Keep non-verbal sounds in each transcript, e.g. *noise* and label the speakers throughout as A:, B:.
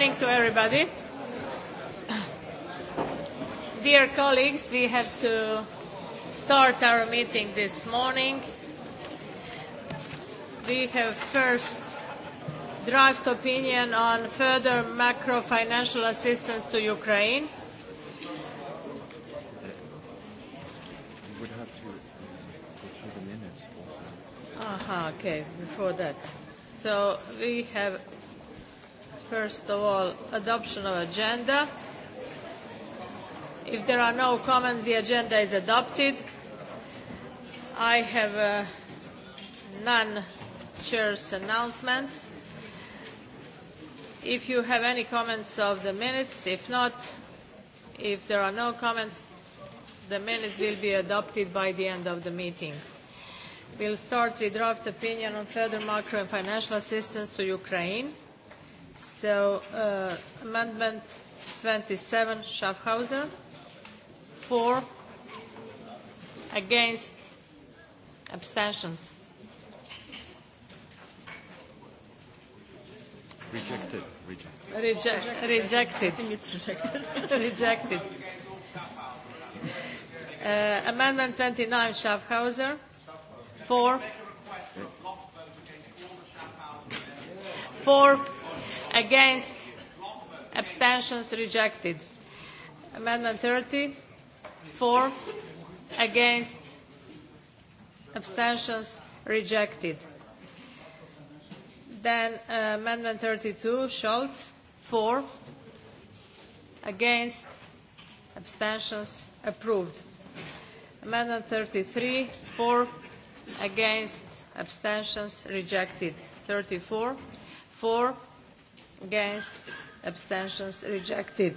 A: morning to everybody. Dear colleagues, we have to start our meeting this morning. We have first draft opinion on further macro financial assistance to Ukraine.
B: would have to go through the
A: minutes also. Aha, okay, before that. So we have First of all, adoption of agenda. If there are no comments, the agenda is adopted. I have uh, none chair's announcements. If you have any comments of the minutes, if not, if there are no comments, the minutes will be adopted by the end of the meeting. We'll start with draft opinion on further macro and financial assistance to Ukraine. So, uh, amendment 27, Schaffhauser. For, against, abstentions.
B: Rejected. Rejected.
A: Reje rejected. I think it's rejected. *laughs* rejected. Uh, amendment 29, Schaffhauser. For. For against abstentions rejected amendment 30 for against abstentions rejected then uh, amendment 32 Schultz for against abstentions approved amendment 33 for against abstentions rejected 34 for against, abstentions rejected.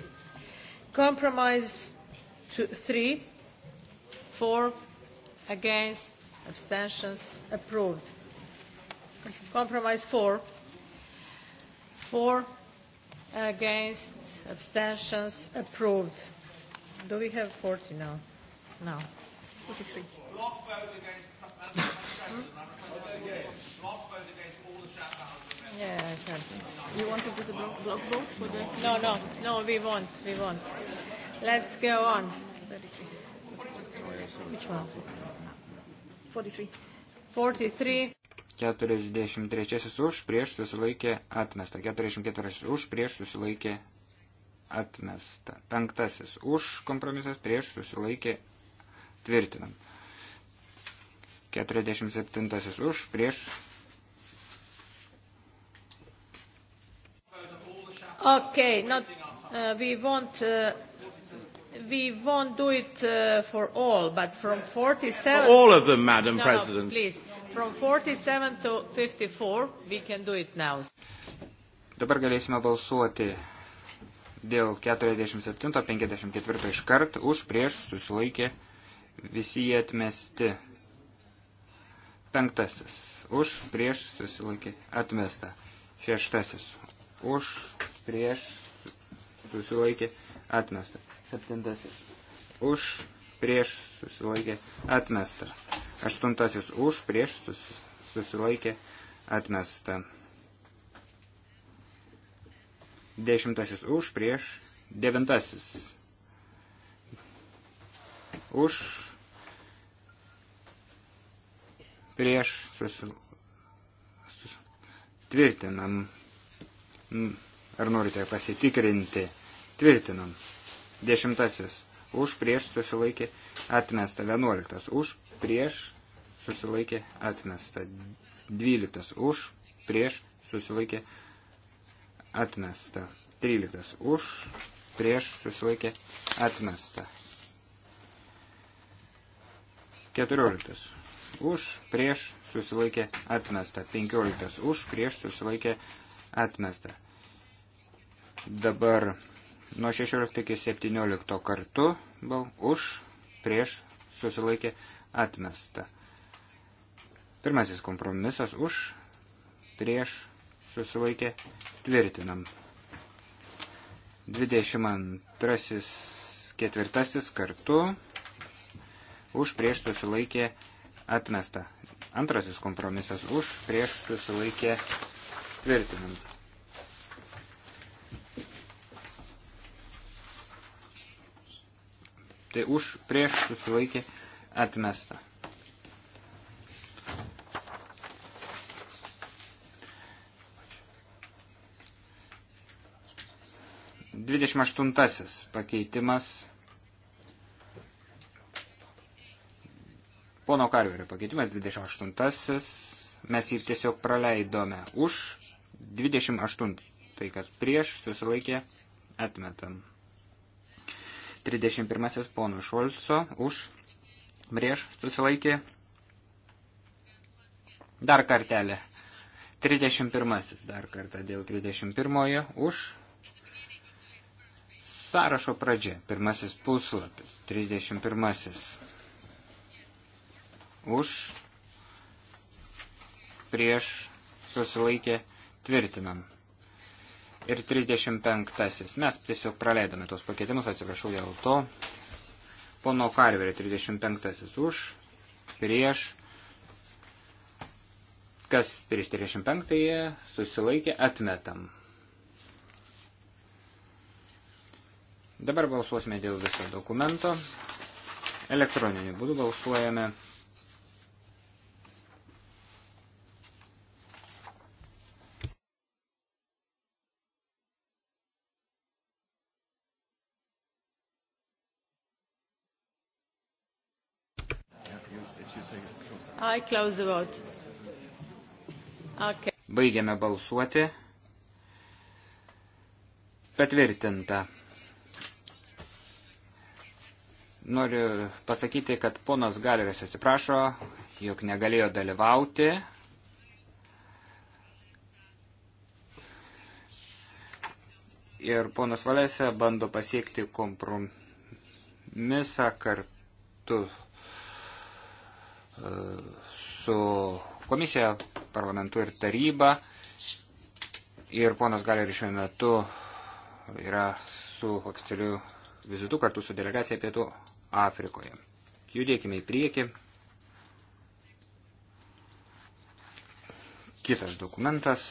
A: Compromise two, 3, 4, against, abstentions approved. Compromise 4, 4, against, abstentions approved. Do we have 40 now? No. 43. Block vote against.
B: Block vote against.
A: Yeah, I can. You want to do the block, block vote for the? No, no, no. We won't. We won't. Let's go on. Which one? Forty-three. Forty-three.
C: 43 už, prieš susilaikė atmesta. 44 už, prieš susilaikė atmesta. Penktasis už kompromisas, prieš susilaikė tvirtinam. 47 už, prieš
A: Okay, not, uh, we won't, uh, we won't do it uh, for all, but from 47... For all of them, Madam no, President. No, please. From 47 to 54, we can do it now.
C: Dabar galėsime balsuoti dėl 47-54 iš kart, už prieš susilaikė visi jie atmesti. Penktasis, už prieš susilaikė atmesta. Šeštasis, už prieš, susilaikė, atmesta. Septintasis už, prieš, susilaikė, atmesta. Aštuntasis už, prieš, susilaikė, atmesta. Dešimtasis už, prieš, devintasis. Už, prieš, susilaikė. Tvirtinam. Mm. Ar norite pasitikrinti? Tvirtinam. Dešimtasis. Už prieš susilaikė atmesta. Vienuoliktas. Už prieš susilaikė atmesta. Dvyliktas. Už prieš susilaikė atmesta. Tryliktas. Už prieš susilaikė atmesta. Keturioliktas. Už prieš susilaikė atmesta. Penkioliktas. Už prieš susilaikė atmesta. Dabar nuo 16 iki 17 kartų bal, už, prieš, susilaikė, atmesta. Pirmasis kompromisas už, prieš, susilaikė, tvirtinam. 22 ketvirtasis kartu už, prieš, susilaikė, atmesta. Antrasis kompromisas už, prieš, susilaikė, tvirtinam. tai už prieš susilaikė atmesta. Dvidešimt aštuntasis pakeitimas. Pono Karverio pakeitimas 28. Mes jį tiesiog praleidome už 28. Tai kas prieš susilaikė atmetam. 31 pono Šolco už prieš susilaikė. Dar kartelė. 31 dar kartą dėl 31 už sąrašo pradžia. Pirmasis puslapis. 31 už prieš susilaikė tvirtinam ir 35. Mes tiesiog praleidome tos pakeitimus, atsiprašau dėl to. Pono Karverio 35. už, prieš, kas prieš 35. susilaikė, atmetam. Dabar balsuosime dėl viso dokumento. Elektroniniu būdu balsuojame.
A: I close the vote. Okay.
C: Baigiame balsuoti. Patvirtinta. Noriu pasakyti, kad ponas Galeris atsiprašo, jog negalėjo dalyvauti. Ir ponas Valėse bando pasiekti kompromisą kartu su komisija, parlamentu ir taryba. Ir ponas Galer šiuo metu yra su oficialiu vizitu kartu su delegacija Pietų Afrikoje. Judėkime į priekį. Kitas dokumentas.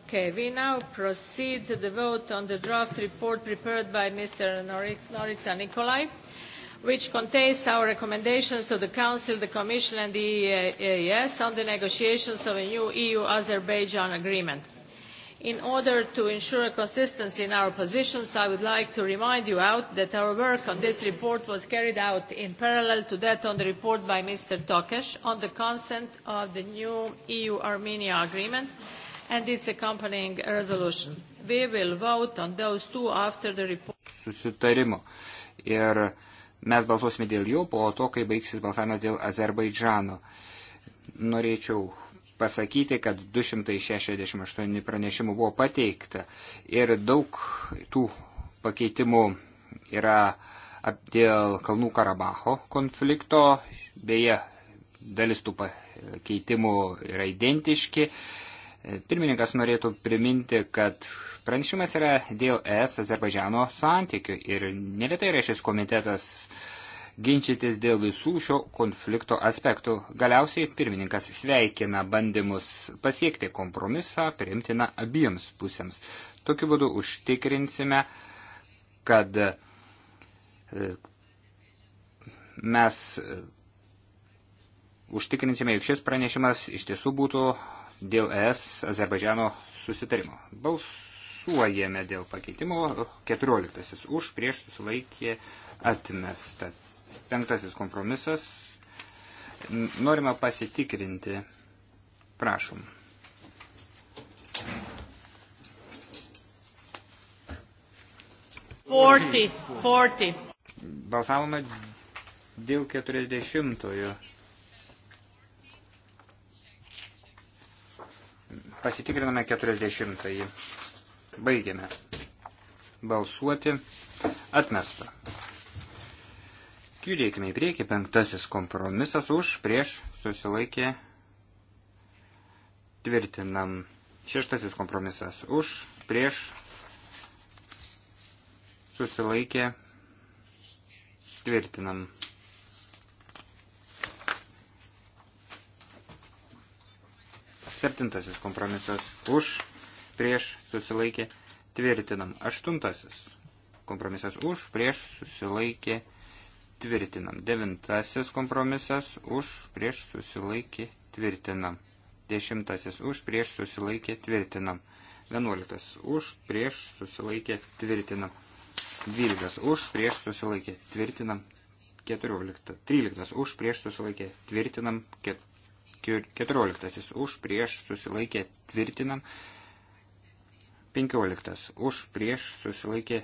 A: Okay, we now proceed to the vote on the draft report prepared by Mr. Norica Nikolai. Uh, which contains our recommendations to the Council, the Commission and the EAS e on the negotiations of a new EU-Azerbaijan agreement. In order to ensure consistency in our positions, I would like to remind you out that our work on this report was carried out in parallel to that on the report by Mr. Tokes on the consent of the new EU-Armenia agreement and its accompanying resolution. We will vote on those two after
C: the report. Susitarimo. Ir Mes balsuosime dėl jų po to, kai baigsis balsavimas dėl Azerbaidžano. Norėčiau pasakyti, kad 268 pranešimų buvo pateikta ir daug tų pakeitimų yra dėl Kalnų Karabaho konflikto, beje, dalis tų pakeitimų yra identiški, Pirmininkas norėtų priminti, kad pranešimas yra dėl ES Azerbaidžiano santykių ir neretai yra šis komitetas ginčytis dėl visų šio konflikto aspektų. Galiausiai pirmininkas sveikina bandymus pasiekti kompromisą priimtiną abiems pusėms. Tokiu būdu užtikrinsime, kad e, mes e, užtikrinsime, jog šis pranešimas iš tiesų būtų dėl ES Azerbaidžiano susitarimo. Balsuojame dėl pakeitimo. 14 už, prieš susilaikė atmesta. Penktasis kompromisas. Norime pasitikrinti. Prašom.
A: Forty. Forty.
C: Balsavome dėl 40. -ojo. Pasitikriname 40. Baigiame. Balsuoti. Atmesta. Judėkime į priekį. Penktasis kompromisas už, prieš, susilaikė. Tvirtinam. Šeštasis kompromisas už, prieš, susilaikė. Tvirtinam. Septintasis kompromisas už, prieš susilaikė tvirtinam. Aštuntasis kompromisas už, prieš susilaikė tvirtinam. Devintasis kompromisas už, prieš susilaikė tvirtinam. Dešimtasis už, prieš susilaikė tvirtinam. Vienuoliktas už, prieš susilaikė tvirtinam. Dvyliktas už, prieš susilaikė tvirtinam. 14. 13. Už prieš susilaikė. Tvirtinam. 14 už prieš susilaikė tvirtinam. 15 už prieš susilaikė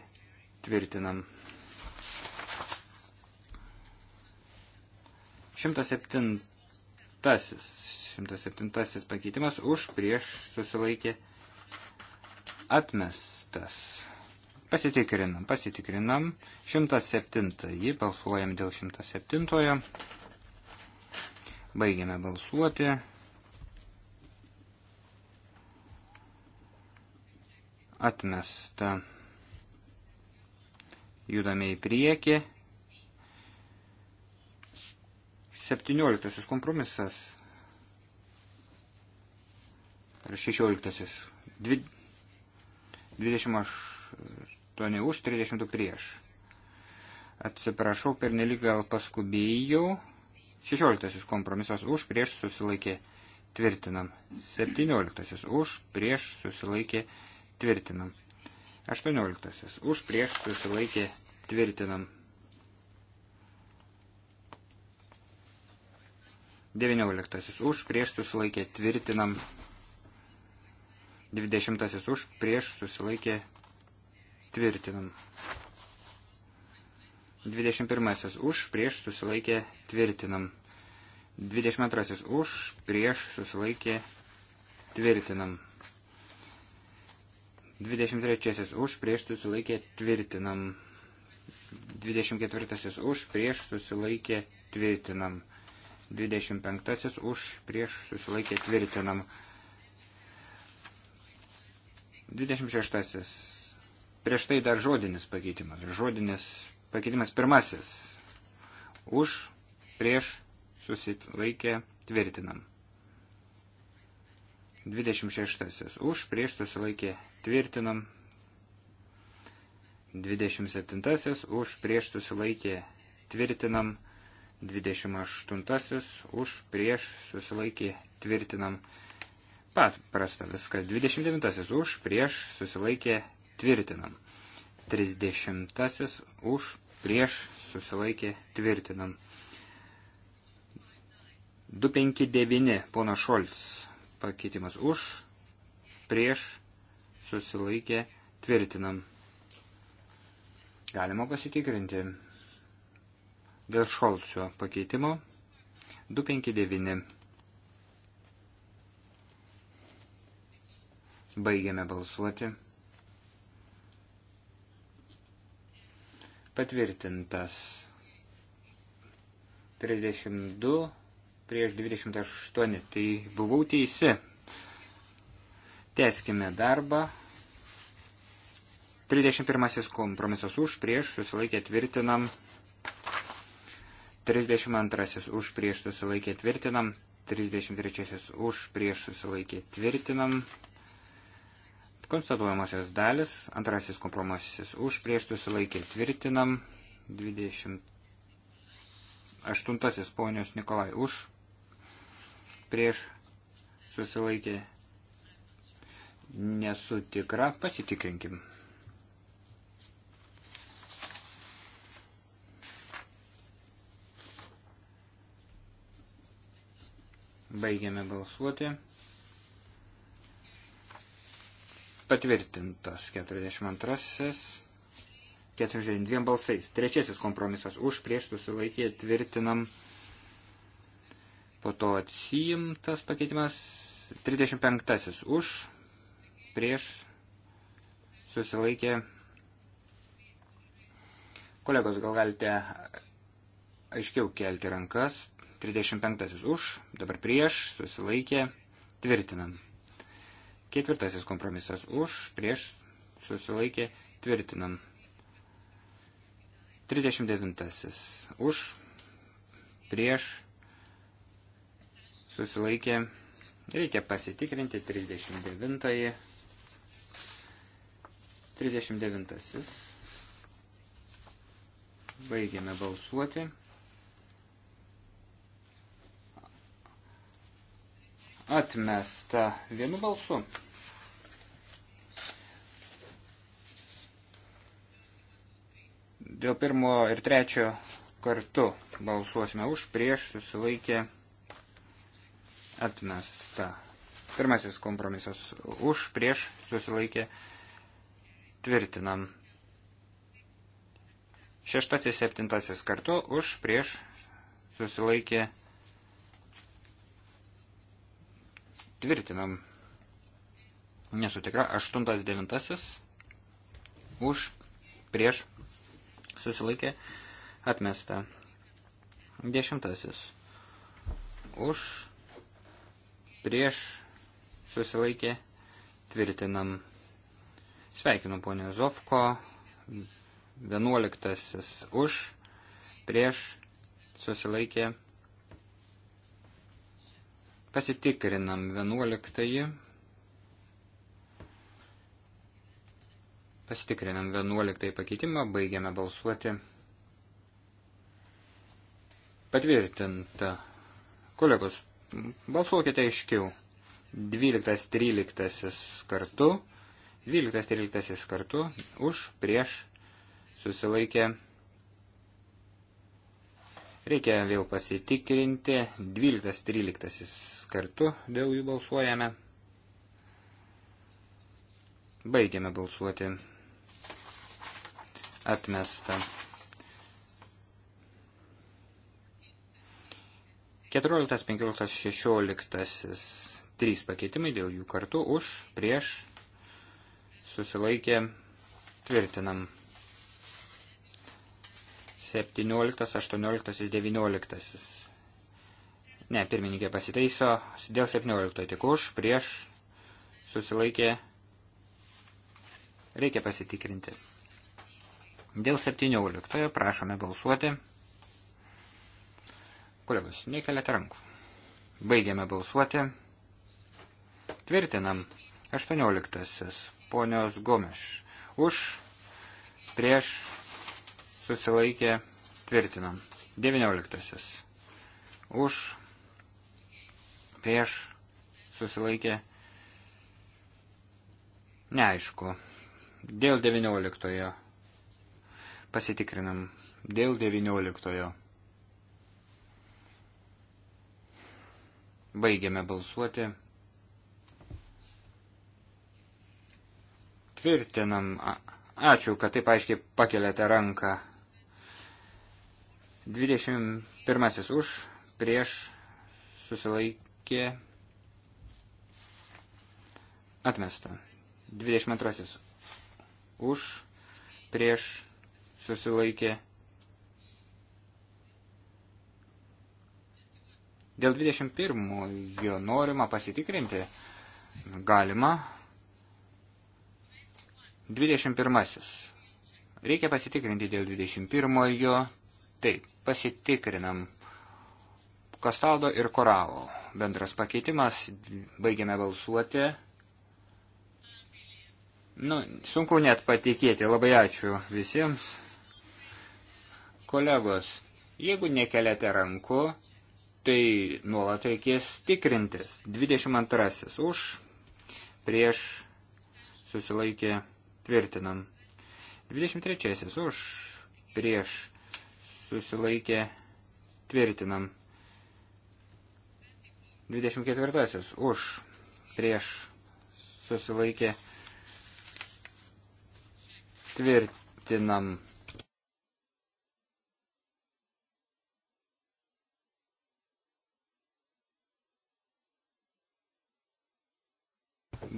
C: tvirtinam. 107 107 pakeitimas už prieš susilaikė atmestas. Pasitikrinam, pasitikrinam. 107 balsuojam dėl 107. -ojo. Baigiame balsuoti. Atmesta. Judame į priekį. 17 kompromisas. Ar 16. 28 už, 32 prieš. Atsiprašau, per nelik gal paskubėjau. 16 kompromisas už prieš susilaikė tvirtinam. 17 už prieš susilaikė tvirtinam. 18 už prieš susilaikė tvirtinam. 19 už prieš susilaikė tvirtinam. 20 už prieš susilaikė tvirtinam. 21 už, prieš susilaikė tvirtinam. 22 už, prieš susilaikė tvirtinam. 23 už, prieš susilaikė tvirtinam. 24 už, prieš susilaikė tvirtinam. 25 už, prieš susilaikė tvirtinam. 26. Prieš tai dar žodinis pakeitimas. Žodinis Pakeitimas pirmasis. Už, prieš, susilaikė, tvirtinam. 26. Už, prieš, susilaikė, tvirtinam. 27. Už, prieš, susilaikė, tvirtinam. 28. Už, prieš, susilaikė, tvirtinam. Paprasta viskas. 29. Už, prieš, susilaikė, tvirtinam. 30. Už, prieš susilaikė tvirtinam. 259 pono Šolts pakeitimas už, prieš susilaikė tvirtinam. Galima pasitikrinti dėl Šolcio pakeitimo 259. Baigiame balsuoti. patvirtintas 32 prieš 28. Tai buvau teisi. Teskime darbą. 31 kompromisas už prieš susilaikė tvirtinam. 32 už prieš susilaikė tvirtinam. 33 už prieš susilaikė tvirtinam. Konstatuojamosios dalis, antrasis kompromisas už, prieš susilaikė tvirtinam, 28 ponios Nikolai už, prieš susilaikė, nesu tikra, pasitikrinkim. Baigiame balsuoti. patvirtintas 42, 42 balsais. Trečiasis kompromisas už prieš susilaikė tvirtinam, po to atsijimtas pakeitimas 35 už prieš susilaikė. Kolegos, gal galite aiškiau kelti rankas. 35 už, dabar prieš, susilaikė, tvirtinam. Ketvirtasis kompromisas už, prieš, susilaikė, tvirtinam. 39. Už, prieš, susilaikė, reikia pasitikrinti 39. 39. Baigiame balsuoti. Atmesta vienu balsu. Dėl pirmo ir trečio kartu balsuosime už, prieš, susilaikė, atmesta. Pirmasis kompromisas už, prieš, susilaikė, tvirtinam. Šeštasis, septintasis kartu už, prieš, susilaikė, tvirtinam. Nesu tikra, aštuntas, devintasis už, prieš, susilaikė, atmesta. Dešimtasis. Už, prieš, susilaikė, tvirtinam. Sveikinu ponę Zovko. Vienuoliktasis už, prieš, susilaikė. Pasitikrinam vienuoliktąjį Pasitikrinam 11 pakeitimą, baigiame balsuoti. Patvirtinta. Kolegos, balsuokite aiškiau. 12-13 kartu. 12-13 kartu. Už, prieš, susilaikė. Reikia vėl pasitikrinti. 12-13 kartu dėl jų balsuojame. Baigiame balsuoti atmesta. 14, 15, 16. Trys pakeitimai dėl jų kartu už, prieš, susilaikė, tvirtinam. 17, 18 ir 19. Ne, pirmininkė pasiteiso, dėl 17 tik už, prieš, susilaikė, reikia pasitikrinti. Dėl 17 prašome balsuoti. Kolegos, nekeliate rankų. Baigiame balsuoti. Tvirtinam 18. Ponios Gomeš. Už, prieš, susilaikė, tvirtinam. 19. Už, prieš, susilaikė, neaišku. Dėl 19. Pasitikrinam dėl 19. Baigiame balsuoti. Tvirtinam. Ačiū, kad taip aiškiai pakeliate ranką. 21 už, prieš, susilaikė, atmesta. 22 už, prieš, susilaikė. Dėl 21-ojo norima pasitikrinti. Galima. 21-asis. Reikia pasitikrinti dėl 21-ojo. Taip, pasitikrinam. Kastaldo ir Koralo. Bendras pakeitimas. Baigiame balsuoti. Nu, sunku net patikėti. Labai ačiū visiems. Kolegos, jeigu nekeliate rankų, tai nuolat reikės tikrintis. 22 už, prieš, susilaikė, tvirtinam. 23 už, prieš, susilaikė, tvirtinam. 24 už, prieš, susilaikė, tvirtinam.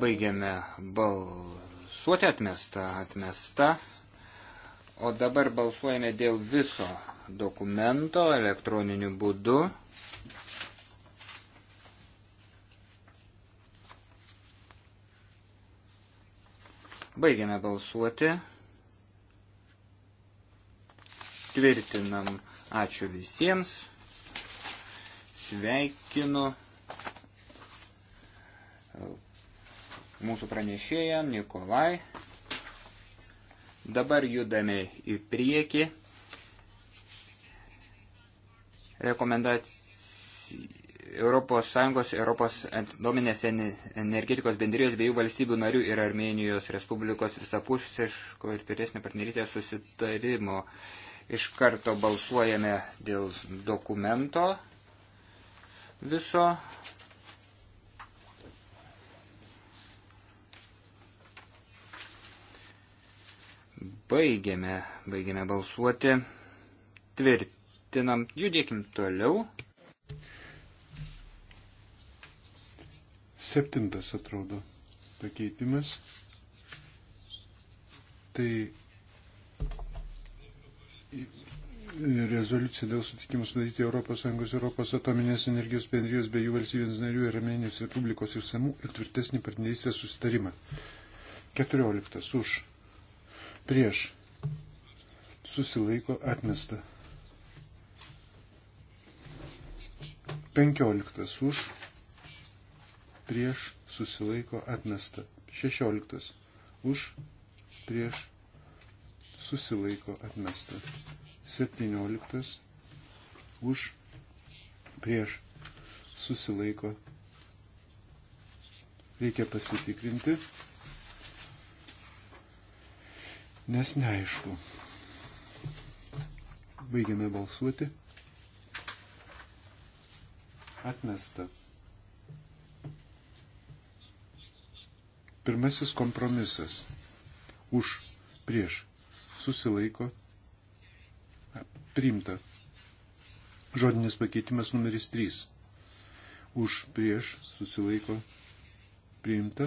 C: Baigiame balsuoti atmestą, atmestą. O dabar balsuojame dėl viso dokumento elektroniniu būdu. Baigiame balsuoti. Tvirtinam. Ačiū visiems. Sveikinu mūsų pranešėjam Nikolai. Dabar judame į priekį. Rekomendacija Europos Sąjungos, Europos dominės energetikos bendrijos bei jų valstybių narių ir Armenijos Respublikos visapusiško ir piresnio partnerystės susitarimo. Iš karto balsuojame dėl dokumento viso Baigėme, baigėme balsuoti. Tvirtinam, judėkim toliau.
D: Septintas atrodo pakeitimas. Tai rezoliucija dėl sutikimų sudaryti ES Europos atominės energijos bendrijos bei jų valstybės narių ir Armenijos Respublikos išsamų ir tvirtesnį partnerystės susitarimą. 14. Už prieš susilaiko atmesta. 15 už prieš susilaiko atmesta. 16 už prieš susilaiko atmesta. 17 už prieš susilaiko. Reikia pasitikrinti nes neaišku. Baigiame balsuoti. Atmesta. Pirmasis kompromisas. Už, prieš, susilaiko, priimta. Žodinis pakeitimas numeris 3. Už, prieš, susilaiko, priimta.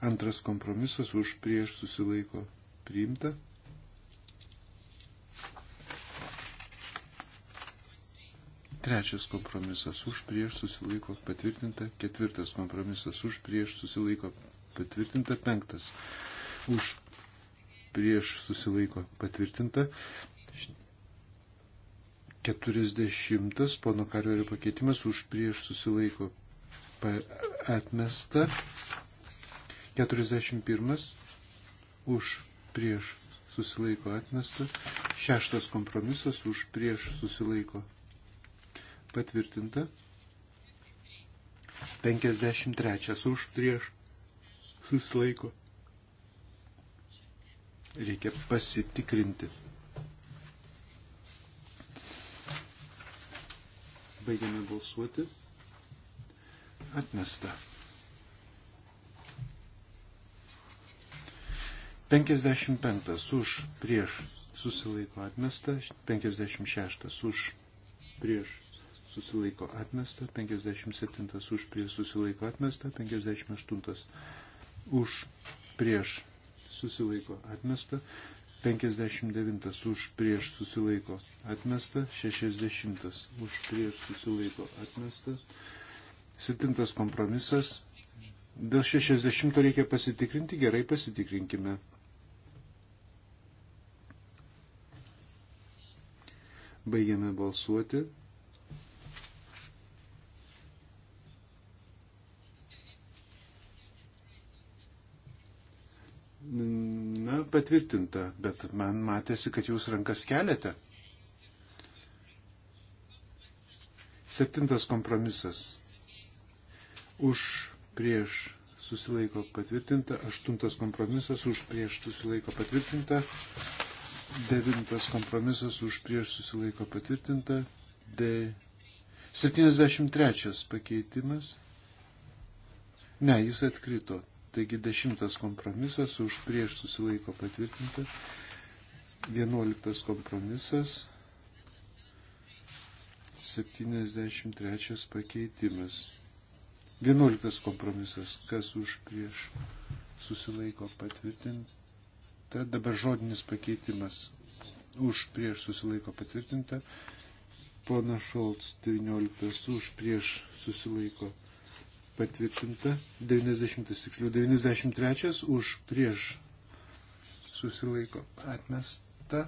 D: Antras kompromisas už, prieš, susilaiko, priimta priimta. Trečias kompromisas už prieš susilaiko patvirtinta. Ketvirtas kompromisas už prieš susilaiko patvirtinta. Penktas už prieš susilaiko patvirtinta. Keturisdešimtas pono karverio pakeitimas už prieš susilaiko atmesta. Keturisdešimt pirmas už prieš susilaiko atmesta. Šeštas kompromisas už prieš susilaiko patvirtinta. 53 už prieš susilaiko. Reikia pasitikrinti. Baigiame balsuoti. Atmesta. 55 už prieš susilaiko atmesta, 56 už prieš susilaiko atmesta, 57 už prieš susilaiko atmesta, 58 už prieš susilaiko atmesta, 59 už prieš susilaiko atmesta, 60 už prieš susilaiko atmesta, 7 kompromisas. Dėl 60 reikia pasitikrinti, gerai pasitikrinkime. Baigiame balsuoti. Na, patvirtinta, bet man matėsi, kad jūs rankas keliate. Septintas kompromisas. Už prieš susilaiko patvirtinta. Aštuntas kompromisas už prieš susilaiko patvirtinta. Devintas kompromisas už prieš susilaiko patvirtinta. D. 73 pakeitimas. Ne, jis atkrito. Taigi dešimtas kompromisas už prieš susilaiko patvirtinta. Vienuoliktas kompromisas. 73 pakeitimas. 11 kompromisas, kas už prieš susilaiko patvirtinti. Tad dabar žodinis pakeitimas už prieš susilaiko patvirtinta. Pona Šolts 19 už prieš susilaiko patvirtinta. 90 tiksliau 93 už prieš susilaiko atmesta.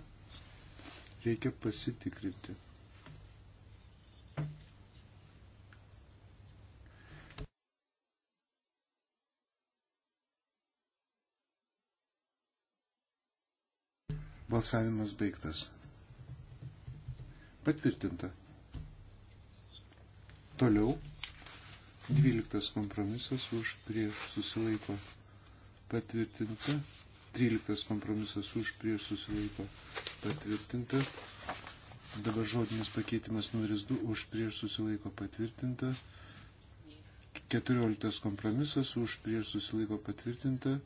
D: Reikia pasitikrinti. Balsavimas baigtas. Patvirtinta. Toliau. Dvyliktas kompromisas už prieš susilaiko. Patvirtinta. Tryliktas kompromisas už prieš susilaiko. Patvirtinta. Dabar žodinis pakeitimas numeris 2 už prieš susilaiko patvirtinta. 14 kompromisas už prieš susilaiko patvirtinta.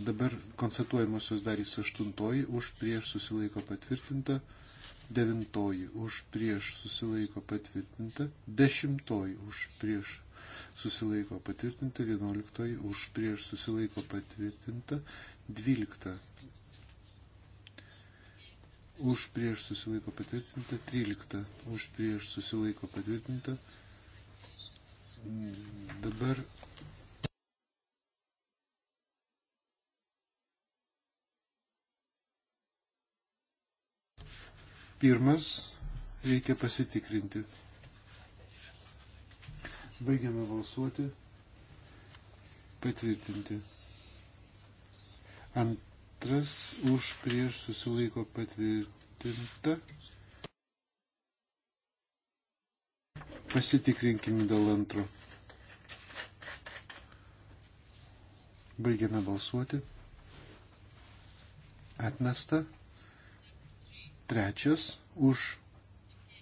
D: Dabar konstatuojamosios darys aštuntoji, už prieš susilaiko patvirtinta, devintoji už prieš susilaiko patvirtinta, dešimtoji už prieš susilaiko patvirtinta, vienuoliktoji už prieš susilaiko patvirtinta, dvylikta už prieš susilaiko patvirtinta, trylikta už prieš susilaiko patvirtinta. Dabar Pirmas reikia pasitikrinti. Baigiame balsuoti. Patvirtinti. Antras už prieš susilaiko patvirtinta. Pasitikrinkime dėl antro. Baigiame balsuoti. Atmesta. Trečias už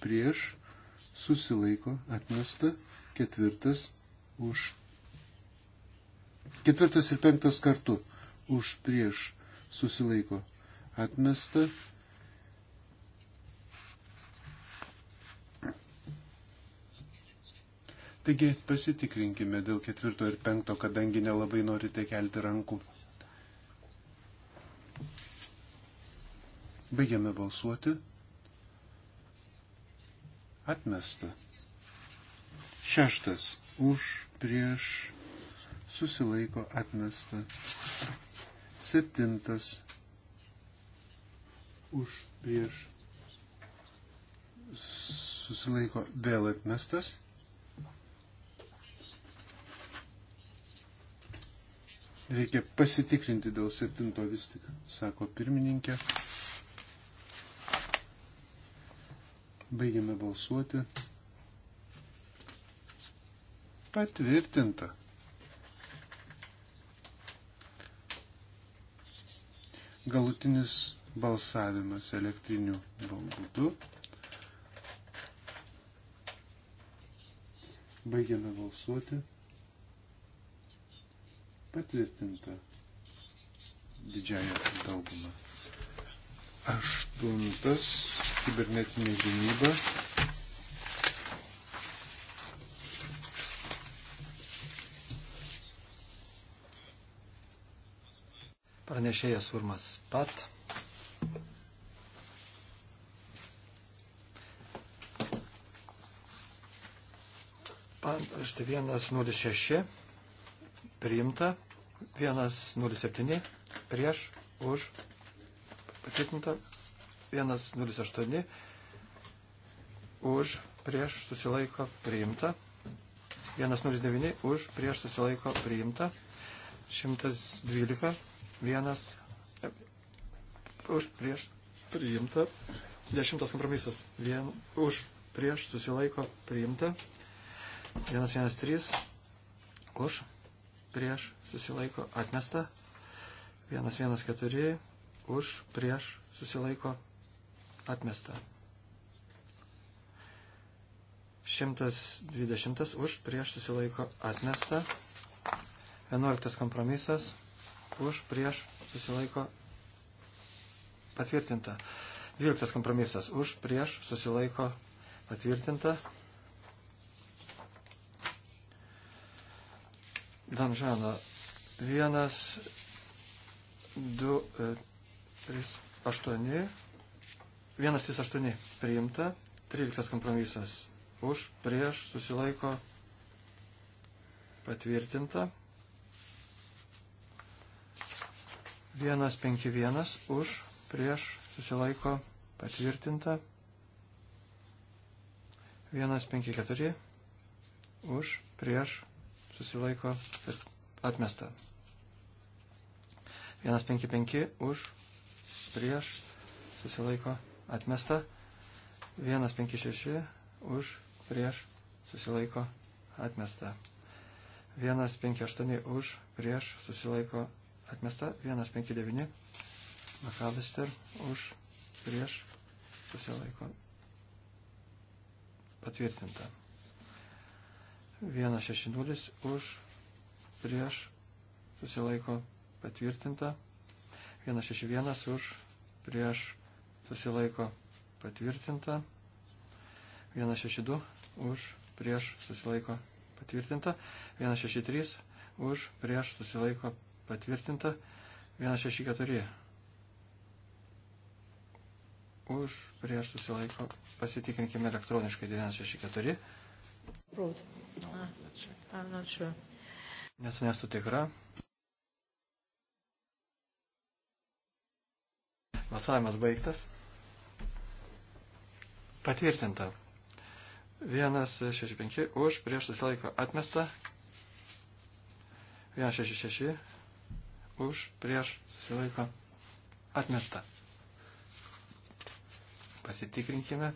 D: prieš susilaiko atmesta. Ketvirtas už. Ketvirtas ir penktas kartu už prieš susilaiko atmesta. Taigi pasitikrinkime dėl ketvirto ir penkto, kadangi nelabai norite kelti rankų. Baigiame balsuoti. Atmesta. Šeštas. Už, prieš, susilaiko atmesta. Septintas. Už, prieš, susilaiko vėl atmestas. Reikia pasitikrinti dėl septinto vis tik, sako pirmininkė. Baigiame balsuoti. Patvirtinta. Galutinis balsavimas elektriniu būdu. Baigiame balsuoti. Patvirtinta didžiąją daugumą. Aštuntas kibernetinė gynyba.
B: Pranešėjas Urmas Pat. Štai 106 priimta, 107 prieš, už, patvirtinta, 108 už prieš susilaiko priimta. 109 už prieš susilaiko priimta. 112 vienas e, už prieš priimta. 10 kompromisas vien už prieš susilaiko priimta. 113 už prieš susilaiko atmesta. 114 už prieš susilaiko atmesta. 120 už, prieš susilaiko atmesta. 11 kompromisas, už, prieš susilaiko patvirtinta. 12 kompromisas, už, prieš susilaiko patvirtinta. Danžano 1, 2, 3, 8. 138 priimta, 13 kompromisas už, prieš, susilaiko, patvirtinta. 151 už, prieš, susilaiko, patvirtinta. 154 už, prieš, susilaiko, atmesta. 155 už, prieš, susilaiko, atmesta atmesta. 156 už prieš susilaiko atmesta. 158 už prieš susilaiko atmesta. 159 McAllister už prieš susilaiko patvirtinta. 160 už prieš susilaiko patvirtinta. 161 už prieš susilaiko patvirtinta. 162 už prieš susilaiko patvirtinta. 163 už prieš susilaiko patvirtinta. 164 už prieš susilaiko pasitikrinkime elektroniškai 164.
A: No, ah, sure.
B: Nes nesu tikra. Balsavimas baigtas. Patvirtinta. 165 už, prieš susilaiko atmesta. 166 už, prieš susilaiko atmesta. Pasitikrinkime.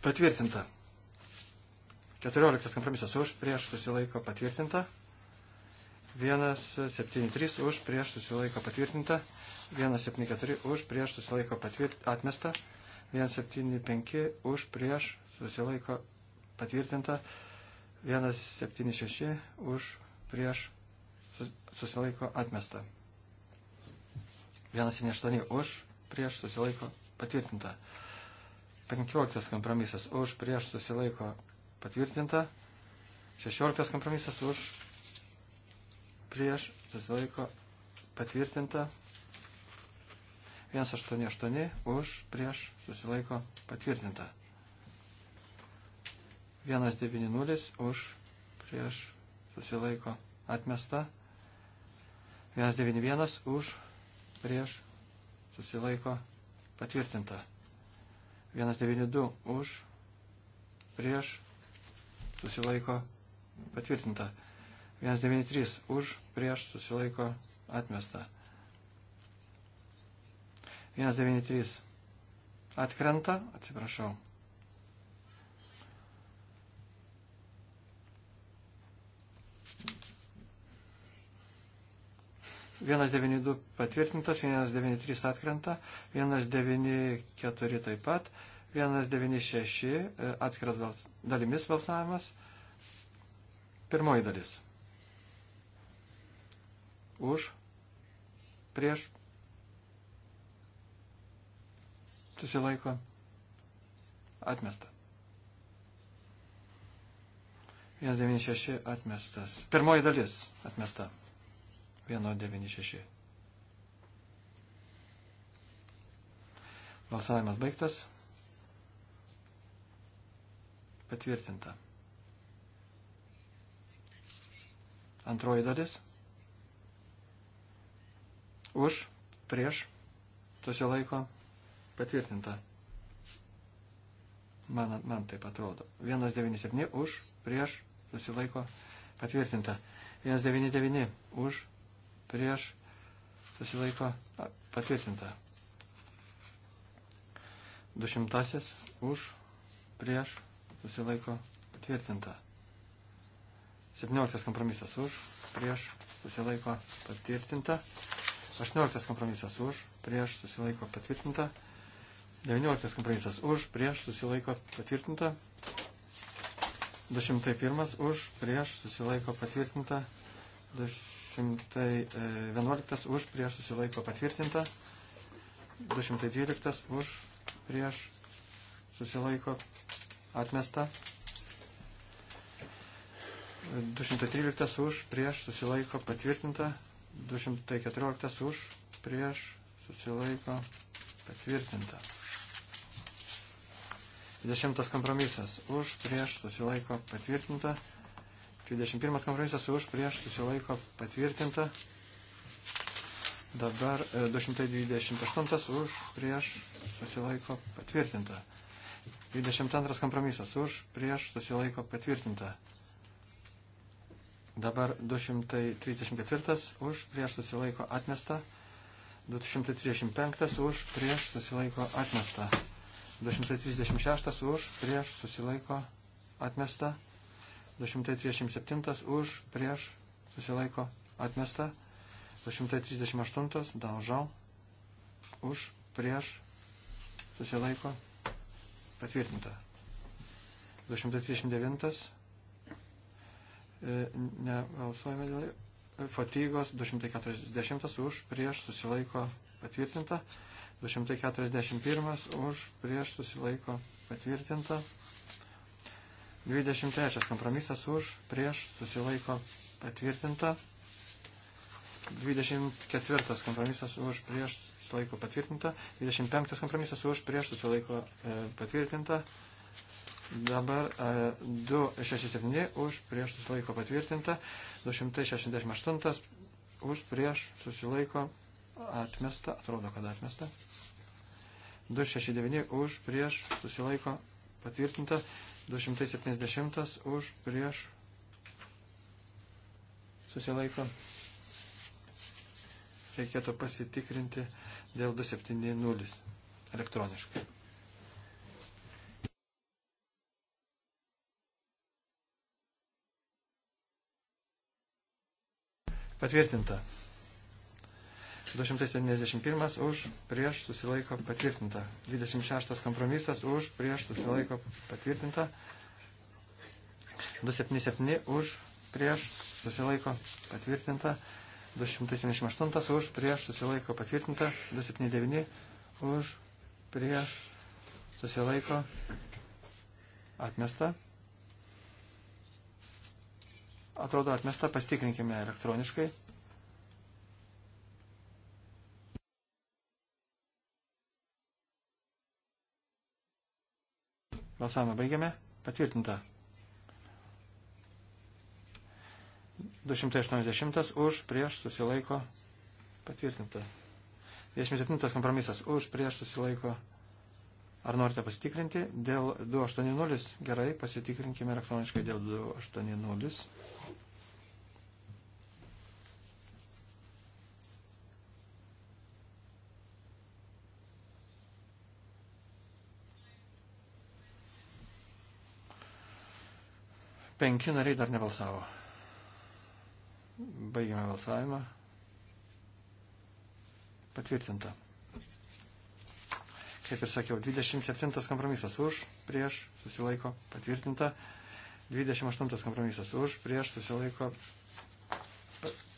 B: Patvirtinta. 14 kompromisas už, prieš susilaiko patvirtinta. 173 už, prieš susilaiko patvirtinta. 174 už, prieš susilaiko patvirtinta. Atmesta. 175 už, prieš susilaiko patvirtinta. 176 už, prieš susilaiko atmesta. 178 už, prieš susilaiko patvirtinta. 15 kompromisas už, prieš susilaiko patvirtinta. 16 kompromisas už, prieš, susilaiko, patvirtinta. 188 už, prieš, susilaiko, patvirtinta. 190 už, prieš, susilaiko, atmesta. 191 už, prieš, susilaiko, patvirtinta. 192 už, prieš, susilaiko patvirtinta. 193 už, prieš susilaiko atmesta. 193 atkrenta, atsiprašau. Vienas devyni du patvirtintas, vienas devyni trys atkrenta, vienas devyni keturi taip pat, 196 e, atskiras dalimis balsavimas. Pirmoji dalis. Už, prieš, susilaiko, atmesta. 196 atmestas. Pirmoji dalis atmesta. 196. Balsavimas baigtas. Patvirtinta. Antroji dalis. Už, prieš, susilaiko, patvirtinta. Man, man taip atrodo. 197 už, prieš, susilaiko, patvirtinta. 199 už, prieš, susilaiko, patvirtinta. 200 už, prieš, susilaiko patvirtinta. 17 kompromisas už, prieš susilaiko patvirtinta. 18 kompromisas už, prieš susilaiko patvirtinta. 19 kompromisas už, prieš susilaiko patvirtinta. 201 už, prieš susilaiko patvirtinta. 211 e, už, prieš susilaiko patvirtinta. 212 už, prieš susilaiko atmesta. 213 už, prieš, susilaiko, patvirtinta. 214 už, prieš, susilaiko, patvirtinta. 20 kompromisas už, prieš, susilaiko, patvirtinta. 21 kompromisas už, prieš, susilaiko, patvirtinta. Dabar 228 e, už, prieš, susilaiko, patvirtinta. 22 kompromisas už, prieš, susilaiko patvirtinta. Dabar 234 už, prieš, susilaiko atmesta. 235 už, prieš, susilaiko atmesta. 236 už, prieš, susilaiko atmesta. 237 už, prieš, susilaiko atmesta. 238 daužau už, prieš, susilaiko atmesta Patvirtinta. 229. E, nebalsuojame dėl e, fatygos. 240 už prieš susilaiko patvirtinta. 241 už prieš susilaiko patvirtinta. 23 kompromisas už prieš susilaiko patvirtinta. 24 kompromisas už prieš susilaiko patvirtinta. 25 kompromisas už prieš susilaiko e, patvirtinta. Dabar 267 e, už prieš susilaiko patvirtinta. 268 už prieš susilaiko atmesta. Atrodo, kad atmesta. 269 už prieš susilaiko patvirtinta. 270 už prieš susilaiko reikėtų pasitikrinti dėl 270 elektroniškai. Patvirtinta. 271 už, prieš susilaiko patvirtinta. 26 kompromisas už, prieš susilaiko patvirtinta. 277 už, prieš susilaiko patvirtinta. 278 už, prieš, susilaiko patvirtinta, 279 už, prieš, susilaiko atmesta. Atrodo atmesta, pastikrinkime elektroniškai. Balsavimą baigiame. Patvirtinta. 280 už prieš susilaiko patvirtinta. 27 kompromisas už prieš susilaiko. Ar norite pasitikrinti? Dėl 280 gerai, pasitikrinkime elektroniškai dėl 280. Penki nariai dar nebalsavo. Baigiame balsavimą. Patvirtinta. Kaip ir sakiau, 27 kompromisas už, prieš, susilaiko, patvirtinta. 28 kompromisas už, prieš, susilaiko,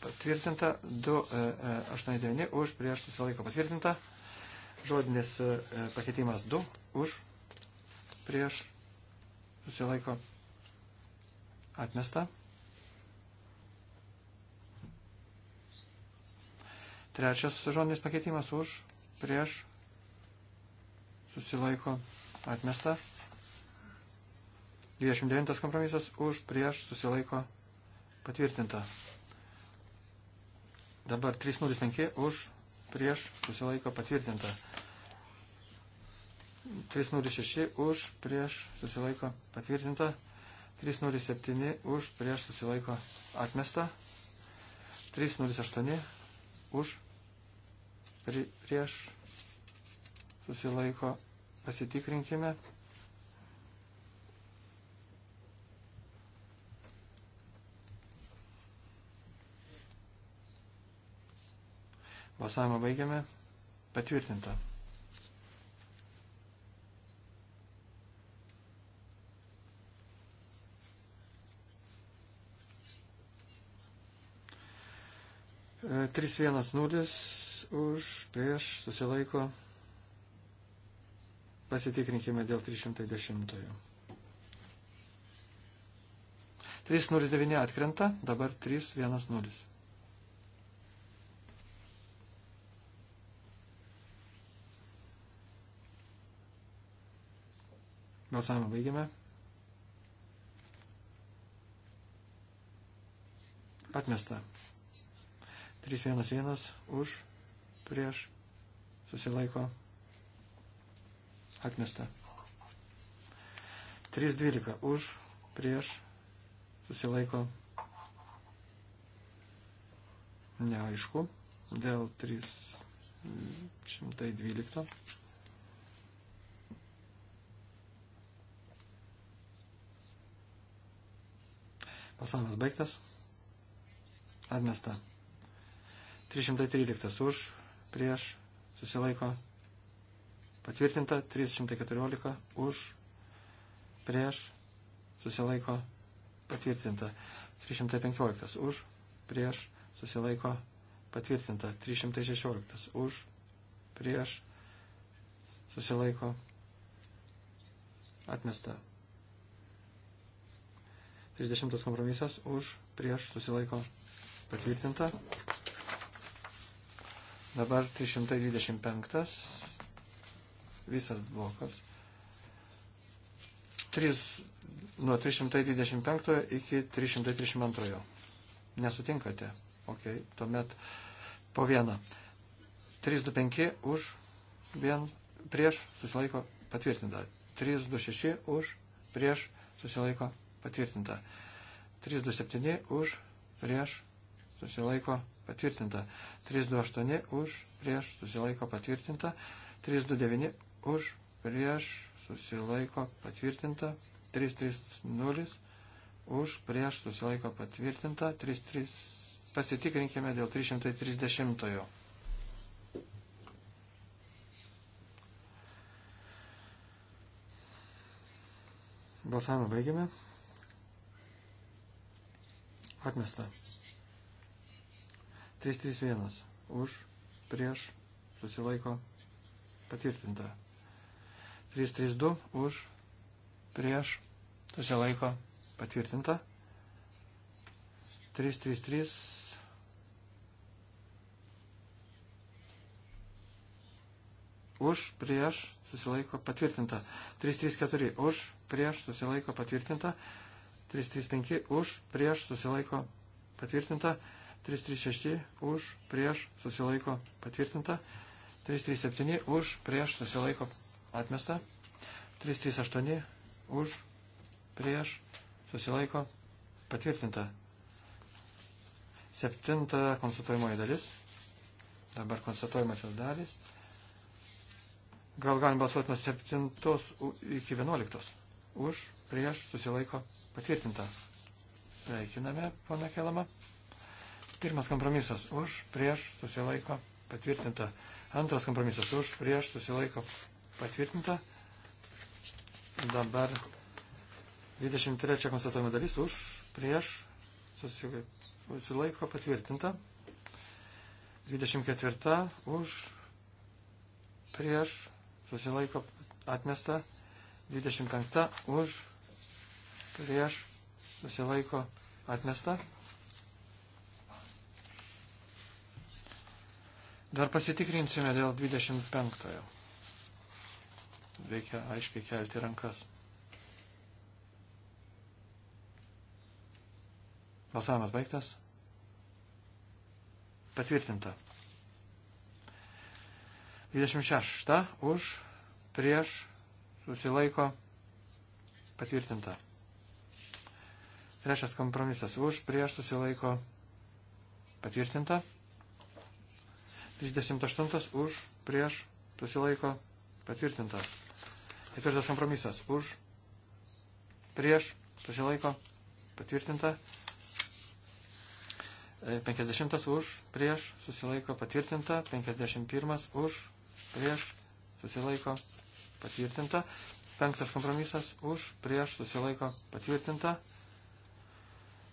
B: patvirtinta. 289 e, e, už, prieš, susilaiko, patvirtinta. Žodinis e, pakeitimas 2 už, prieš, susilaiko, atmesta. Trečias žodinis pakeitimas už, prieš, susilaiko atmesta. 29 kompromisas už, prieš, susilaiko patvirtinta. Dabar 305 už, prieš, susilaiko patvirtinta. 306 už, prieš, susilaiko patvirtinta. 307 už, prieš, susilaiko atmesta. 308 už, prieš susilaiko pasitikrinkime. Balsavimą baigiame. Patvirtinta. E, trys vienas nulis už, prieš, susilaiko. Pasitikrinkime dėl 310. 309 atkrenta, dabar 310. Balsavimą baigiame. Atmesta. 311 už prieš susilaiko atmesta. 3.12 už prieš susilaiko neaišku dėl 312. Pasavimas baigtas. Atmesta. 313 už, prieš susilaiko patvirtinta, 314 už, prieš susilaiko patvirtinta, 315 už, prieš susilaiko patvirtinta, 316 už, prieš susilaiko atmesta. 30 kompromisas už, prieš susilaiko patvirtinta. Dabar 325. Visas blokas. 3, nuo 325 iki 332. Nesutinkate? Ok, tuomet po vieną. 325 už, vien prieš susilaiko patvirtinta. 326 už, prieš susilaiko patvirtinta. 327 už, prieš susilaiko patvirtinta patvirtinta. 328 už, prieš, susilaiko patvirtinta. 329 už, prieš, susilaiko patvirtinta. 330 už, prieš, susilaiko patvirtinta. 33 pasitikrinkime dėl 330. -ojo. Balsavimą baigėme. Atmesta. 331 už, prieš, susilaiko, patvirtinta. 332 už, prieš, susilaiko, patvirtinta. 333 už, prieš, susilaiko patvirtinta. 334 už, prieš, susilaiko patvirtinta. 335 už, prieš, susilaiko patvirtinta. 336 už, prieš, susilaiko patvirtinta. 337 už, prieš, susilaiko atmesta. 338 už, prieš, susilaiko patvirtinta. Septinta konstatuojamoji dalis. Dabar konstatuojamasios dalis. Gal galim balsuoti nuo 7 iki 11. Už, prieš, susilaiko patvirtinta. Sveikiname, pana Kelama. Pirmas kompromisas už, prieš, susilaiko, patvirtinta. Antras kompromisas už, prieš, susilaiko, patvirtinta. Dabar 23 konstatuojama dalis už, prieš, susilaiko, patvirtinta. 24 už, prieš, susilaiko, atmesta. 25 už, prieš, susilaiko, atmesta. Dar pasitikrinsime dėl 25-ojo. Reikia aiškiai kelti rankas. Balsavimas baigtas. Patvirtinta. 26 už, prieš, susilaiko, patvirtinta. Trečias kompromisas už, prieš, susilaiko, patvirtinta. 38 už, prieš, susilaiko, patvirtinta. Ketvirtas kompromisas už, prieš, susilaiko, patvirtinta. 50 už, prieš, susilaiko, patvirtinta. 51 už, prieš, susilaiko, patvirtinta. Penktas kompromisas už, prieš, susilaiko, patvirtinta.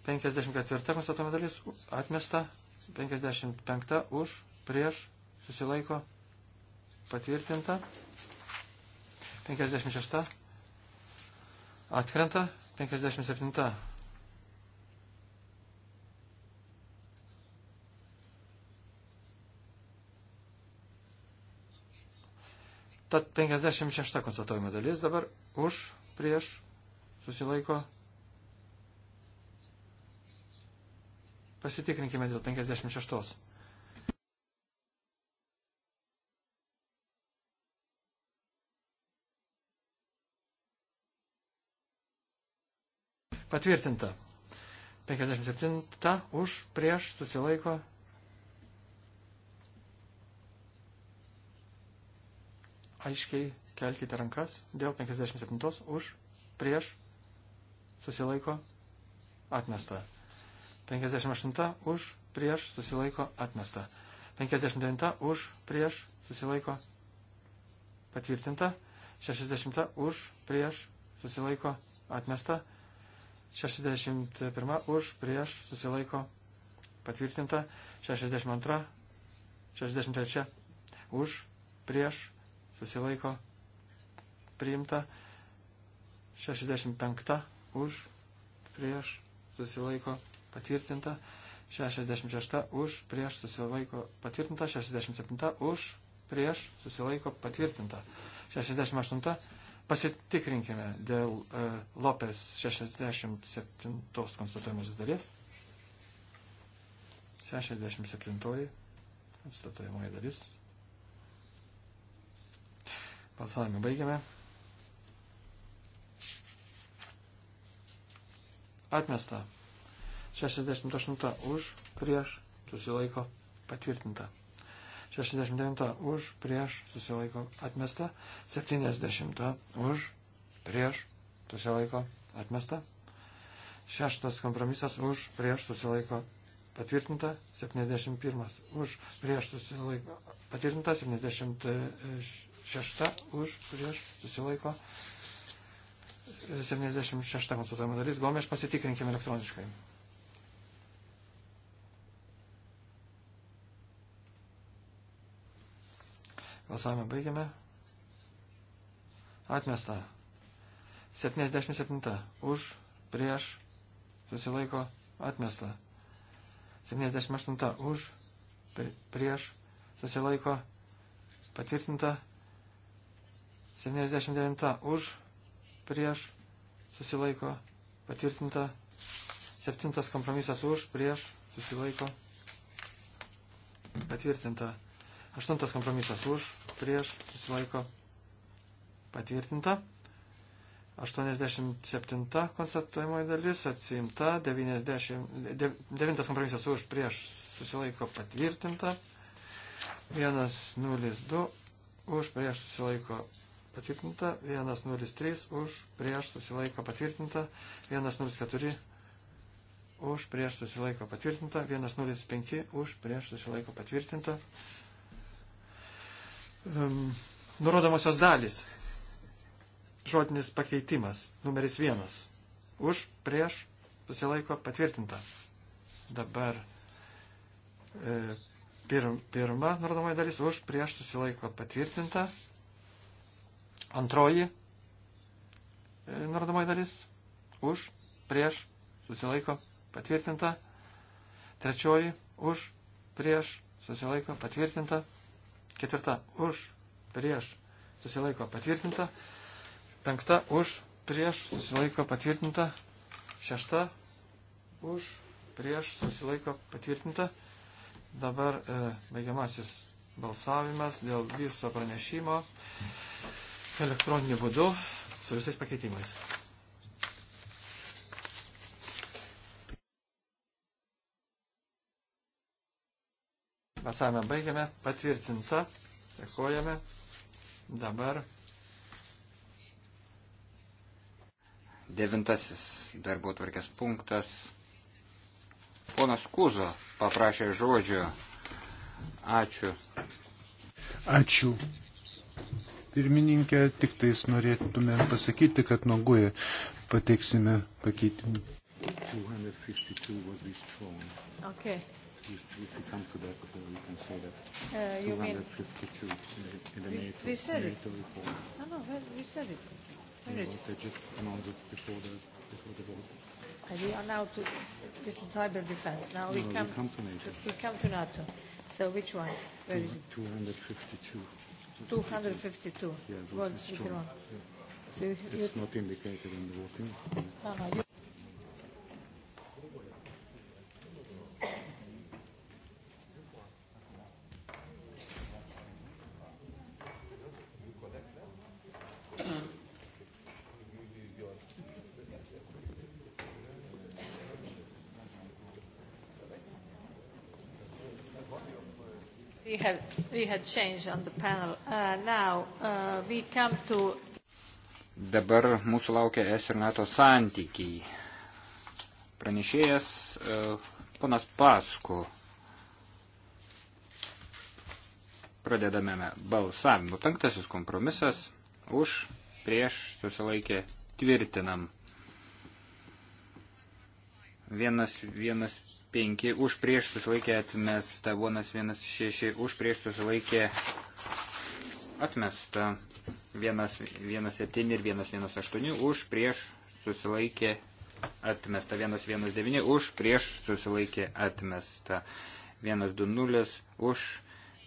B: 54 konstatuojama dalis atmesta, 55 už, prieš, susilaiko, patvirtinta. 56 atkrenta, 57 Tad 56 konstatuojama dalis dabar už, prieš, susilaiko. Pasitikrinkime dėl 56. Patvirtinta. 57 už, prieš, susilaiko. Aiškiai kelkite rankas dėl 57 už, prieš, susilaiko, atmesta. 58 už, prieš, susilaiko, atmesta. 59 už, prieš, susilaiko, patvirtinta. 60 už, prieš, susilaiko, atmesta. 61 už, prieš, susilaiko, patvirtinta. 62, 63 už, prieš, susilaiko, priimta. 65 už, prieš, susilaiko, patvirtinta. 66 už, prieš, susilaiko, patvirtinta. 67 už, prieš, susilaiko, patvirtinta. 68 Pasitikrinkime dėl uh, e, Lopės 67 konstatuojamos dalies. 67 konstatuojamoji dalis. Balsavimą baigiame. Atmesta. 68 už, prieš, susilaiko, patvirtinta. 69 už, prieš, susilaiko atmesta. 70 už, prieš, susilaiko atmesta. Šeštas kompromisas už, prieš, susilaiko patvirtinta. 71 už, prieš, susilaiko patvirtinta. 76 už, prieš, susilaiko. 76 konsultuojama dalis. Gomeš pasitikrinkime elektroniškai. Balsavimą baigiame. Atmesta. 77. Už, prieš, susilaiko, atmesta. 78. Už, prieš, susilaiko, patvirtinta. 79. Už, prieš, susilaiko, patvirtinta. 7. Kompromisas už, prieš, susilaiko, patvirtinta. 8. Kompromisas už, prieš susilaiko patvirtinta. 87 konstatuojamoji dalis atsiimta, 90, 9 kompromisas už prieš susilaiko patvirtinta, 102 už prieš susilaiko patvirtinta, 103 už prieš susilaiko patvirtinta, 104 už prieš susilaiko patvirtinta, 105 už prieš susilaiko patvirtinta, um, nurodomosios dalys. Žodinis pakeitimas, numeris vienas. Už, prieš, susilaiko patvirtinta. Dabar e, pir, pirma nurodomoji dalis, už, prieš, susilaiko patvirtinta. Antroji e, nurodomoji dalis, už, prieš, susilaiko patvirtinta. Trečioji, už, prieš, susilaiko patvirtinta. Ketvirta už, prieš, susilaiko patvirtinta. Penkta už, prieš, susilaiko patvirtinta. Šešta už, prieš, susilaiko patvirtinta. Dabar e, baigiamasis balsavimas dėl viso pranešimo elektroniniu būdu su visais pakeitimais. Balsavimą baigiame. Patvirtinta. Dėkojame. Dabar.
C: Devintasis darbo tvarkės punktas. Ponas Kuzo paprašė žodžio. Ačiū.
D: Ačiū. Pirmininkė, tik tais norėtume pasakyti, kad nuoguoja e pateiksime pakeitimų. 252 was withdrawn. Okay. If, if we come to that, uh, we can say that uh, 252
C: mean, in the NATO, we, we said NATO it. report.
A: No, no, well, we said it. Where is it?
C: They just announced it before the, before the vote. And we are
A: now to this is cyber defense. Now we, no, come, we come to NATO. To, we come to NATO. So which one? Where Two, is it?
D: 252. 252 yeah, was withdrawn. Yeah. So you, it's you, not indicated in the voting. No, no, you
A: have, we had change on the panel. Uh, now uh, we come to.
C: Dabar mūsų laukia es ir NATO santykiai. Pranešėjas uh, ponas Pasku. Pradedame balsavimą. Penktasis kompromisas už, prieš, susilaikė, tvirtinam. Vienas, vienas, 5 už prieš susilaikė atmesta, 116 už prieš susilaikė atmesta, 117 ir 118 už prieš susilaikė atmesta, 119 už prieš susilaikė atmesta, 120 už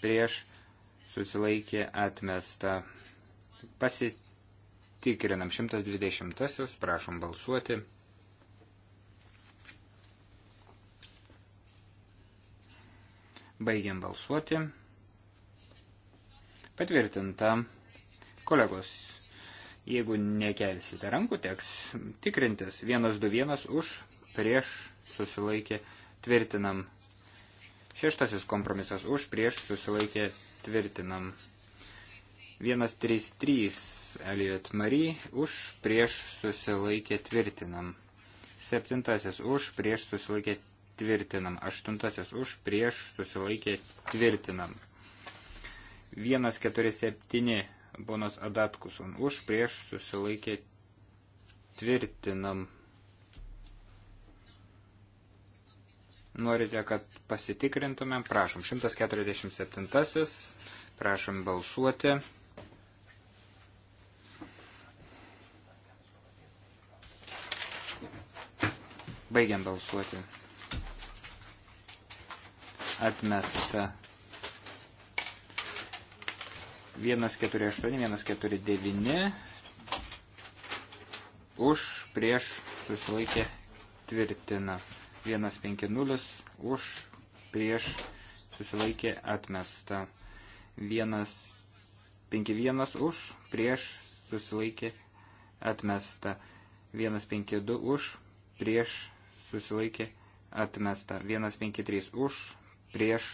C: prieš susilaikė atmesta. Pasitikrinam 120, prašom balsuoti. Baigiam balsuoti. Patvirtinta. Kolegos, jeigu nekelsite rankų, teks tikrintis. 121 už, prieš, susilaikė, tvirtinam. Šeštasis kompromisas už, prieš, susilaikė, tvirtinam. 133 Elliot Marie už, prieš, susilaikė, tvirtinam. Septintasis už, prieš, susilaikė, tvirtinam tvirtinam. Aštuntasis už, prieš, susilaikė, tvirtinam. Vienas, keturi, septyni, bonas adatkus, un už, prieš, susilaikė, tvirtinam. Norite, kad pasitikrintumėm? Prašom, 147. Prašom balsuoti. Baigiam balsuoti atmesta. 148, 149 už, prieš susilaikė tvirtina. 150 už, prieš susilaikė atmesta. 151 už, prieš susilaikė atmesta. 152 už, prieš susilaikė atmesta. 153 už, prieš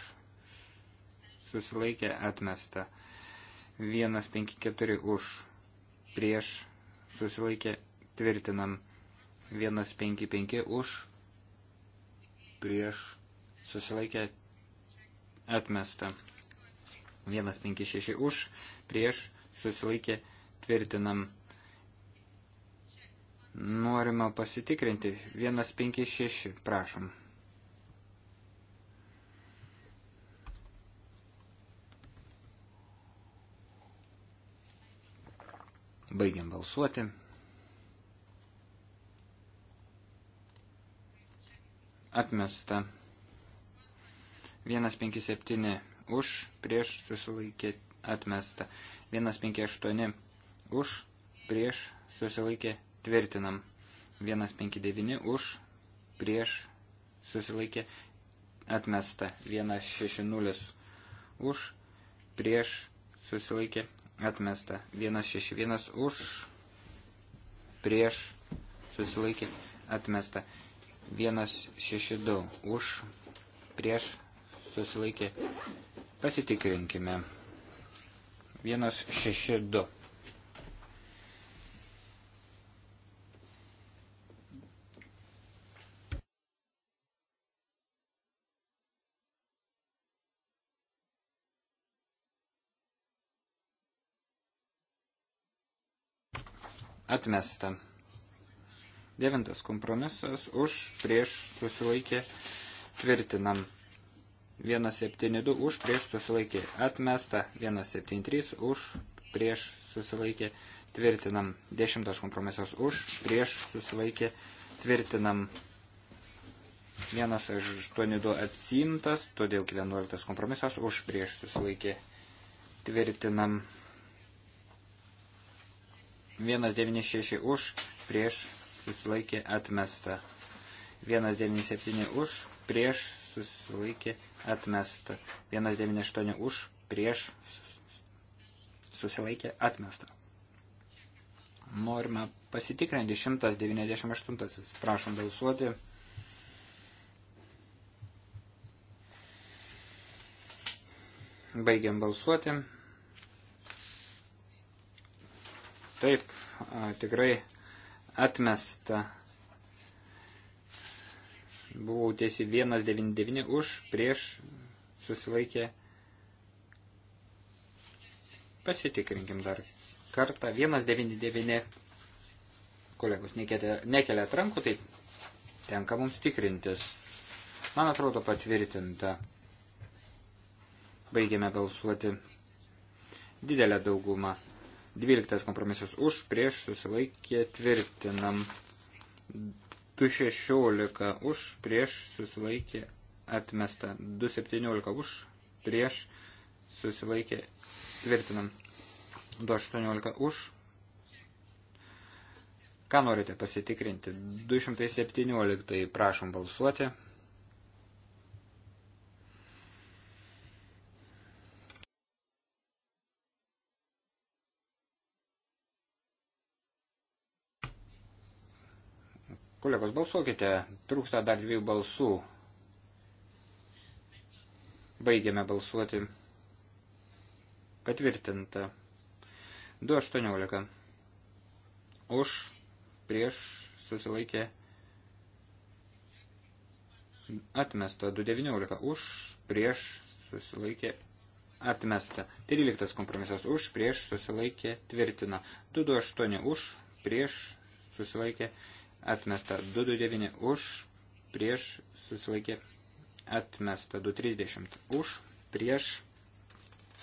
C: susilaikė atmesta. 154 už prieš susilaikė tvirtinam. 155 už prieš susilaikė atmesta. 156 už prieš susilaikė tvirtinam. Norima pasitikrinti. 156, prašom. Baigiam balsuoti. Atmesta. 157 už, prieš susilaikė atmesta. 158 už, prieš susilaikė tvirtinam. 159 už, prieš susilaikė atmesta. 160 už, prieš susilaikė atmesta 161 už, prieš susilaikė atmesta 162 už, prieš susilaikė pasitikrinkime 162. atmesta. Devintas kompromisas už prieš susilaikė tvirtinam. 172 už prieš susilaikė atmesta. 173 už prieš susilaikė tvirtinam. Dešimtas kompromisas už prieš susilaikė tvirtinam. 182 atsimtas, todėl 11 kompromisas už prieš susilaikė tvirtinam. 196 už, prieš susilaikė atmesta. 197 už, prieš susilaikė atmesta. 198 už, prieš susilaikė atmesta. Norime pasitikrinti 198. Prašom balsuoti. Baigiam balsuoti. Taip, tikrai atmesta. Buvau tiesi 199 už, prieš susilaikė. Pasitikrinkim dar kartą. 199 kolegos nekelia, nekelia atrankų, tai tenka mums tikrintis. Man atrodo patvirtinta. Baigėme balsuoti didelę daugumą. 12 kompromisas už, prieš susilaikė tvirtinam. 216 už, prieš susilaikė atmesta. 217 už, prieš susilaikė tvirtinam. 218 už. Ką norite pasitikrinti? 217 prašom balsuoti. Kolegos, balsuokite. Trūksta dar dviejų balsų. Baigiame balsuoti. Patvirtinta. 2.18. Už, prieš, susilaikė. Atmesta. 2.19. Už, prieš, susilaikė. Atmesta. 13 kompromisas už, prieš, susilaikė, tvirtina. 228 už, prieš, susilaikė, tvirtina atmesta 229 už, prieš susilaikė atmesta 230 už, prieš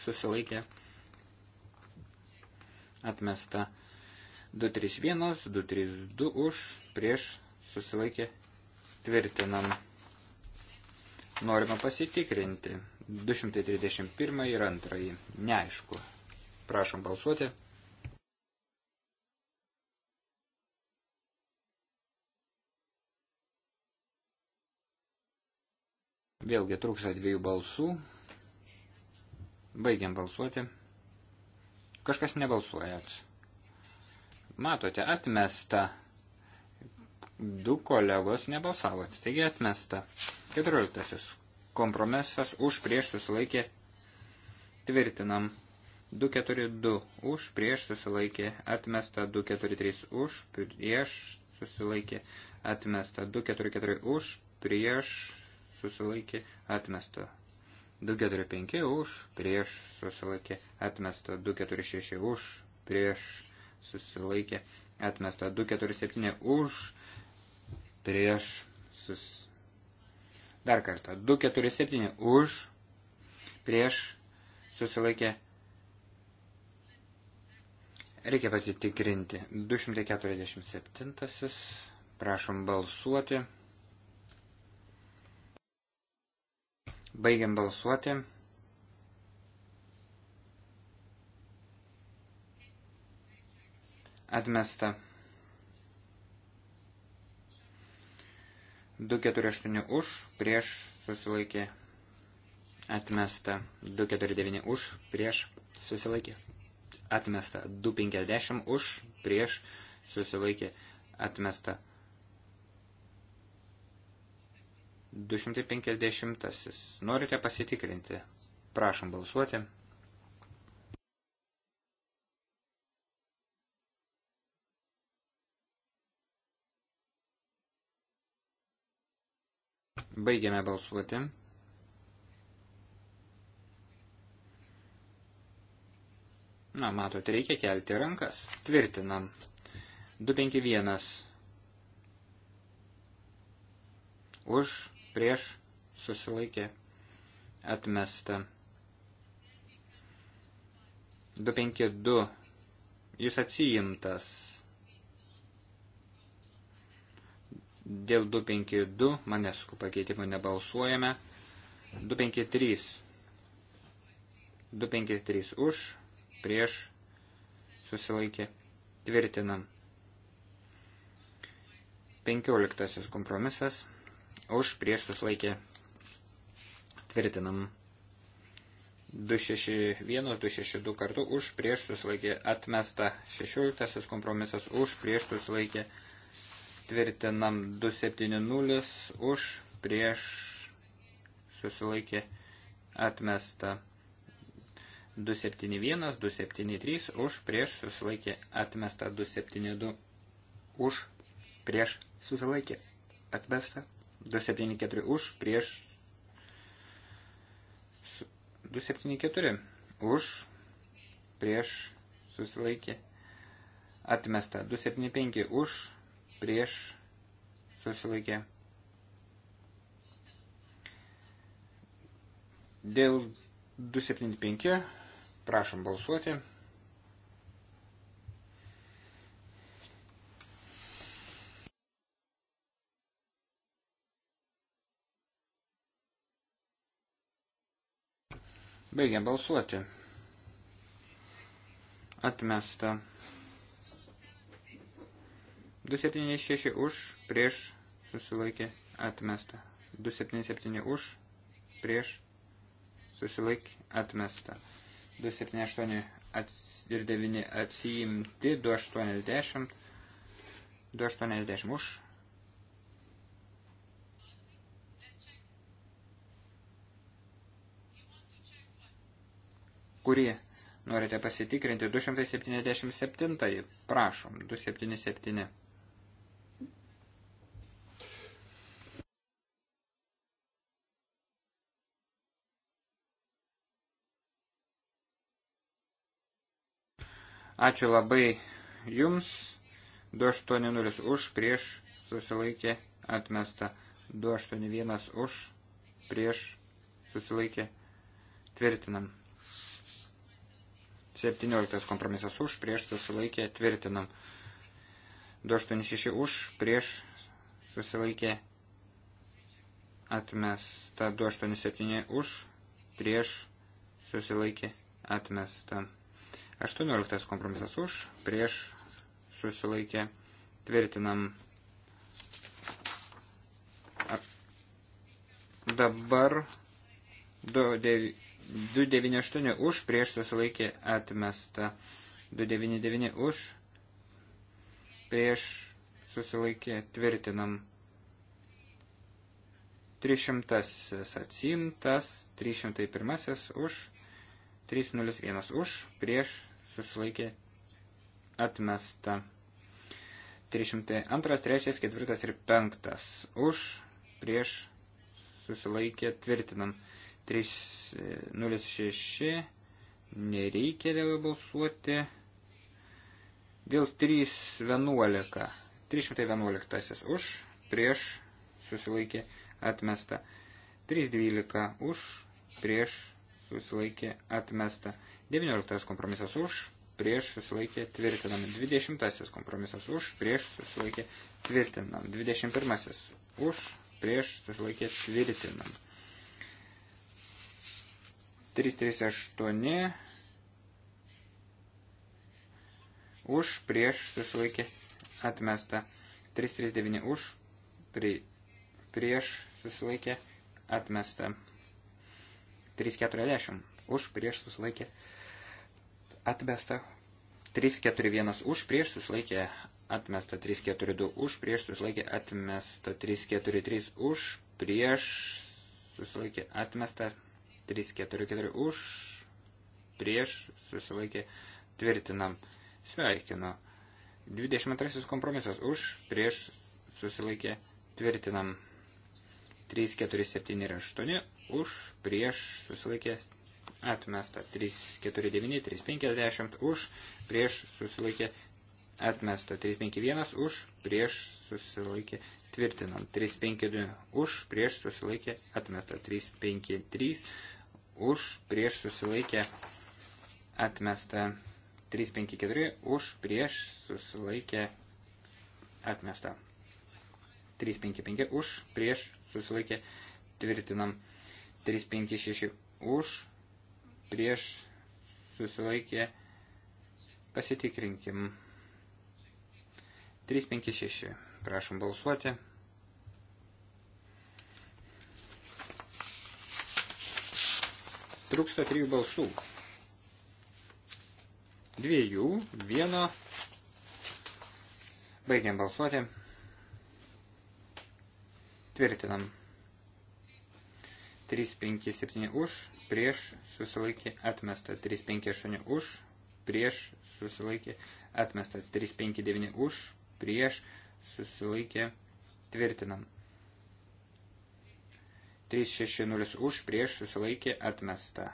C: susilaikė atmesta 231, 232 už, prieš susilaikė tvirtinam. Norima pasitikrinti 231 ir 2. Neaišku. Prašom balsuoti. Vėlgi trūksta dviejų balsų. Baigiam balsuoti. Kažkas nebalsuojat. Matote, atmesta. Du kolegos nebalsavot, taigi atmesta. Keturioliktasis kompromisas už prieš susilaikė. Tvirtinam. 242 už prieš susilaikė. Atmesta 243 už prieš susilaikė. Atmesta 244 už prieš susilaikė atmesta. 245 už, prieš susilaikė atmesta. 246 už, prieš susilaikė atmesta. 247 už, prieš sus... Dar kartą. 247 už, prieš susilaikė atmesta. Reikia pasitikrinti. 247. Prašom balsuoti. Baigiam balsuoti. Atmesta. 248 už, prieš susilaikė. Atmesta. 249 už, prieš susilaikė. Atmesta. 250 už, prieš susilaikė. Atmesta. 250. Norite pasitikrinti? Prašom balsuoti. Baigiame balsuoti. Na, matot, reikia kelti rankas. Tvirtinam. 251. Už prieš susilaikė atmesta. 252. Jis atsijimtas. Dėl 252 maneskų pakeitimų nebalsuojame. 253. 253 už, prieš, susilaikė, tvirtinam. 15 kompromisas už prieš susilaikė tvirtinam. 261, 262 kartų už prieš susilaikė atmesta 16 kompromisas už prieš susilaikė tvirtinam 270 už prieš susilaikė atmesta 271, 273 už prieš susilaikė atmesta 272 už prieš susilaikė atmesta 274 už, prieš 274 už, prieš susilaikė atmesta. 275 už, prieš susilaikė. Dėl 275 prašom balsuoti. Baigiam balsuoti. Atmesta. 276 už, prieš, susilaikė, atmesta. 277 už, prieš, susilaikė, atmesta. 278 ats, ir 9 atsiimti, 280, 280 už, kurį norite pasitikrinti 277, prašom, 277. Ačiū labai jums. 280 už, prieš, susilaikė, atmesta. 281 už, prieš, susilaikė, tvirtinam. 17 kompromisas už, prieš susilaikė, tvirtinam. 286 už, prieš susilaikė, atmesta. 287 už, prieš susilaikė, atmesta. 18 kompromisas už, prieš susilaikė, tvirtinam. Dabar 2, 9, 298 už, prieš susilaikė atmesta. 299 už, prieš susilaikė tvirtinam. 300 atsimtas, 301 už, 301 už, prieš susilaikė atmesta. 302, 3, 4 ir 5 už, prieš susilaikė tvirtinam. 303 306 nereikia dėl balsuoti. Dėl 311. 311 už, prieš, susilaikė, atmesta. 312 už, prieš, susilaikė, atmesta. 19 kompromisas už, prieš, susilaikė, tvirtinam. 20 kompromisas už, prieš, susilaikė, tvirtinam. 21 už, prieš, susilaikė, tvirtinam. 338 už prieš susilaikęs atmesta. 339 už pri, prieš susilaikė atmesta. 340 už prieš susilaikė atmesta. 341 už prieš susilaikė atmesta. 342 už prieš susilaikė atmesta. 343 už prieš susilaikė atmesta. 344 už, prieš, susilaikė, tvirtinam, sveikinu. 22 kompromisas už, prieš, susilaikė, tvirtinam. 347 ir 8 už, prieš, susilaikė, atmesta. 349, 350 už, prieš, susilaikė, atmesta 351 už, prieš susilaikė tvirtinant, 352 už, prieš susilaikė atmesta, 353 už, prieš susilaikė atmesta. 354 už, prieš susilaikė atmesta. 355 už, prieš susilaikė tvirtinam. 356 už, prieš susilaikė pasitikrinkim. 356. Prašom balsuoti. Truksta trijų balsų. Dviejų, vieno. Baigiam balsuoti. Tvirtinam. 357 už, prieš susilaikė atmesta. 358 už, prieš susilaikė atmesta. 359 už, prieš susilaikė tvirtinam. 360 už, prieš, susilaikė, atmesta.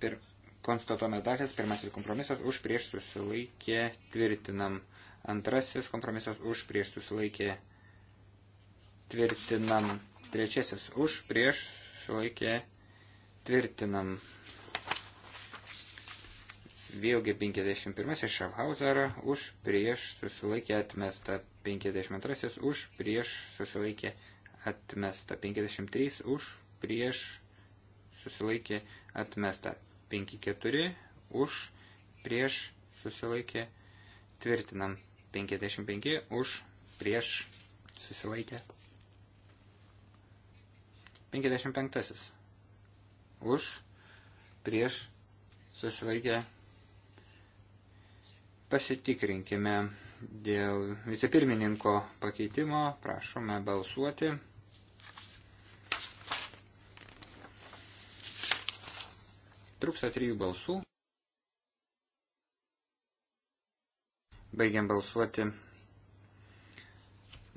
C: Per konstatuojame dalis, pirmasis kompromisas už, prieš, susilaikė, tvirtinam. Antrasis kompromisas už, prieš, susilaikė, tvirtinam. Trečiasis už, prieš, susilaikė, tvirtinam. Vėlgi 51 Šafhauserą už, prieš, susilaikė, atmesta. 52 už, prieš, susilaikė, atmesta atmesta 53 už, prieš susilaikė atmesta 54 už, prieš susilaikė tvirtinam 55 už, prieš susilaikė 55 už, prieš susilaikė pasitikrinkime dėl vicepirmininko pakeitimo, prašome balsuoti. Truksa trijų balsų. Baigiam balsuoti.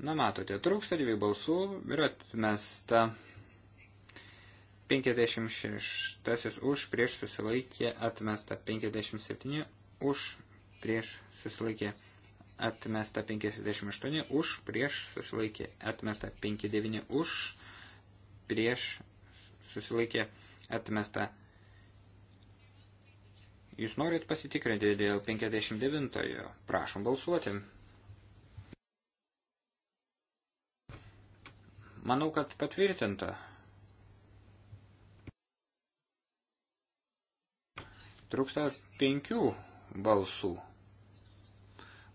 C: Na, matote, trūksta dviejų balsų ir atmesta 56 už prieš susilaikė, atmesta 57 už prieš susilaikė, atmesta 58 už prieš susilaikė, atmesta 59 už prieš susilaikė, atmesta 59 Jūs norit pasitikrinti dėl 59-ojo. Prašom balsuoti. Manau, kad patvirtinta. Trūksta penkių balsų.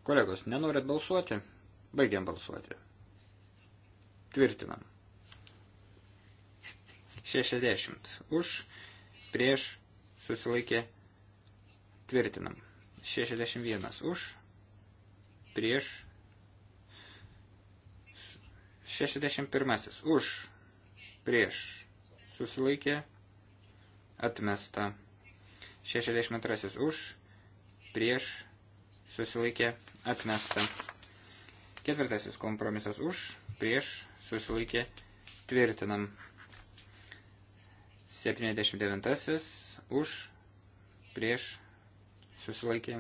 C: Kolegos, nenorit balsuoti? Baigiam balsuoti. Tvirtinam. 60. Už, prieš, susilaikė, Tvirtinam. 61 už, prieš, 61 už, prieš, susilaikė, atmesta. 62 už, prieš, susilaikė, atmesta. Ketvirtasis kompromisas už, prieš, susilaikė, tvirtinam. 79 už, prieš, susilaikė.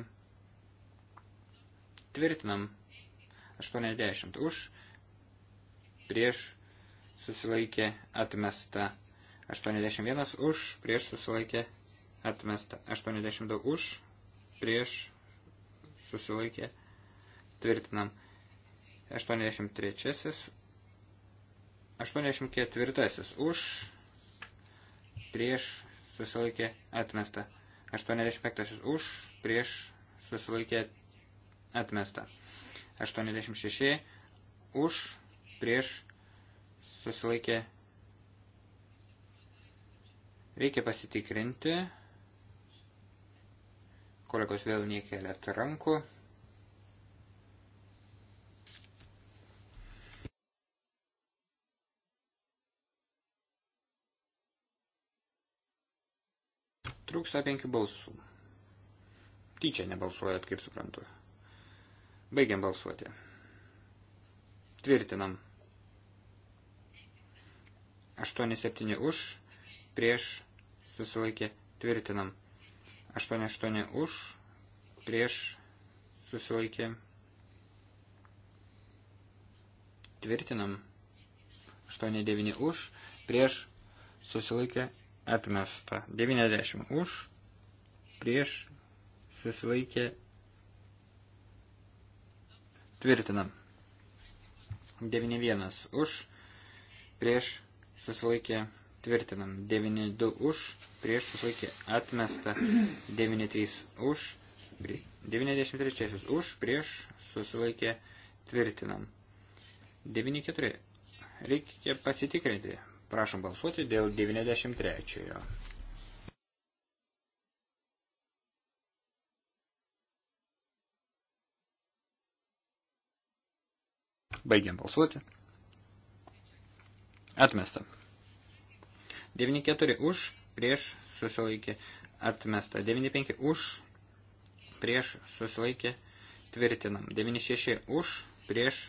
C: Tvirtinam 80 už, prieš susilaikė atmesta 81 už, prieš susilaikė atmesta 82 už, prieš susilaikė tvirtinam 83 84 už, prieš susilaikė atmesta 85 už, prieš susilaikė atmesta. 86 už, prieš susilaikė. Reikia pasitikrinti. Kolegos vėl nekeliat rankų. 105 balsų. Tyčia nebalsuojat, kaip suprantu. Baigiam balsuoti. Tvirtinam. 87 už, prieš, susilaikė, tvirtinam. 88 už, prieš, susilaikė, tvirtinam. 89 už, prieš, susilaikė, atmesta. 90 už, prieš, susilaikė, tvirtinam. 91 už, prieš, susilaikė, tvirtinam. 92 už, prieš, susilaikė, atmesta. 93 už, 93 už, prieš, susilaikė, tvirtinam. 94. Reikia pasitikrinti. Prašom balsuoti dėl 93-ojo. Baigiam balsuoti. Atmesta. 94 už, prieš susilaikė. Atmesta. 95 už, prieš susilaikė. Tvirtinam. 96 už, prieš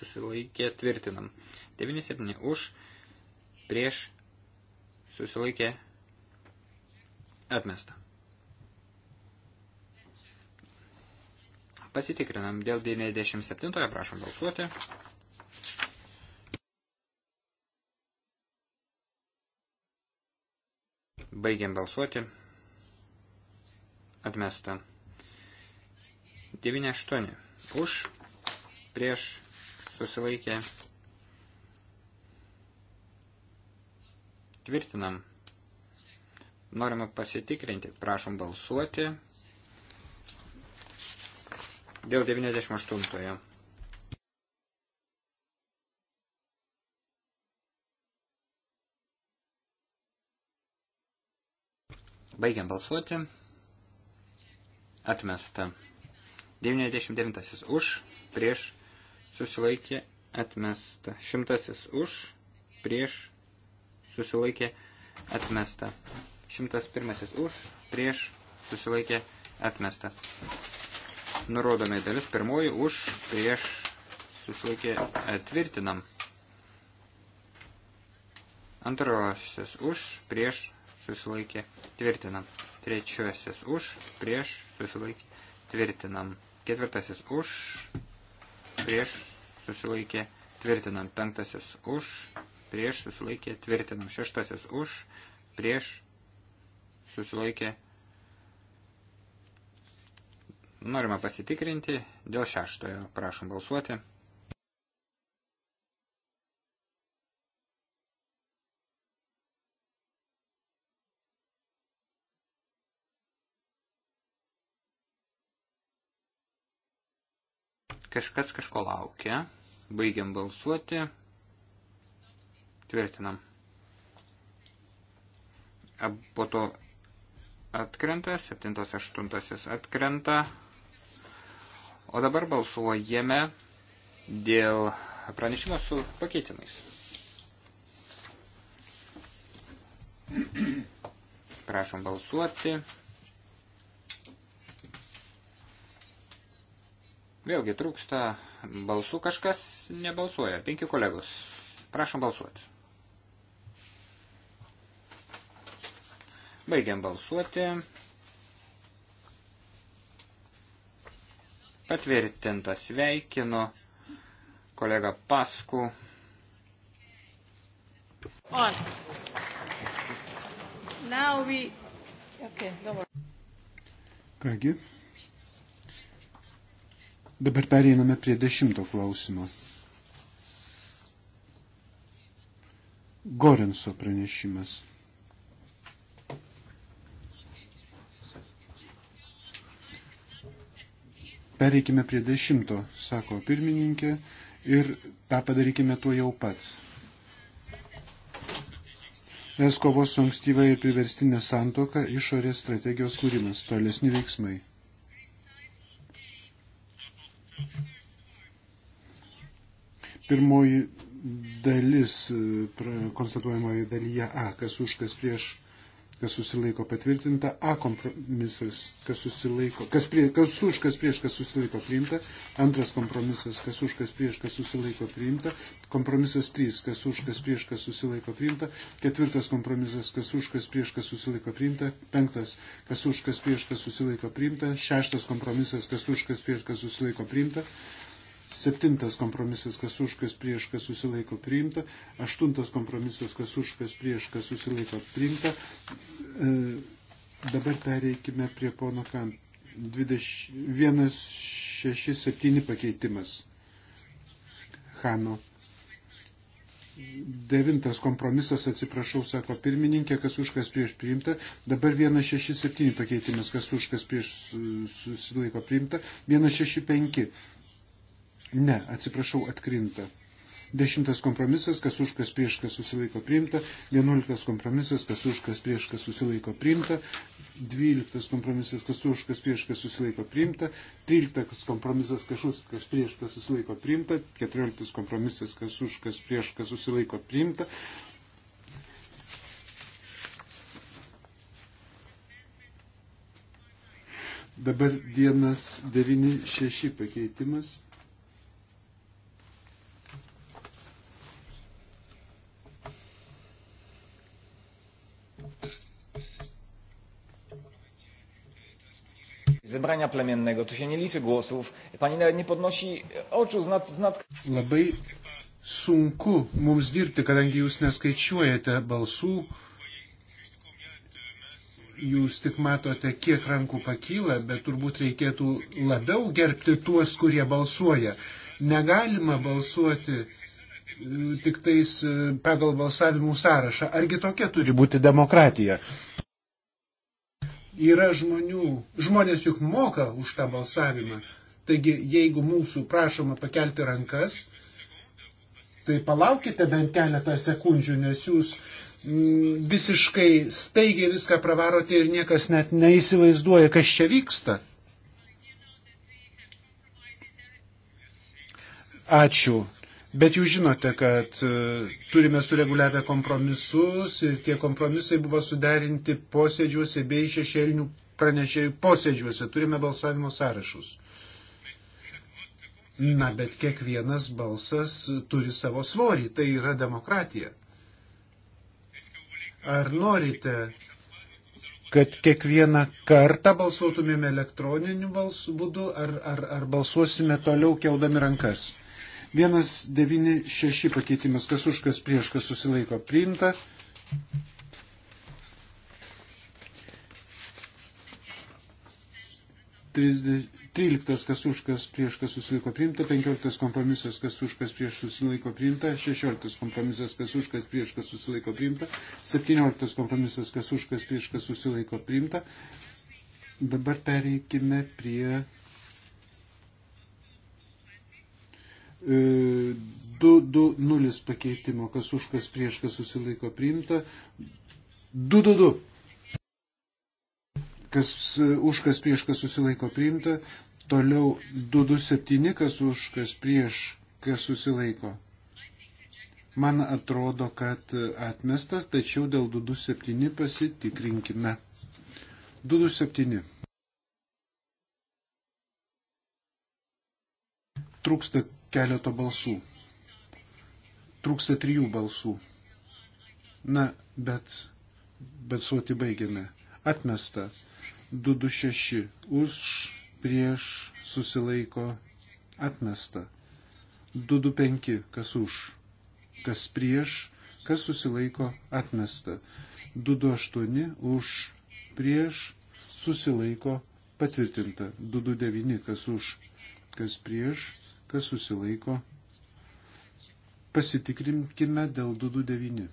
C: susilaikė. Tvirtinam. 97 už, prieš susilaikė prieš susilaikė atmesta. Pasitikrinam dėl 97, prašom balsuoti. Baigiam balsuoti. Atmesta. 98. Už, prieš, susilaikė, atmesta Tvirtinam. Norime pasitikrinti. Prašom balsuoti. Dėl 98. Baigiam balsuoti. Atmesta. 99 už, prieš, susilaikė, atmesta. 100 už, prieš, susilaikė atmesta. 101 už, prieš, susilaikė atmesta. Nurodome dalis, pirmoji už, prieš, susilaikė tvirtinam. Antrosios už, prieš, susilaikė tvirtinam. Trečiosios už, prieš, susilaikė tvirtinam. Ketvirtasis už, prieš, susilaikė tvirtinam. Penktasis už, prieš susilaikė tvirtinam. Šeštasis už, prieš susilaikė. Norime pasitikrinti dėl šeštojo. Prašom balsuoti.
D: Kažkas kažko
C: laukia. Baigiam balsuoti. Tvirtinam. Po to atkrenta, 7-8 atkrenta. O dabar balsuojame dėl pranešimo su pakeitimais. Prašom balsuoti. Vėlgi trūksta balsų, kažkas nebalsuoja. Penki kolegos. Prašom balsuoti. Baigiam balsuoti. Patvirtinta sveikinu kolega Pasku.
A: On. Now we... Okay,
D: Kągi, dabar pereiname prie dešimto klausimo. Gorenso pranešimas. Pereikime prie dešimto, sako pirmininkė, ir tą padarykime tuo jau pats. Es kovos su ankstyva ir priverstinė santoka išorės strategijos kūrimas, tolesni veiksmai. Pirmoji dalis e, konstatuojamoje dalyje A, kas už, kas prieš kas susilaiko patvirtinta, A kompromisas, kas susilaiko, kas, prie, kas už, kas prieš, kas susilaiko priimta, antras kompromisas, kas už, kas prieš, kas susilaiko priimta, kompromisas 3, kas už, kas prieš, kas susilaiko priimta, ketvirtas kompromisas, kas už, kas prieš, kas susilaiko priimta, penktas, kas už, kas prieš, kas susilaiko priimta, šeštas kompromisas, kas už, kas prieš, kas susilaiko priimta, Septintas kompromisas, kas už, kas prieš, kas susilaiko priimta. Aštuntas kompromisas, kas už, kas prieš, kas susilaiko priimta. E, dabar pereikime prie pono Kant. 167 pakeitimas. Hano. Devintas kompromisas, atsiprašau, sako pirmininkė, kas už kas prieš priimta. Dabar 167 pakeitimas, kas už kas prieš susilaiko priimta. 165 Ne, atsiprašau, atkrinta. Dešimtas kompromisas, kas už kas prieš kas susilaiko priimta. Vienuoliktas kompromisas, kas už kas prieš kas susilaiko priimta. Dvyliktas kompromisas, kas už kas prieš kas susilaiko priimta. Tryliktas kompromisas, kas už kas prieš kas susilaiko priimta. Keturioliktas kompromisas, kas už kas prieš kas susilaiko priimta. Dabar vienas devyni šeši pakeitimas.
B: zebrania plemiennego, tu się nie liczy głosów, pani nawet nie podnosi e, oczu z nad...
D: Z nad... Labai sunku mums dirbti, kadangi jūs neskaičiuojate balsų, jūs tik matote, kiek rankų pakyla, bet turbūt reikėtų labiau gerbti tuos, kurie balsuoja. Negalima balsuoti e, tik tais e, pagal balsavimų sąrašą. Argi tokia turi būti demokratija? Yra žmonių, žmonės juk moka už tą balsavimą. Taigi, jeigu mūsų prašoma pakelti rankas, tai palaukite bent keletą sekundžių, nes jūs m, mm, visiškai staigiai viską pravarote ir niekas net neįsivaizduoja, kas čia vyksta. Ačiū. Bet jūs žinote, kad e, turime sureguliavę kompromisus ir tie kompromisai buvo suderinti posėdžiuose bei šešėlinių pranešėjų posėdžiuose. Turime balsavimo sąrašus. Na, bet kiekvienas balsas turi savo svorį. Tai yra demokratija. Ar norite, kad kiekvieną kartą balsuotumėme elektroniniu balsu būdu, ar, ar, ar balsuosime toliau keldami rankas? 196 pakeitimas, kas už, kas prieš, kas susilaiko priimta. Tryliktas, kas už, kas prieš, kas susilaiko priimta. Penkioliktas kompromisas, kas už, kas prieš, susilaiko priimta. Šešioliktas kompromisas, kas už, kas prieš, kas susilaiko priimta. Septynioliktas kompromisas, kas už, kas prieš, kas susilaiko priimta. Dabar pereikime prie 220 e, pakeitimo, kas už, kas prieš, kas susilaiko priimta. 222. Kas e, už, kas prieš, kas susilaiko priimta. Toliau 227, kas už, kas prieš, kas susilaiko. Man atrodo, kad atmestas, tačiau dėl 227 pasitikrinkime. 227. Trūksta keleto balsų. Trūksta trijų balsų. Na, bet, bet suoti baigiame. Atmesta. 226 už, prieš, susilaiko, atmesta. 225 kas už, kas prieš, kas susilaiko, atmesta. 228 už, prieš, susilaiko, patvirtinta. 229 kas už, kas prieš, kas susilaiko. Pasitikrinkime dėl 229.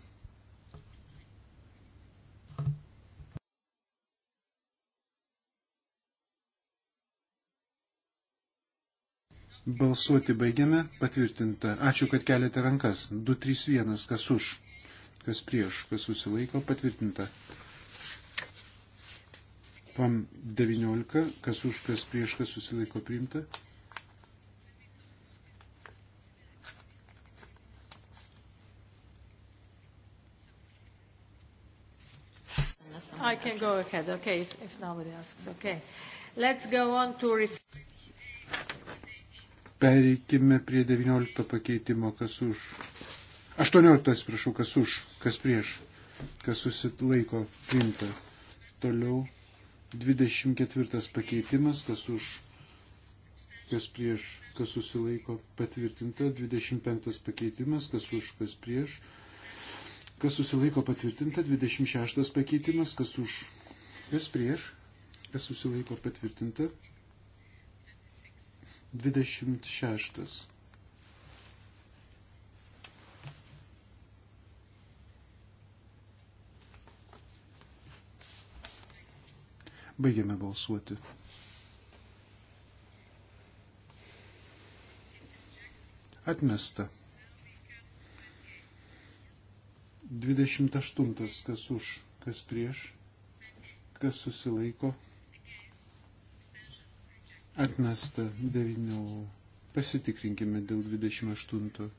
D: Balsuoti baigiame, patvirtinta. Ačiū, kad keliate rankas. 231, kas už, kas prieš, kas susilaiko, patvirtinta. PAM 19, kas už, kas prieš, kas susilaiko priimta.
A: I can go ahead, okay, if, if nobody asks, okay. Let's go on to...
D: Pereikime prie 19 pakeitimo, kas už. 18, prašau, kas už, kas prieš, kas susilaiko, priimta. Toliau 24 pakeitimas, kas už, kas prieš, kas susilaiko, patvirtinta. 25 pakeitimas, kas už, kas prieš, patvirtinta Kas susilaiko patvirtinta, 26 pakeitimas, kas už, kas prieš, kas susilaiko patvirtinta, 26. Baigiame balsuoti. Atmesta. 28. Kas už, kas prieš, kas susilaiko. Atmesta 9. Pasitikrinkime dėl 28.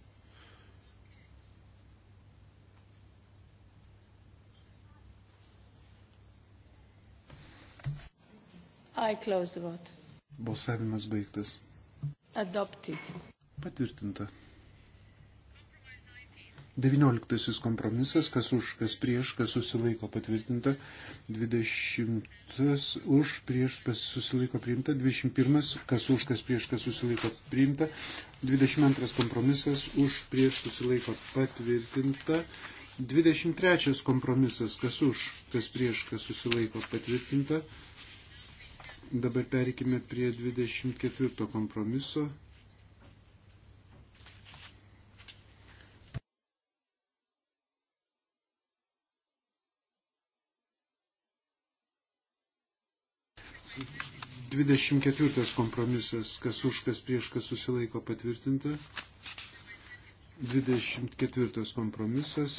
A: I close the vote.
D: Balsavimas baigtas.
A: Adopted.
D: Patvirtinta. 19 kompromisas, kas už, kas prieš, kas susilaiko patvirtinta, 20 už, prieš, kas susilaiko priimta, 21, kas už, kas prieš, kas susilaiko priimta, 22 kompromisas už, prieš, susilaiko patvirtinta, 23 kompromisas, kas už, kas prieš, kas susilaiko patvirtinta. Dabar perikime prie 24 kompromiso. 24 kompromisas, kas už, kas prieš, kas susilaiko patvirtinta. 24 kompromisas.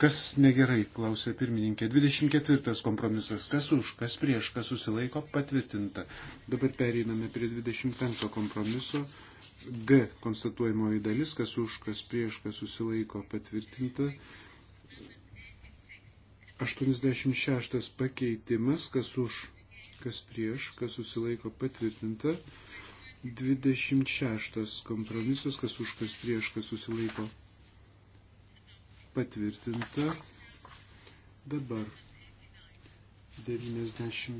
D: Kas negerai, klausė pirmininkė. 24 kompromisas. Kas už, kas prieš, kas susilaiko patvirtinta. Dabar pereiname prie 25 kompromiso. G konstatuojamoji dalis, kas už, kas prieš, kas susilaiko patvirtinta. 86 pakeitimas, kas už, kas prieš, kas susilaiko patvirtinta. 26 kompromisas, kas už, kas prieš, kas susilaiko patvirtinta. Dabar 90.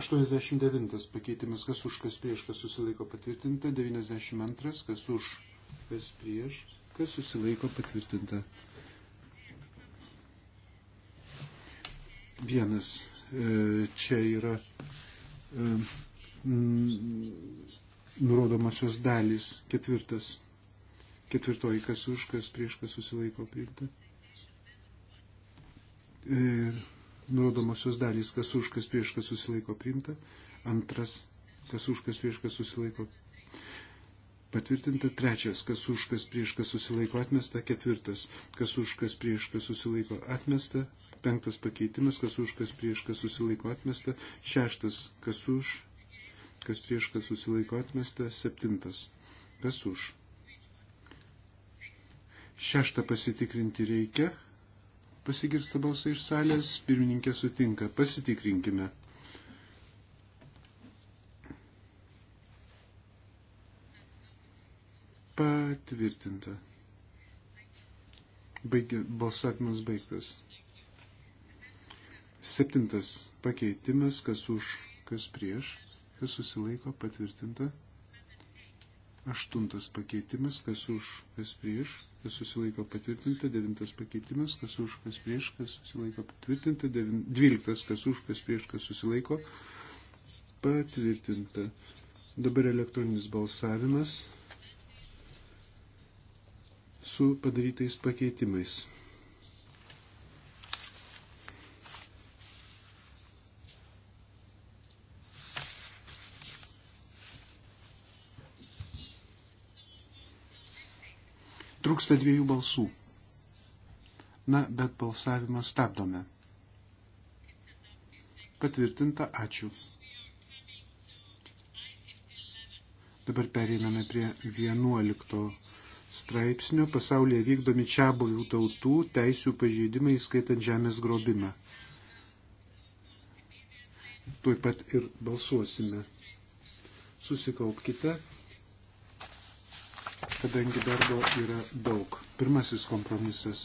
D: 89 pakeitimas, kas už, kas prieš, kas susilaiko patvirtinta, 92, kas už, kas prieš, kas susilaiko patvirtinta, Vienas e, čia yra e, nurodomosios dalys. Ketvirtas. Ketvirtoji, kas už, kas prieš, kas susilaiko priimta. E, nurodomosios dalys, kas už, kas prieš, kas susilaiko priimta. Antras, kas už, kas prieš, kas susilaiko Patvirtinta trečias, kas už, kas prieš, kas susilaiko atmesta, ketvirtas, kas už, kas prieš, kas susilaiko atmesta, Penktas pakeitimas, kas už, kas prieš, kas susilaiko atmesta. Šeštas, kas už, kas prieš, kas susilaiko atmesta. Septintas, kas už. Šeštą pasitikrinti reikia. Pasigirsta balsai iš salės, pirmininkė sutinka. Pasitikrinkime. Patvirtinta. Baigė, balsavimas baigtas. Septintas pakeitimas, kas už, kas prieš, kas susilaiko patvirtinta. Aštuntas pakeitimas, kas už, kas prieš, kas susilaiko patvirtinta. Devintas pakeitimas, kas už, kas prieš, kas susilaiko patvirtinta. Devin... Dvyliktas, kas už, kas prieš, kas susilaiko patvirtinta. Dabar elektroninis balsavimas su padarytais pakeitimais. Trūksta dviejų balsų. Na, bet balsavimą stabdome. Patvirtinta, ačiū. Dabar pereiname prie 11 straipsnio pasaulyje vykdomi čia buvių tautų teisių pažeidimai, skaitant žemės grobimą. Tuoj pat ir balsuosime. Susikaupkite kadangi darbo yra daug. Pirmasis kompromisas.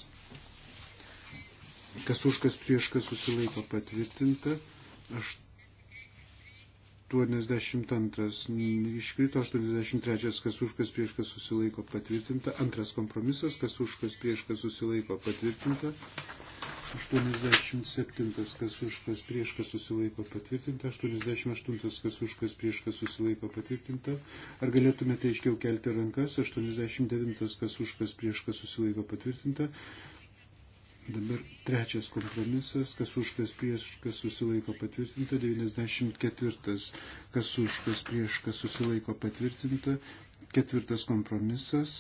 D: Kas už, kas prieš, kas susilaiko patvirtinta. 82 iškrito, 83 kas už, kas prieš, kas susilaiko patvirtinta. Antras kompromisas, kas už, kas prieš, kas susilaiko patvirtinta. 87 kas už kas prieš kas susilaiko patvirtinta, 88 kas už kas prieš kas susilaiko patvirtinta. Ar galėtumėte aiškiau kelti rankas, 89 kas už kas prieš kas susilaiko patvirtinta. Dabar trečias kompromisas, kas už kas prieš kas susilaiko patvirtinta, 94 kas už kas prieš kas susilaiko patvirtinta, ketvirtas kompromisas,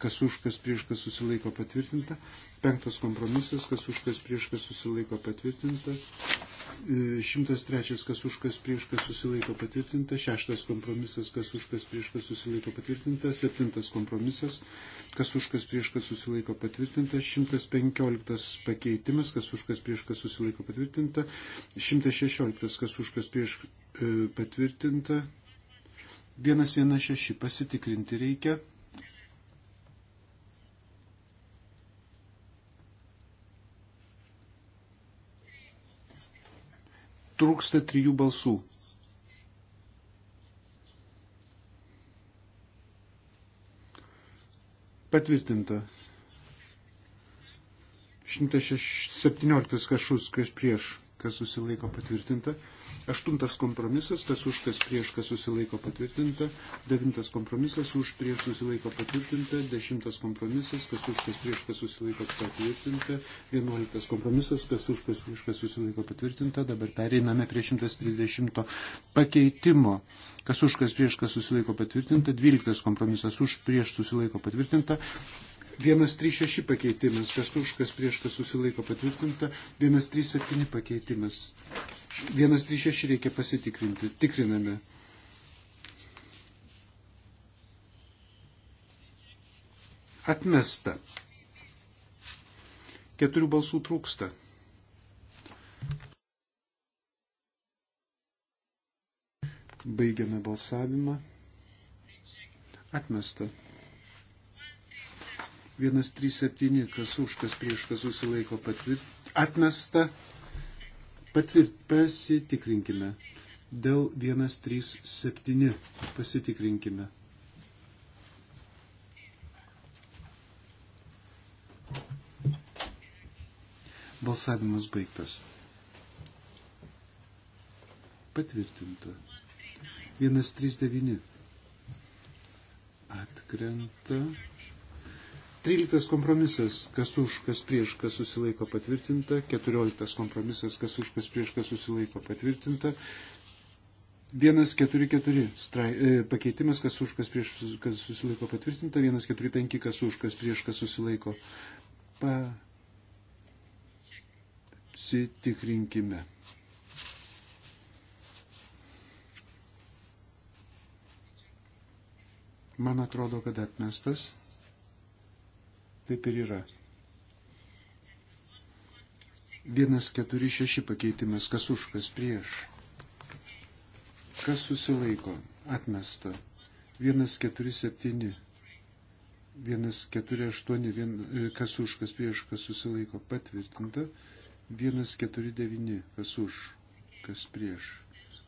D: kas už kas prieš kas susilaiko patvirtinta. Penktas kompromisas, kas už kas prieš kas susilaiko patvirtinta. E, šimtas trečias, kas už kas prieš kas susilaiko patvirtinta. Šeštas kompromisas, kas už kas prieš kas susilaiko patvirtinta. Septintas kompromisas, kas už kas prieš kas susilaiko patvirtinta. Šimtas penkioliktas pakeitimas, kas už kas prieš kas susilaiko patvirtinta. Šimtas šešioliktas, kas už kas prieš e, patvirtinta. Vienas vienas šeši pasitikrinti reikia. trūksta trijų balsų. Patvirtinta. 117 kašus, kas prieš kas susilaiko patvirtinta. Aštuntas kompromisas, kas už, kas prieš, kas susilaiko patvirtinta. Devintas kompromisas, už, prieš susilaiko patvirtinta. Dešimtas kompromisas, kas už, kas prieš, kas susilaiko patvirtinta. Vienuoliktas kompromisas, kas už, kas prieš, kas susilaiko patvirtinta. Dabar pereiname prie 130 pakeitimo. Kas už, kas prieš, kas susilaiko patvirtinta. Dvyliktas kompromisas, už, prieš susilaiko patvirtinta. 136 pakeitimas, kas už, kas prieš, kas susilaiko patvirtinta, 137 pakeitimas. 136 reikia pasitikrinti, tikriname. Atmesta. Keturių balsų trūksta. Baigiame balsavimą. Atmesta. 137, kas už, kas prieš, kas susilaiko patvirt, atmesta. Patvirt, pasitikrinkime. Dėl 137 pasitikrinkime. Balsavimas baigtas. Patvirtinta. 139. Atkrenta. 13 kompromisas, kas už, kas prieš, kas susilaiko patvirtinta. 14 kompromisas, kas už, kas prieš, kas susilaiko patvirtinta. 144 strai, e, pakeitimas, kas už, kas prieš, kas susilaiko patvirtinta, 145, kas už, kas prieš, kas susilaiko. Pasitikrinkime. Man atrodo, kad atmestas. Taip ir yra. Vienas keturi šeši pakeitimas, kas už, kas prieš. Kas susilaiko? Atmesta. Vienas keturi septyni. Vienas keturi aštuoni, vien, e, kas už, kas prieš, kas susilaiko. Patvirtinta. Vienas keturi devyni, kas už, kas prieš.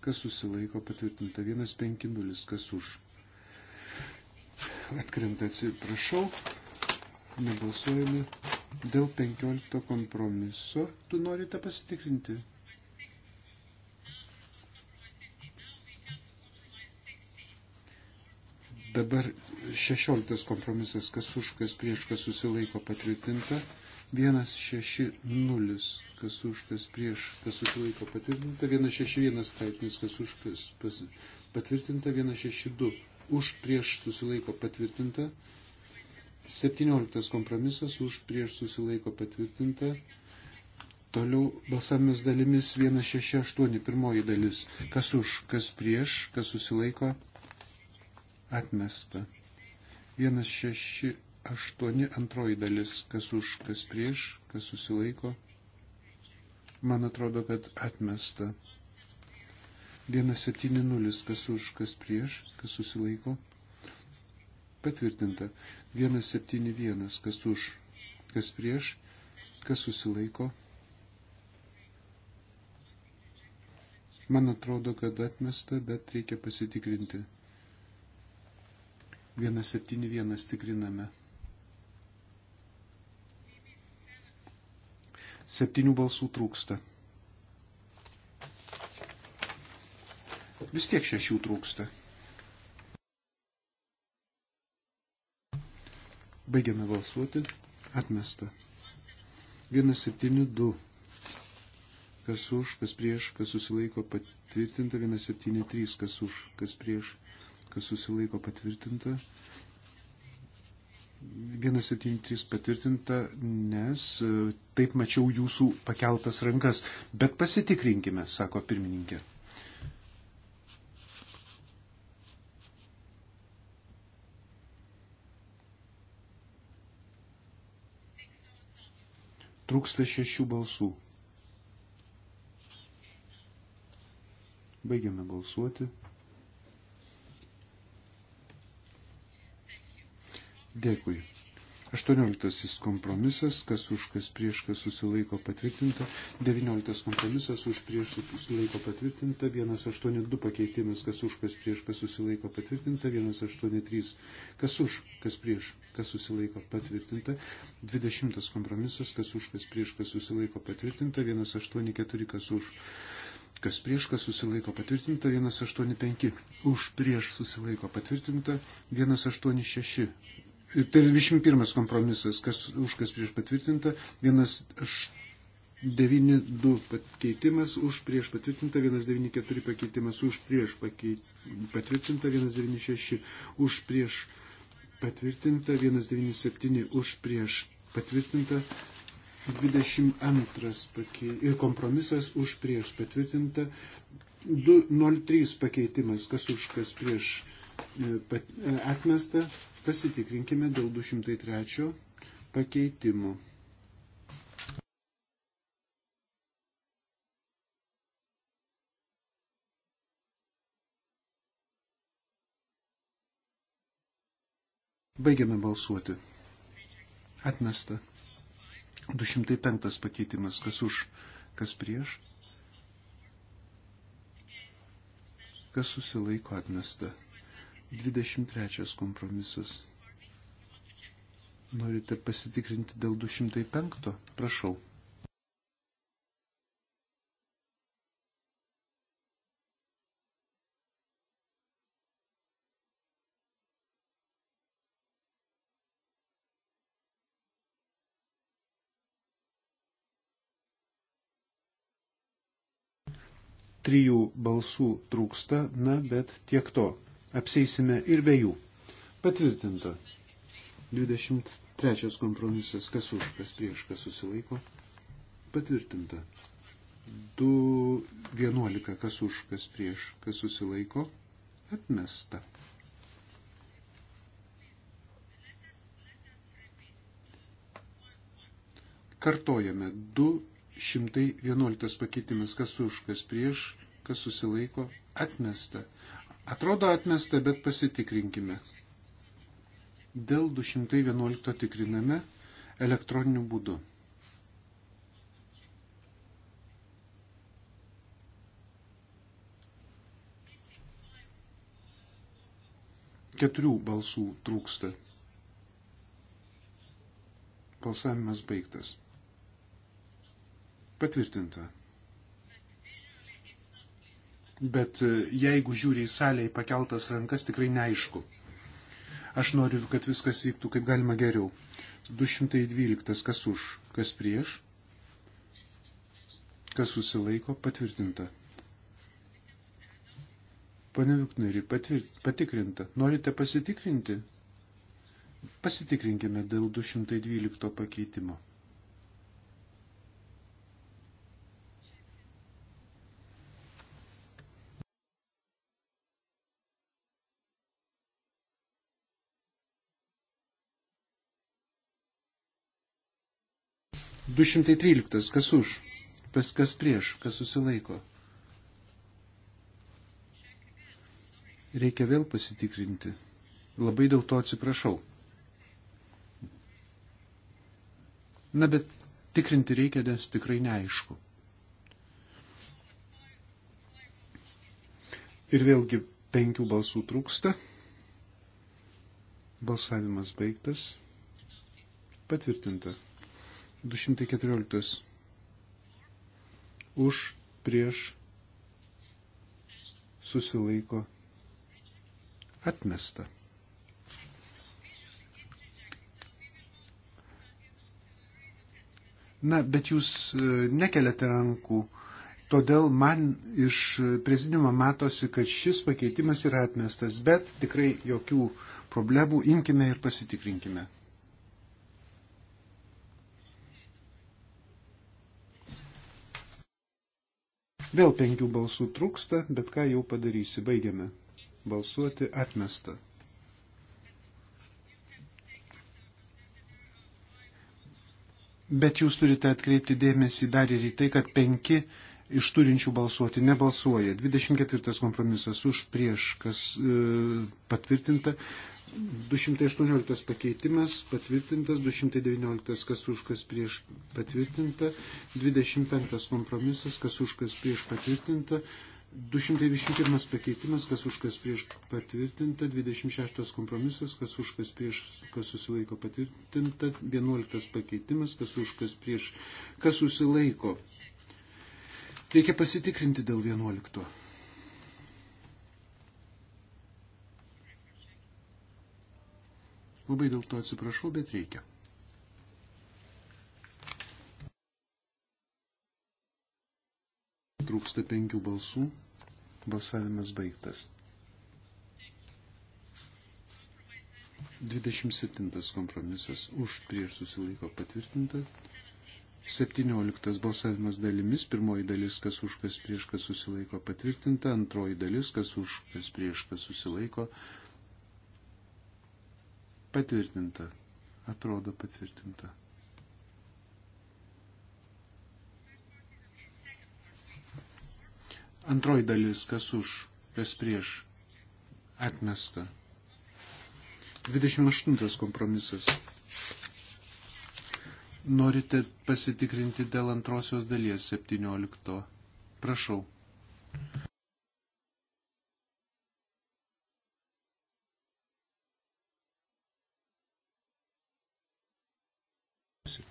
D: Kas susilaiko patvirtinta. Vienas penki nulis, kas už. Atkrenta, atsiprašau nebalsuojame dėl 15 kompromiso. Tu norite pasitikrinti? Dabar 16 kompromisas, kas už, kas prieš, kas susilaiko patvirtinta. 160, kas už, kas prieš, kas susilaiko patvirtinta. 161 straipsnis, kas už, kas patvirtinta. 162, už, prieš susilaiko patvirtinta. 17 kompromisas už prieš susilaiko patvirtinta. Toliau balsavimas dalimis 168 pirmoji dalis. Kas už, kas prieš, kas susilaiko atmesta. 168 antroji dalis. Kas už, kas prieš, kas susilaiko. Man atrodo, kad atmesta. 170 kas už, kas prieš, kas susilaiko. Patvirtinta. 171, kas už, kas prieš, kas susilaiko. Man atrodo, kad atmesta, bet reikia pasitikrinti. 171 tikriname. Septynių balsų trūksta. Vis tiek šešių trūksta. Baigiame balsuoti. Atmesta. 172. Kas už, kas prieš, kas susilaiko patvirtinta. 173. Kas už, kas prieš, kas susilaiko patvirtinta. 173 patvirtinta, nes e, taip mačiau jūsų pakeltas rankas. Bet pasitikrinkime, sako pirmininkė. Trūksta šešių balsų. Baigiame balsuoti. Dėkui. 18 kompromisas, kas už, kas prieš, kas susilaiko patvirtinta. 19 kompromisas už, prieš, susilaiko patvirtinta. 182 pakeitimas, kas už, kas prieš, kas susilaiko patvirtinta. 183, kas už, kas prieš, kas susilaiko patvirtinta. 20 kompromisas, kas už, kas prieš, kas susilaiko patvirtinta. 184, kas už. Kas prieš, kas susilaiko patvirtinta, 185. Už prieš susilaiko patvirtinta, 186 Tai 21 kompromisas, kas už kas prieš patvirtinta, 192 pakeitimas už prieš patvirtinta, 194 pakeitimas už prieš patvirtinta, 196 už prieš patvirtinta, 197 už prieš patvirtinta, 22 pakei... kompromisas už prieš patvirtinta, 203 pakeitimas, kas už kas prieš e, pat... E, atmesta, Pasitikrinkime dėl 203 pakeitimų. Baigiame balsuoti. Atmesta. 205 pakeitimas. Kas už, kas prieš. Kas susilaiko atmesta. 23 kompromisas. Norite pasitikrinti dėl 205? Prašau. trijų balsų trūksta, na, bet tiek to. Apseisime ir be jų. Patvirtinta. 23 kompromisas. Kas už, kas prieš, kas susilaiko. Patvirtinta. 2.11. Kas už, kas prieš, kas susilaiko. Atmesta. Kartojame 211 pakeitimas, kas už, kas prieš, kas susilaiko, atmesta. 2.12 Atrodo atmesta, bet pasitikrinkime. Dėl 211 tikriname elektroniniu būdu. Keturių balsų trūksta. Balsavimas baigtas. Patvirtinta bet e, jeigu žiūri į salę į pakeltas rankas, tikrai neaišku. Aš noriu, kad viskas vyktų kaip galima geriau. 212. Kas už, kas prieš, kas susilaiko, patvirtinta. Pane Vikneri, patikrinta. Norite pasitikrinti? Pasitikrinkime dėl 212 pakeitimo. 213. Kas už? Pas, kas prieš? Kas susilaiko? Reikia vėl pasitikrinti. Labai dėl to atsiprašau. Na, bet tikrinti reikia, nes tikrai neaišku. Ir vėlgi penkių balsų trūksta. Balsavimas baigtas. Patvirtinta. 214. Už, prieš, susilaiko, atmesta. Na, bet jūs e, nekeliate rankų, todėl man iš prezidiumo matosi, kad šis pakeitimas yra atmestas, bet tikrai jokių problemų imkime ir pasitikrinkime. Vėl penkių balsų trūksta, bet ką jau padarysi, baigiame. Balsuoti atmesta. Bet jūs turite atkreipti dėmesį dar ir į tai, kad penki iš turinčių balsuoti nebalsuoja. 24 kompromisas už prieš, kas e, patvirtinta. 218 pakeitimas patvirtintas, 219 kas už kas prieš patvirtinta, 25 kompromisas kas už kas prieš patvirtinta, 221 pakeitimas kas už kas prieš patvirtinta, 26 kompromisas kas už kas prieš kas susilaiko patvirtinta, 11 pakeitimas kas už kas prieš kas susilaiko. Reikia pasitikrinti dėl 11. Labai dėl to atsiprašau, bet reikia. Trūksta penkių balsų. Balsavimas baigtas. 27 kompromisas už prieš susilaiko patvirtinta. 17 balsavimas dalimis, pirmoji dalis, kas už, kas prieš, kas susilaiko patvirtinta, antroji dalis, kas už, kas prieš, kas susilaiko Patvirtinta. Atrodo patvirtinta. Antroji dalis, kas už, kas prieš. Atmesta. 28 kompromisas. Norite pasitikrinti dėl antrosios dalies 17. Prašau.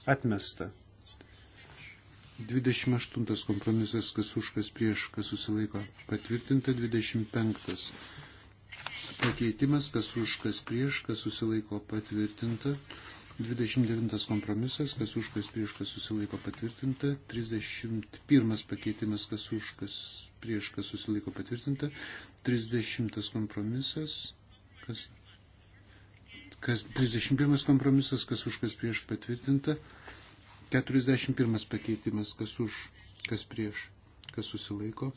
D: Atmesta. 28 kompromisas, kas už, kas prieš, kas susilaiko. Patvirtinta 25. Pakeitimas, kas už, kas prieš, kas susilaiko. Patvirtinta. 29 kompromisas, kas už, kas prieš, kas susilaiko. Patvirtinta. 31 pakeitimas, kas už, kas prieš, kas susilaiko. Patvirtinta. 30 kompromisas, kas kas 31 kompromisas, kas už, kas prieš patvirtinta, 41 pakeitimas, kas už, kas prieš, kas susilaiko,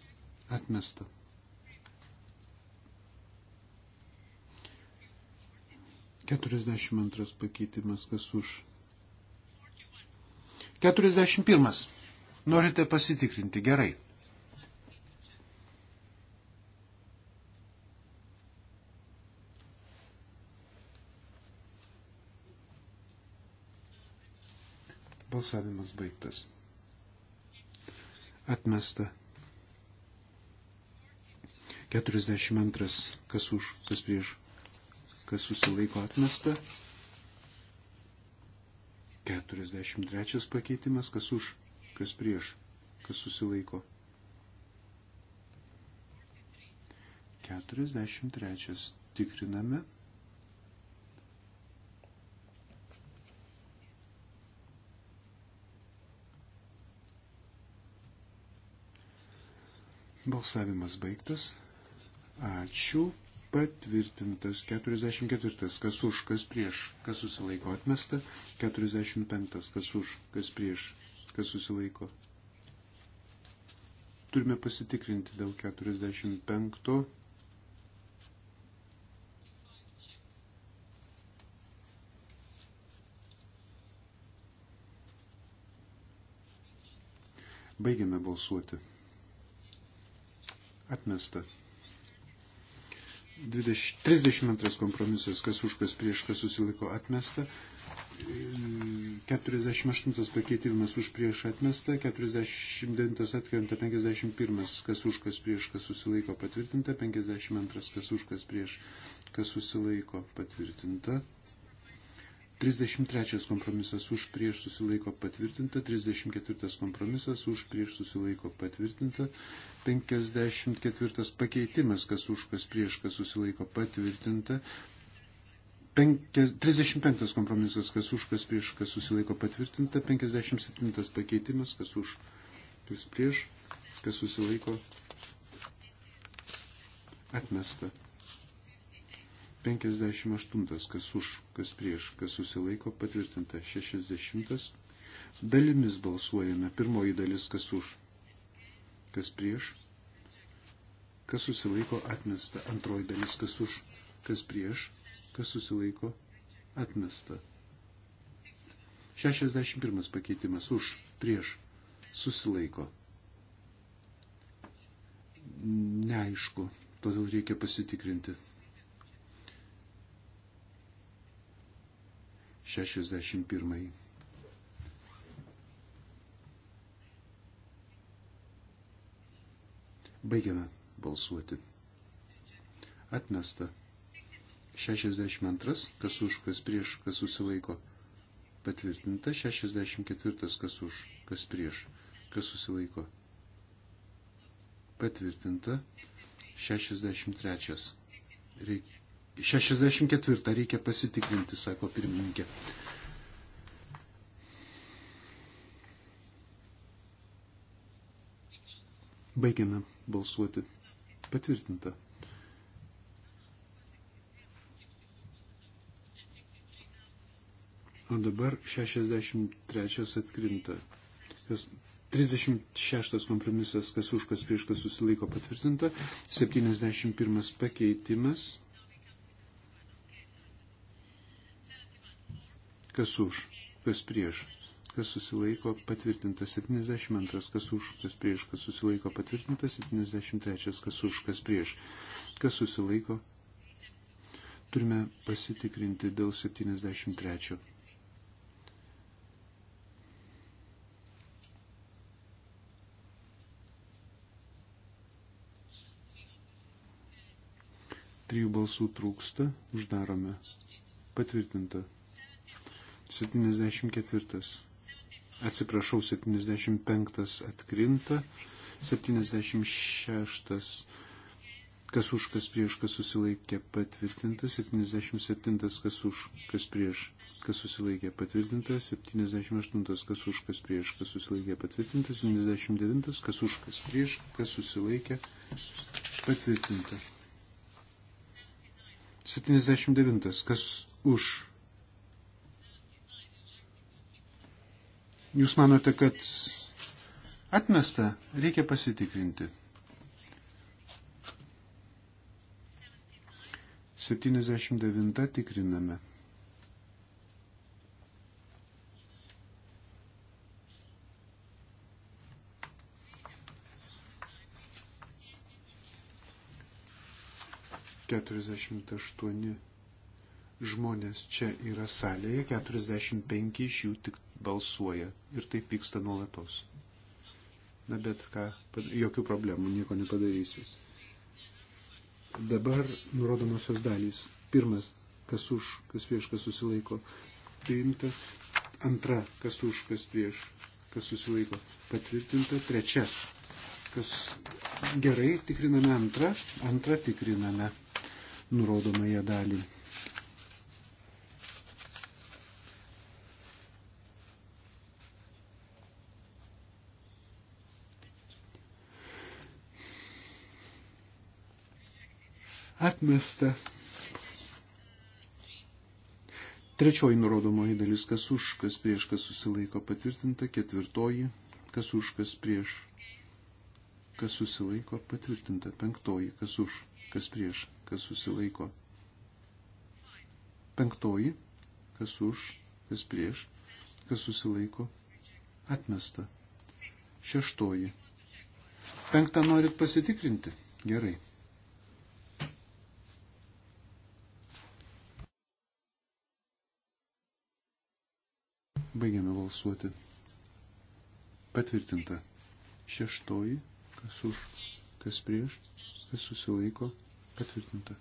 D: atmesta. Keturiasdešimt antras pakeitimas, kas už. Keturiasdešimt pirmas. Norite pasitikrinti, gerai. Balsavimas baigtas. Atmesta. 42. Kas už, kas prieš, kas susilaiko atmesta. 43. Pakeitimas, kas už, kas prieš, kas susilaiko. 43. Tikriname. Balsavimas baigtas. Ačiū. Patvirtintas 44. Kas už, kas prieš, kas susilaiko atmesta. 45. Kas už, kas prieš, kas susilaiko. Turime pasitikrinti dėl 45. Baigiame balsuoti. Atmesta. 20, 32 kompromisas, kas už, kas prieš, kas susilaiko atmesta. 48 pakeitimas už prieš atmesta, 49 atkrenta, 51 kas už, kas prieš, kas susilaiko patvirtinta, 52 kas už, kas prieš, kas susilaiko patvirtinta. 33 kompromisas už prieš susilaiko patvirtinta, 34 kompromisas už prieš susilaiko patvirtinta, 54 pakeitimas, kas už kas prieš kas susilaiko patvirtinta, 35 kompromisas, kas už kas prieš kas susilaiko patvirtinta, 57 pakeitimas, kas už kas prieš kas susilaiko atmesta. 58. Kas už, kas prieš, kas susilaiko patvirtinta. 60. Dalimis balsuojame. Pirmoji dalis, kas už, kas prieš, kas susilaiko atmesta. Antroji dalis, kas už, kas prieš, kas susilaiko atmesta. 61. Pakeitimas už, prieš, susilaiko. Neaišku, todėl reikia pasitikrinti. 61. Baigiame balsuoti. Atmesta. 62. Kas už, kas prieš, kas susilaiko. Patvirtinta. 64. Kas už, kas prieš, kas susilaiko. Patvirtinta. 63. Reikia 64 reikia pasitikrinti, sako pirmininkė. Baigiame balsuoti. Patvirtinta. O dabar 63 atkrinta. 36 kompromisas, kas už, kas prieš, kas susilaiko patvirtinta. 71 pakeitimas. kas už, kas prieš, kas susilaiko patvirtinta 72, kas už, kas prieš, kas susilaiko patvirtinta 73, kas už, kas prieš, kas susilaiko. Turime pasitikrinti dėl 73. Trijų balsų trūksta, uždarome. Patvirtinta 74. Atsiprašau, 75 atkrinta, 76 kas už, kas prieš, kas susilaikė patvirtinta, 77 kas už, kas prieš, kas susilaikė patvirtinta, 78 kas už, kas prieš, kas susilaikė patvirtinta, 79 kas už, kas prieš, kas susilaikė patvirtinta. 79 kas už, Jūs manote, kad atmesta, reikia pasitikrinti. 79 tikriname. Keturiasdešimt aštuoni žmonės čia yra salėje, 45 iš jų tik balsuoja ir taip vyksta nuolatos. Na bet ką, jokių problemų, nieko nepadarysi. Dabar nurodomosios dalys. Pirmas, kas už, kas prieš, kas susilaiko, priimta. Antra, kas už, kas prieš, kas susilaiko, patvirtinta. Trečia, kas gerai, tikriname antrą, antrą tikriname nurodomąją dalį. atmesta. Trečioji nurodomoji dalis, kas už, kas prieš, kas susilaiko patvirtinta. Ketvirtoji, kas už, kas prieš, kas susilaiko patvirtinta. Penktoji, kas už, kas prieš, kas susilaiko. Penktoji, kas už, kas prieš, kas susilaiko atmesta. Šeštoji. Penktą norit pasitikrinti? Gerai. balsuoti. Patvirtinta. Šeštoji, kas už, kas prieš, kas susilaiko, patvirtinta.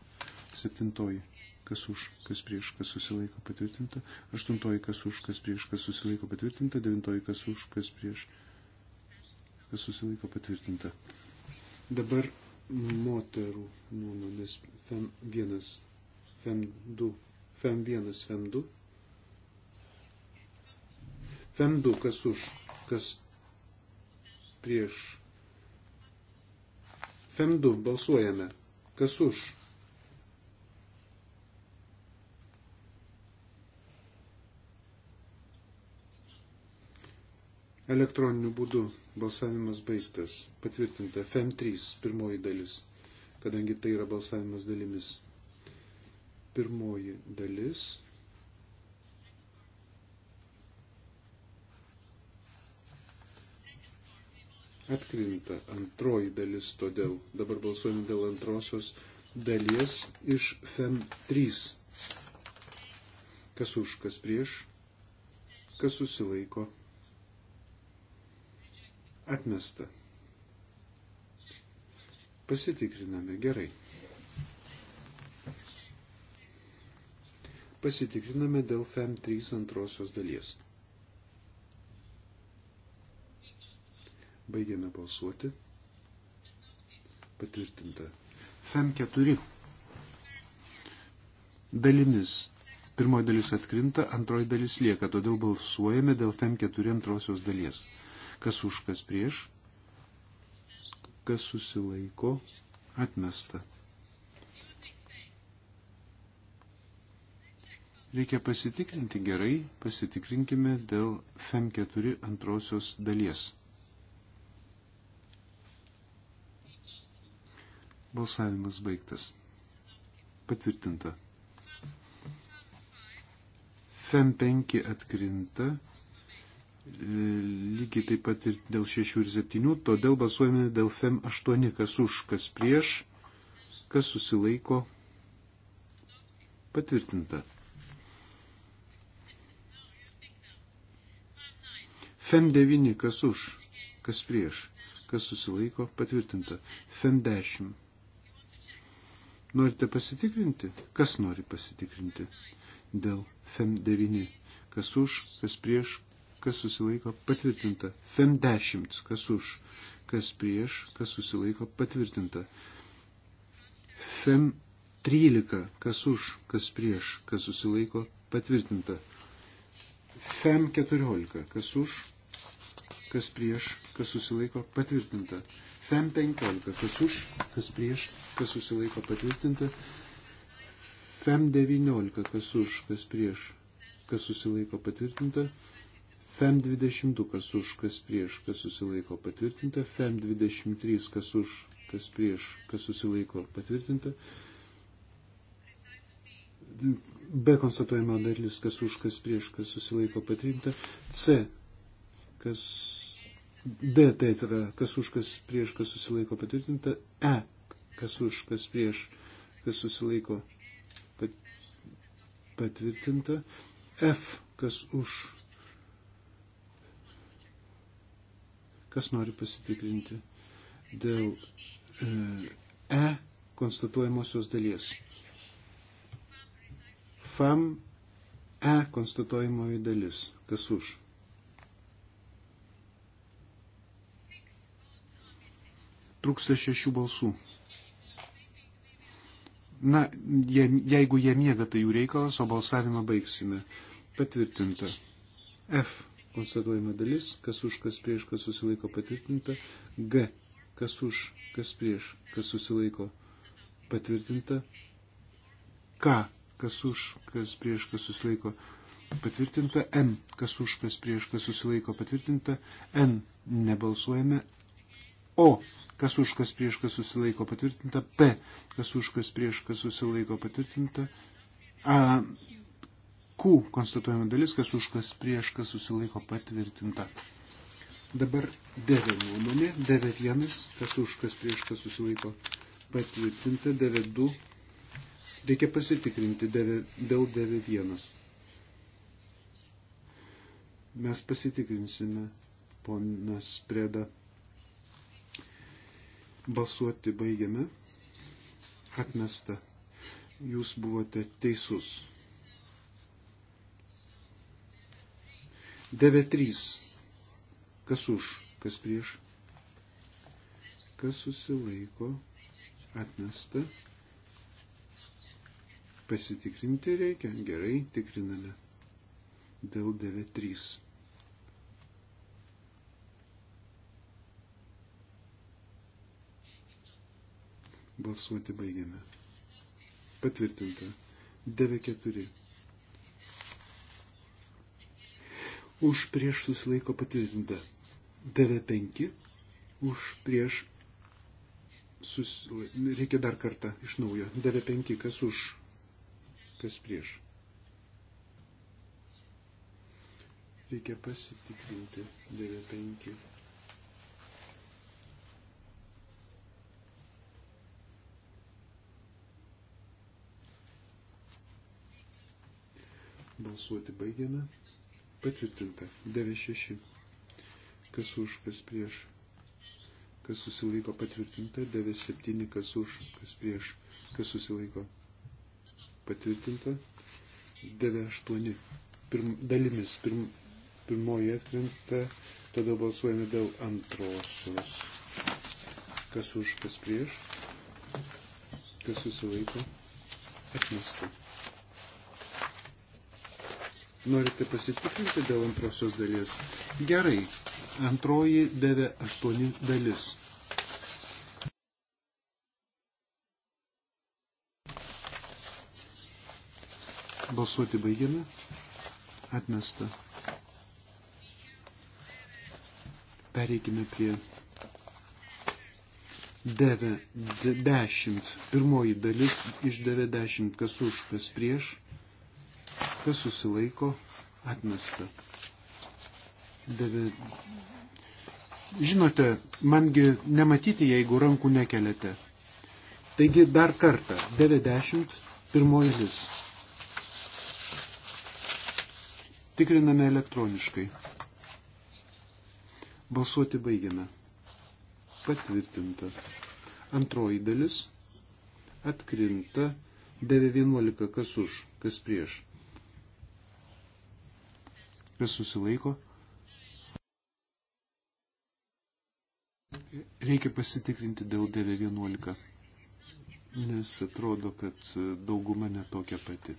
D: Septintoji, kas už, kas prieš, kas susilaiko, patvirtinta. Aštuntoji, kas už, kas prieš, kas susilaiko, patvirtinta. Devintoji, kas už, kas prieš, kas susilaiko, patvirtinta. Dabar moterų nuomonės FEM1, FEM2, FEM1, FEM2. FEM2, kas už, kas prieš. FEM2 balsuojame, kas už. Elektroniniu būdu balsavimas baigtas, patvirtinta FEM3 pirmoji dalis, kadangi tai yra balsavimas dalimis. Pirmoji dalis Atkrinta antroji dalis, todėl dabar balsuojam dėl antrosios dalies iš FEM 3. Kas už, kas prieš, kas susilaiko. Atmesta. Pasitikriname gerai. Pasitikriname dėl FEM 3 antrosios dalies. Baigėme balsuoti. Patvirtinta. FEM 4. Dalimis. Pirmoji dalis atkrinta, antroji dalis lieka, todėl balsuojame dėl FEM 4 antrosios dalies. Kas už, kas prieš, kas susilaiko, atmesta. Reikia pasitikrinti gerai, pasitikrinkime dėl FEM4 antrosios dalies. Balsavimas baigtas. Patvirtinta. FEM 5 atkrinta. E, lygiai taip pat ir dėl 6 ir 7, todėl balsuojame dėl FEM 8, kas už, kas prieš, kas susilaiko. Patvirtinta. FEM 9, kas už, kas prieš, kas susilaiko, patvirtinta. FEM 10, Norite pasitikrinti? Kas nori pasitikrinti? Dėl FEM 9. Kas už, kas prieš, kas susilaiko patvirtinta. FEM 10. Kas už, kas prieš, kas susilaiko patvirtinta. FEM 13. Kas už, kas prieš, kas susilaiko patvirtinta. FEM 14. Kas už, kas prieš, kas susilaiko patvirtinta. FEM 15, kas už, kas prieš, kas susilaiko patvirtinta. FEM 19, kas už, kas prieš, kas susilaiko patvirtinta. FEM 22, kas už, kas prieš, kas susilaiko patvirtinta. FEM 23, kas už, kas prieš, kas susilaiko patvirtinta. B konstatuojama dalis, kas už, kas prieš, kas susilaiko patvirtinta. C, kas D tai yra kas už, kas prieš, kas susilaiko patvirtinta. E kas už, kas prieš, kas susilaiko pat, patvirtinta. F kas už. Kas nori pasitikrinti dėl E, e konstatuojamosios dalies. FAM E konstatuojamoji dalis. Kas už? trūksta šešių balsų. Na, jie, jeigu jie miega, tai jų reikalas, o balsavimą baigsime. Patvirtinta. F. Konstatuojama dalis, kas už, kas prieš, kas susilaiko patvirtinta. G. Kas už, kas prieš, kas susilaiko patvirtinta. K. Kas už, kas prieš, kas susilaiko patvirtinta. M. Kas už, kas prieš, kas susilaiko patvirtinta. N. Nebalsuojame. O kas už kas prieš kas susilaiko patvirtinta, P, kas už kas prieš kas susilaiko patvirtinta, A, Q konstatuojama dalis, kas už kas prieš kas susilaiko patvirtinta. Dabar devė nuomonė, devė vienas, kas už kas prieš kas susilaiko patvirtinta, devė du, reikia pasitikrinti devė, dėl devė vienas. Mes pasitikrinsime, ponas Preda. Balsuoti baigiame. Atmesta. Jūs buvote teisus. 9.3. Kas už, kas prieš? Kas susilaiko? Atmesta. Pasitikrinti reikia. Gerai, tikriname. Dėl 9.3. Balsuoti baigiame. Patvirtinta. 94. Už prieš susilaiko patvirtinta. 95. Už prieš susilaiko. Reikia dar kartą iš naujo. 95. Kas už? Kas prieš? Reikia pasitikrinti. 95. Balsuoti baigiame. Patvirtinta. 96. Kas už, kas prieš. Kas susilaiko patvirtinta. 97. Kas už, kas prieš. Kas susilaiko patvirtinta. 98. Pirm, dalimis. Pirm, pirmoji atkrenta. Tada balsuojame dėl antrosios. Kas už, kas prieš. Kas susilaiko. Atmesta. Norite pasitikrinti dėl antrosios dalies? Gerai. Antroji devė aštuoni dalis. Balsuoti baigiame. Atmesta. Pereikime prie devė dešimt. Pirmoji dalis iš devė dešimt. Kas už, kas prieš kas susilaiko atmesta. Deve... Žinote, mangi nematyti, jeigu rankų nekeliate. Taigi dar kartą, 91. Tikriname elektroniškai. Balsuoti baigiame. Patvirtinta. Antroji dalis. Atkrinta. 911. Kas už, kas prieš kas susilaiko. Reikia pasitikrinti dėl 911, nes atrodo, kad dauguma netokia pati.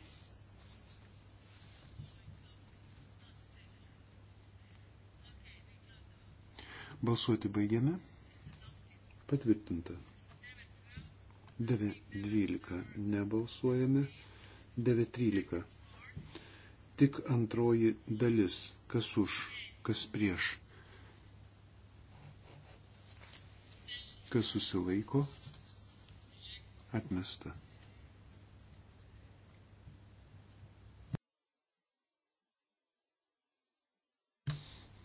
D: Balsuoti baigiame. Patvirtinta. 9.12 nebalsuojame. 9.13 tik antroji dalis, kas už, kas prieš, kas susilaiko, atmesta.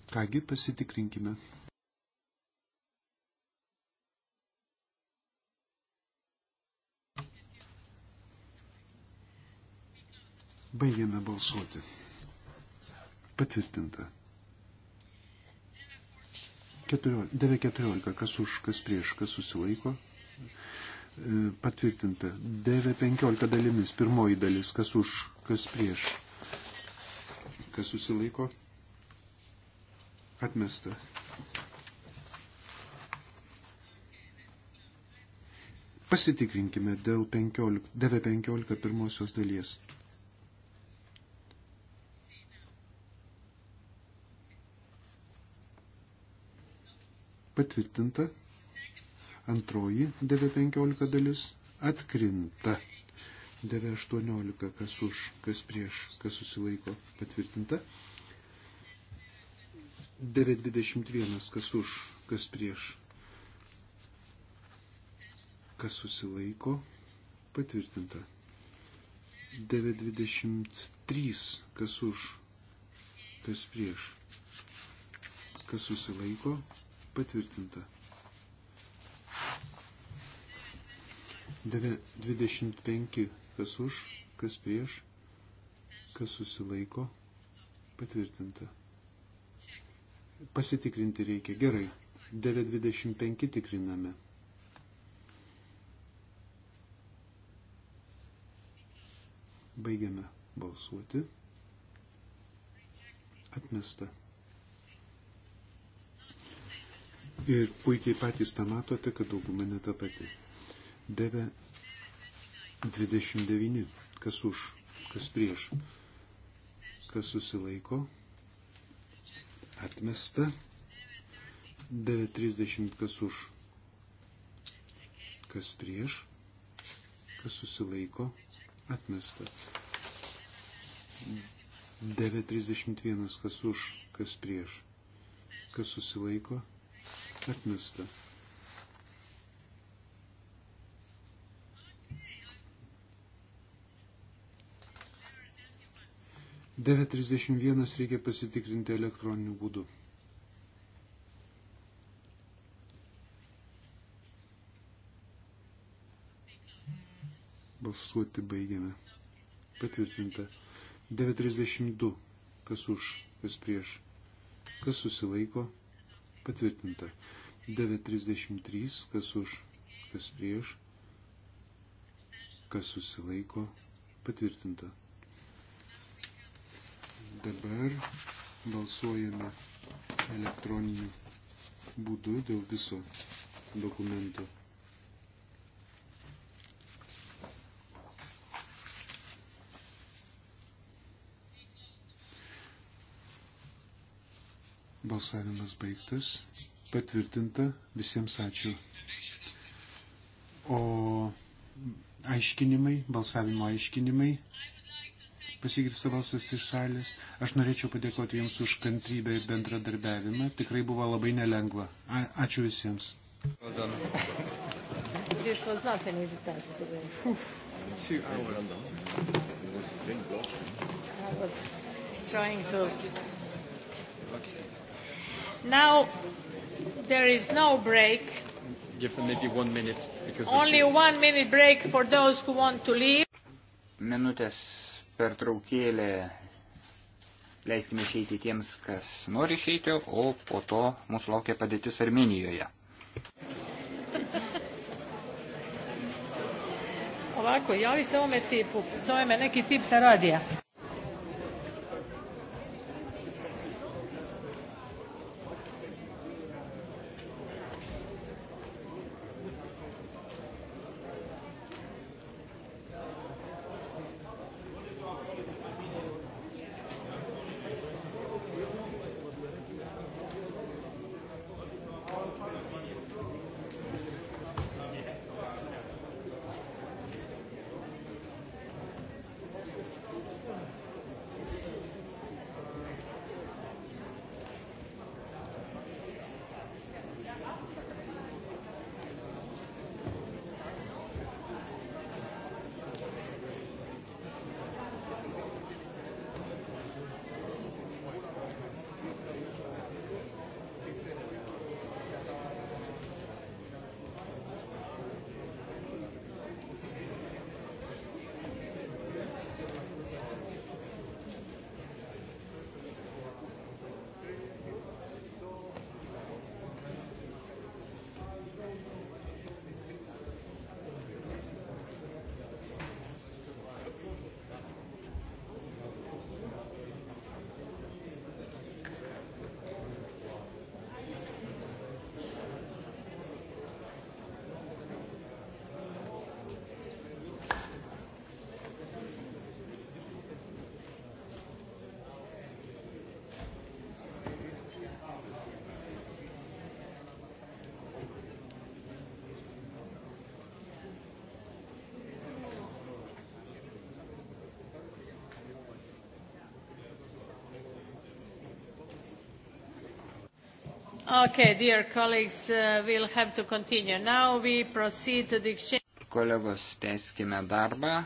D: Kągi pasitikrinkime. Baigėme balsuoti. Patvirtinta. 9.14. Kas už, kas prieš, kas susilaiko. E, patvirtinta. 9.15 dalimis. Pirmoji dalis. Kas už, kas prieš, kas susilaiko. Atmesta. Pasitikrinkime dėl 9.15 pirmosios dalies. patvirtinta. Antroji 9.15 dalis atkrinta. 9.18 kas už, kas prieš, kas susilaiko patvirtinta. 9.21 kas už, kas prieš, kas susilaiko patvirtinta. 9.23 kas už, kas prieš, kas susilaiko patvirtinta. 25 kas už, kas prieš, kas susilaiko, patvirtinta. Pasitikrinti reikia. Gerai. 9.25 tikriname. Baigiame balsuoti. Atmesta. Ir puikiai patys tą matote, kad dauguma ne ta pati. Deve 29. Kas už, kas prieš, kas susilaiko. Atmesta. Deve 30. Kas už, kas prieš, kas susilaiko. Atmesta. 9.31, kas už, kas prieš, kas susilaiko, Atmesta. DV31 reikia pasitikrinti elektroniniu būdu. Balsuoti baigiame. Patvirtinta. 932. Kas už, kas prieš. Kas susilaiko. Patvirtinta. 9.33, kas už, kas prieš, kas susilaiko, patvirtinta. Dabar balsuojame elektroniniu būdu dėl viso dokumento. Balsavimas baigtas. Patvirtinta. Visiems ačiū. O aiškinimai, balsavimo aiškinimai. Pasigirsta balsas iš salės. Aš norėčiau padėkoti Jums už kantrybę ir bendradarbiavimą. Tikrai buvo labai nelengva. A ačiū visiems.
A: This was not an easy task to do.
B: Two hours.
A: I was trying to. Okay. Now there is no break.
C: Give them maybe one minute. Because Only the...
A: one minute break for those who want to leave.
C: Minutės pertraukėlė. Leiskime išeiti tiems, kas nori išeiti, o po to mūsų laukia padėtis Armenijoje.
A: Ovako, javi se ovome tipu, zove me neki tip sa radija. Okay, dear colleagues, uh, we'll have to continue. Now we proceed to the exchange.
C: Kolegos, tęskime darbą.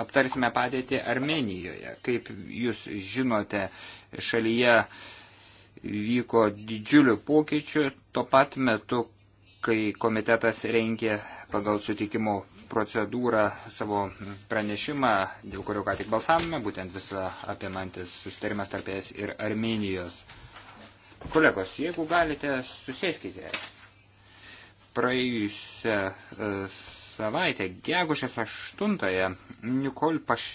C: Aptarsime padėtį Armenijoje. Kaip jūs žinote, šalyje vyko didžiulių pokyčių. Tuo pat metu, kai komitetas rengė pagal sutikimo procedūrą savo pranešimą, dėl kurio ką tik balsavome, būtent visą apimantis sustarimas tarp es ir Armenijos. Kolegos, jeigu galite, susėskite. Praėjusią e, savaitę, gegužės 8-ąją, Nikol Paš,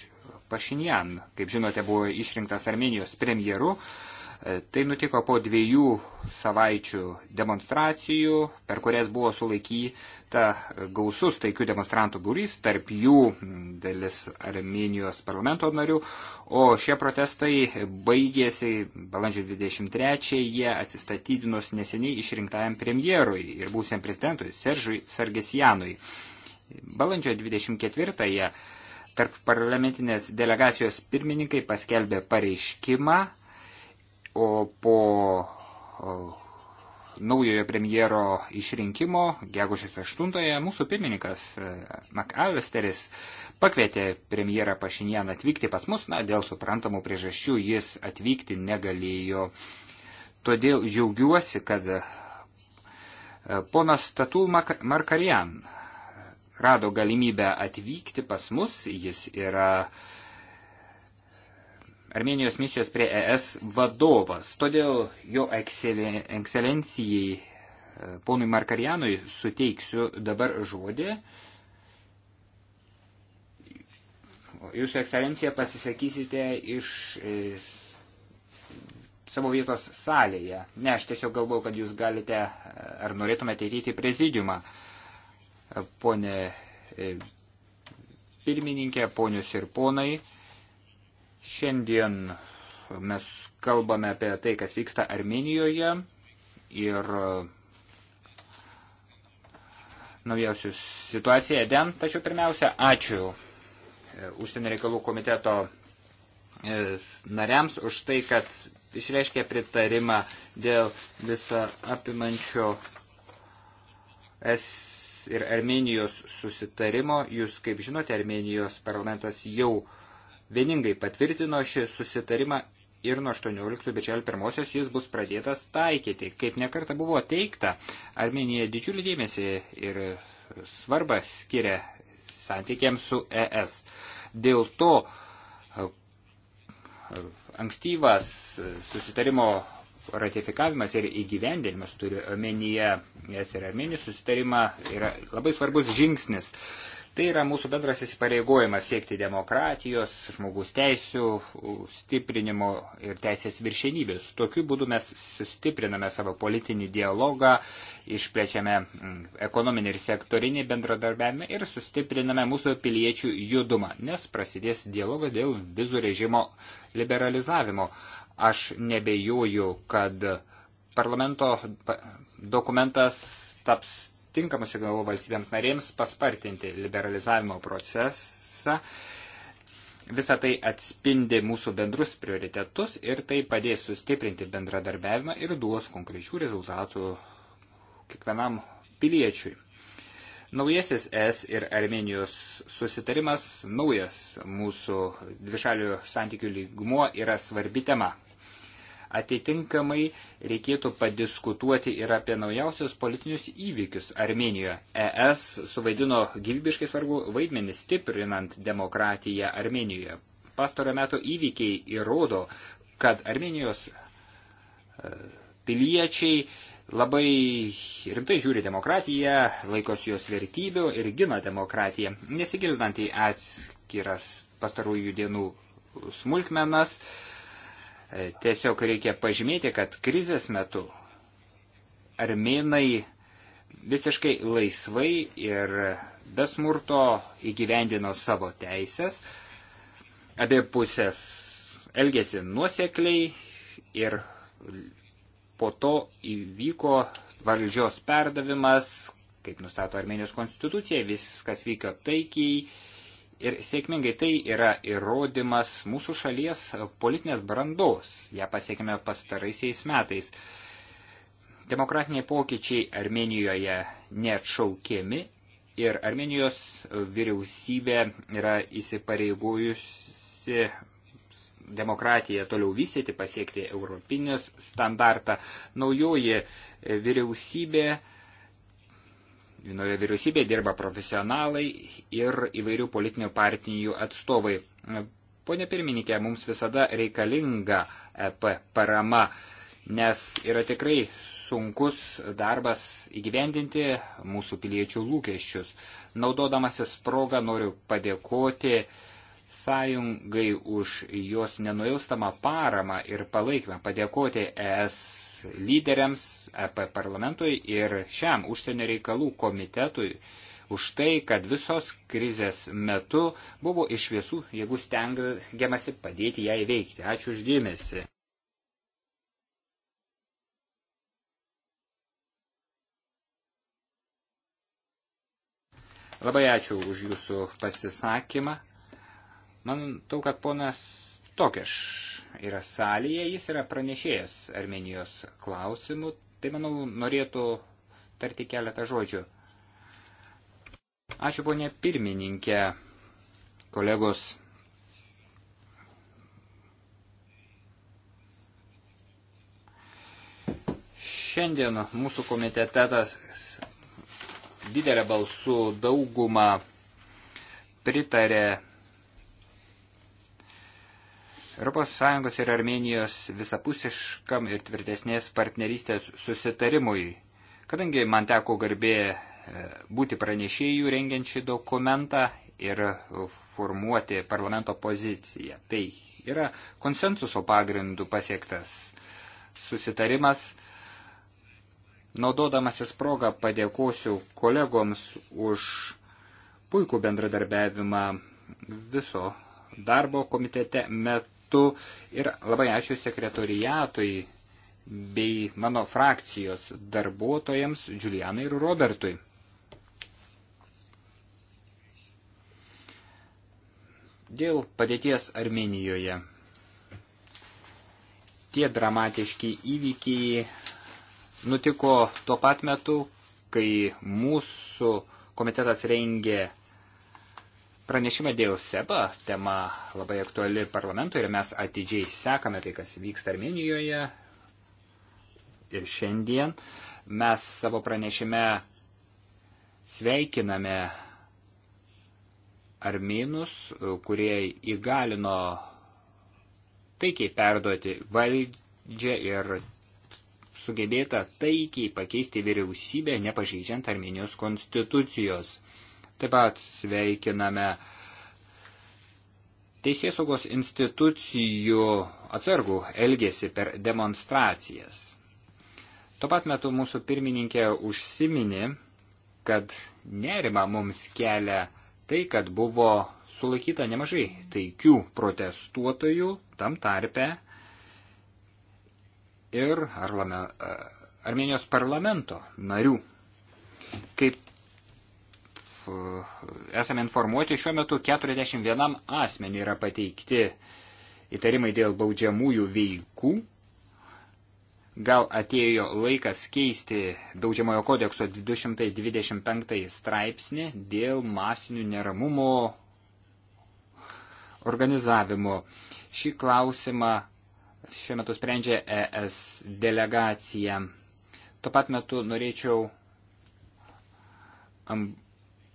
C: Pašinjan, kaip žinote, buvo išrinktas Armenijos premjeru, uh, Tai nutiko po dviejų savaičių demonstracijų, per kurias buvo sulaikyta gausus taikių demonstrantų būrys, tarp jų dalis Armenijos parlamento narių, o šie protestai baigėsi balandžio 23-ąją atsistatydinus neseniai išrinktajam premjerui ir būsiam prezidentui Seržui Sargesianui. Balandžio 24-ąją tarp parlamentinės delegacijos pirmininkai paskelbė pareiškimą, O po naujojo premjero išrinkimo, gegužės 8-ąją, mūsų pirmininkas e, McAllisteris pakvietė premjerą Pašinjaną atvykti pas mus, na, dėl suprantamų priežasčių jis atvykti negalėjo. Todėl džiaugiuosi, kad e, ponas Tatų Markarian rado galimybę atvykti pas mus, jis yra uh, Armenijos misijos prie ES vadovas. Todėl jo ekscelencijai e, ponui Markarjanui suteiksiu dabar žodį. Jūsų ekscelencija pasisakysite iš e, savo vietos salėje. Ne, aš tiesiog galvoju, kad jūs galite e, ar norėtumėte ateiti į prezidiumą. Pone pirmininkė, ponius ir ponai. Šiandien mes kalbame apie tai, kas vyksta Armenijoje ir e, naujausių situaciją den. Tačiau pirmiausia, ačiū e, užsienio reikalų komiteto e, nariams už tai, kad išreiškė pritarimą dėl visą apimančio es ir Armenijos susitarimo. Jūs, kaip žinote, Armenijos parlamentas jau uh, vieningai patvirtino šį susitarimą ir nuo 18 bičelio pirmosios jis bus pradėtas taikyti. Kaip nekarta buvo teikta, Armenija didžiulį dėmesį ir svarbą skiria santykiams su ES. Dėl to e, ankstyvas susitarimo ratifikavimas ir įgyvendinimas turi omenyje, nes ir Armenijos susitarimą yra labai svarbus žingsnis. Tai yra mūsų bendras įsipareigojimas siekti demokratijos, žmogus teisų, stiprinimo ir teisės viršenybės. Tokiu būdu mes sustipriname savo politinį dialogą, išplečiame mm, ekonominį ir sektorinį bendradarbiavimą ir sustipriname mūsų piliečių judumą, nes prasidės dialogas dėl vizų režimo liberalizavimo. Aš nebejoju, kad parlamento dokumentas taps tinkamų signalų valstybėms narėms paspartinti liberalizavimo procesą. Visą tai atspindi mūsų bendrus prioritetus ir tai padės sustiprinti bendradarbiavimą ir duos konkrečių rezultatų kiekvienam piliečiui. Naujasis S ir Armenijos susitarimas, naujas mūsų dvišalių santykių lygmuo yra svarbi tema. Atitinkamai reikėtų padiskutuoti ir apie naujausius politinius įvykius Armenijoje. ES suvaidino gyvybiškai svarbu vaidmenį stiprinant demokratiją Armenijoje. Pastarojo meto įvykiai įrodo, kad Armenijos e, piliečiai labai rimtai žiūri demokratiją, laikosi jos vertybių ir gina demokratiją, nesigildant į atskiras pastarųjų dienų smulkmenas. Uh, E, tiesiog reikia pažymėti, kad krizės metu armenai visiškai laisvai ir be smurto įgyvendino savo teisės, abi pusės elgėsi nuosekliai ir po to įvyko valdžios perdavimas, kaip nustato Armenijos konstitucija, viskas vyko taikiai, Ir sėkmingai tai yra įrodymas mūsų šalies politinės brandos. Ja pasiekime pastaraisiais metais. Demokratiniai pokyčiai Armenijoje neatšaukiami ir Armenijos vyriausybė yra įsipareigojusi demokratiją toliau vystyti, pasiekti europinės standartą. Naujoji vyriausybė Vienoje vyriausybėje dirba profesionalai ir įvairių politinių partijų atstovai. Pone pirmininkė, mums visada reikalinga EP parama, nes yra tikrai sunkus darbas įgyvendinti mūsų piliečių lūkesčius. Naudodamasis progą noriu padėkoti sąjungai už jos nenuilstamą paramą ir palaikymą, padėkoti ES lyderiams, EP parlamentui ir šiam užsienio reikalų komitetui už tai, kad visos krizės metu buvo iš visų, jeigu stengiamasi padėti ją įveikti. Ačiū uždėmesi. Labai ačiū už jūsų pasisakymą. Man tau, kad ponas Tokieš yra salėje, jis yra pranešėjęs Armenijos klausimų, tai manau norėtų tarti keletą žodžių. Ačiū ponė pirmininkė, kolegos. Šiandien mūsų komitetas didelę balsų daugumą pritarė ES ir Armenijos visapusiškam ir tvirtesnės partnerystės susitarimui. Kadangi man teko garbė e, būti pranešėjų rengiančią dokumentą ir formuoti parlamento poziciją. Tai yra konsensuso pagrindų pasiektas susitarimas. Naudodamasis progą padėkosiu kolegoms už puikų bendradarbiavimą viso darbo komitete metu tekstu ir labai ačiū sekretoriatui bei mano frakcijos darbuotojams Julianai ir Robertui. Dėl padėties Armenijoje. Tie dramatiški įvykiai nutiko tuo pat metu, kai mūsų komitetas rengė Pranešime dėl SEBA tema labai aktuali parlamento ir mes atidžiai sekame tai, kas vyksta Armenijoje ir šiandien. Mes savo pranešime sveikiname armėnus, kurie įgalino taikiai perduoti valdžią ir sugebėta taikiai pakeisti vyriausybę, nepažeidžiant Armenijos konstitucijos. Taip pat sveikiname teisėsaugos institucijų atsargų elgesi per demonstracijas. Tuo pat metu mūsų pirmininkė užsiminė, kad nerima mums kelia tai, kad buvo sulaikyta nemažai taikių protestuotojų tam tarpe ir Arlame, Armenijos parlamento narių. Kaip esame informuoti, šiuo metu 41 asmenį yra pateikti įtarimai dėl baudžiamųjų veikų. Gal atėjo laikas keisti baudžiamojo kodekso 225 straipsnį dėl masinių neramumo organizavimo. Šį klausimą šiuo metu sprendžia ES delegacija. Tuo pat metu norėčiau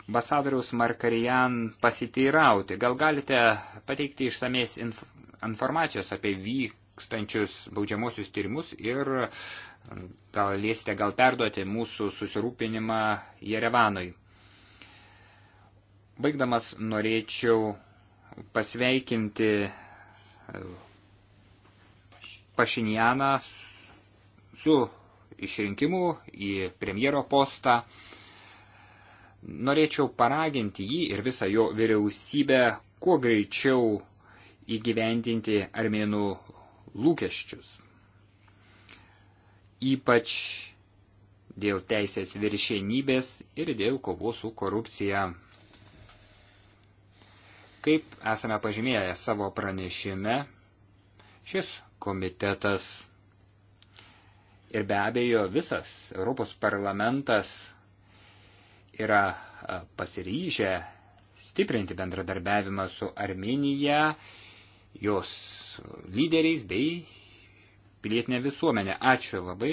C: ambasadoriaus Markarijan pasiteirauti. Gal galite pateikti išsamės inf informacijos apie vykstančius baudžiamosius tyrimus ir galėsite gal perduoti mūsų susirūpinimą Jerevanui. Baigdamas norėčiau pasveikinti e, Pašinjaną su išrinkimu į premjero postą. Norėčiau paraginti jį ir visą jo vyriausybę kuo greičiau įgyvendinti armėnų lūkesčius. Ypač dėl teisės viršienybės ir dėl kovos su korupcija. Kaip esame pažymėję savo pranešime, šis komitetas ir be abejo visas Europos parlamentas yra pasiryžę stiprinti bendradarbiavimą su Armenija, jos lyderiais bei pilietinė visuomenė. Ačiū labai.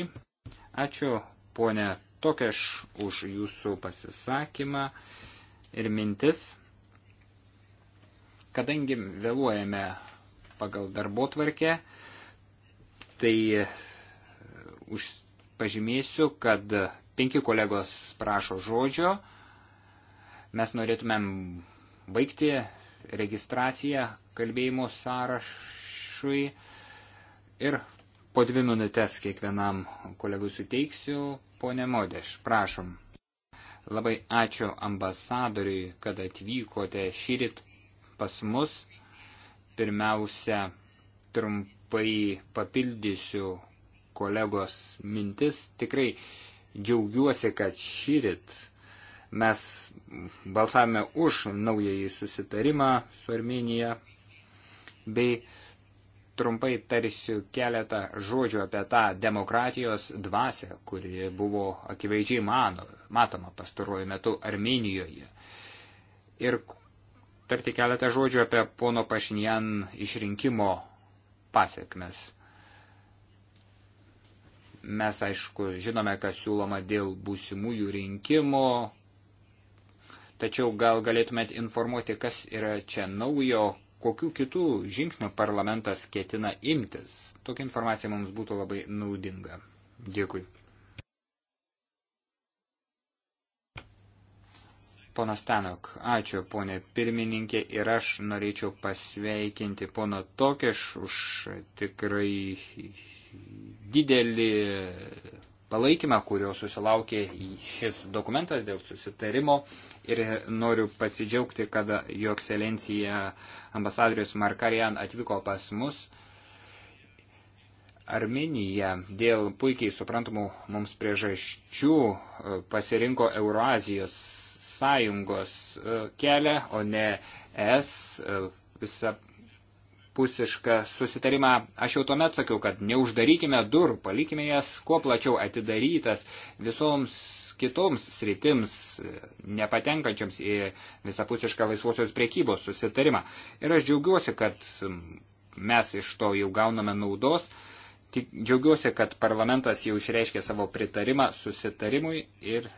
C: Ačiū, ponė Tokeš, už jūsų pasisakymą ir mintis. Kadangi vėluojame pagal darbo tvarkę, tai e, už, pažymėsiu, kad Penki kolegos prašo žodžio. Mes norėtumėm baigti registraciją kalbėjimo sąrašui ir po dvi minutės kiekvienam kolegui suteiksiu. Pone Modeš, prašom. Labai ačiū ambasadoriui, kad atvykote šyrit pas mus. Pirmiausia, trumpai papildysiu kolegos mintis. Tikrai Džiaugiuosi, kad šyrit mes balsavome už naująjį susitarimą su Armenija, bei trumpai tarsiu keletą žodžių apie tą demokratijos dvasę, kuri buvo akivaizdžiai mano, matoma pastaruoju metu Armenijoje. Ir tarti keletą žodžių apie pono Pašinjan išrinkimo pasiekmes. Mes, aišku, žinome, kas siūloma dėl būsimųjų rinkimų, tačiau gal galėtumėt informuoti, kas yra čia naujo, kokių kitų žingsnių parlamentas ketina imtis. Tokia informacija mums būtų labai naudinga. Dėkui. Ponas Tanok, ačiū ponė pirmininkė ir aš norėčiau pasveikinti pono Tokeš už tikrai didelį palaikymą, kurio susilaukė šis dokumentas dėl susitarimo ir noriu pasidžiaugti, kad jo ekscelencija ambasadorius Markarian atvyko pas mus. Armenija dėl puikiai suprantamų mums priežasčių e, pasirinko Eurazijos sąjungos e, kelią, o ne es visą pusišką susitarimą. Aš jau tuomet sakiau, kad neuždarykime durų, palikime jas kuo plačiau atidarytas visoms kitoms sritims, nepatenkančiams į visapusišką laisvosios priekybos susitarimą. Ir aš džiaugiuosi, kad mes iš to jau gauname naudos. Tik džiaugiuosi, kad parlamentas jau išreiškė savo pritarimą susitarimui ir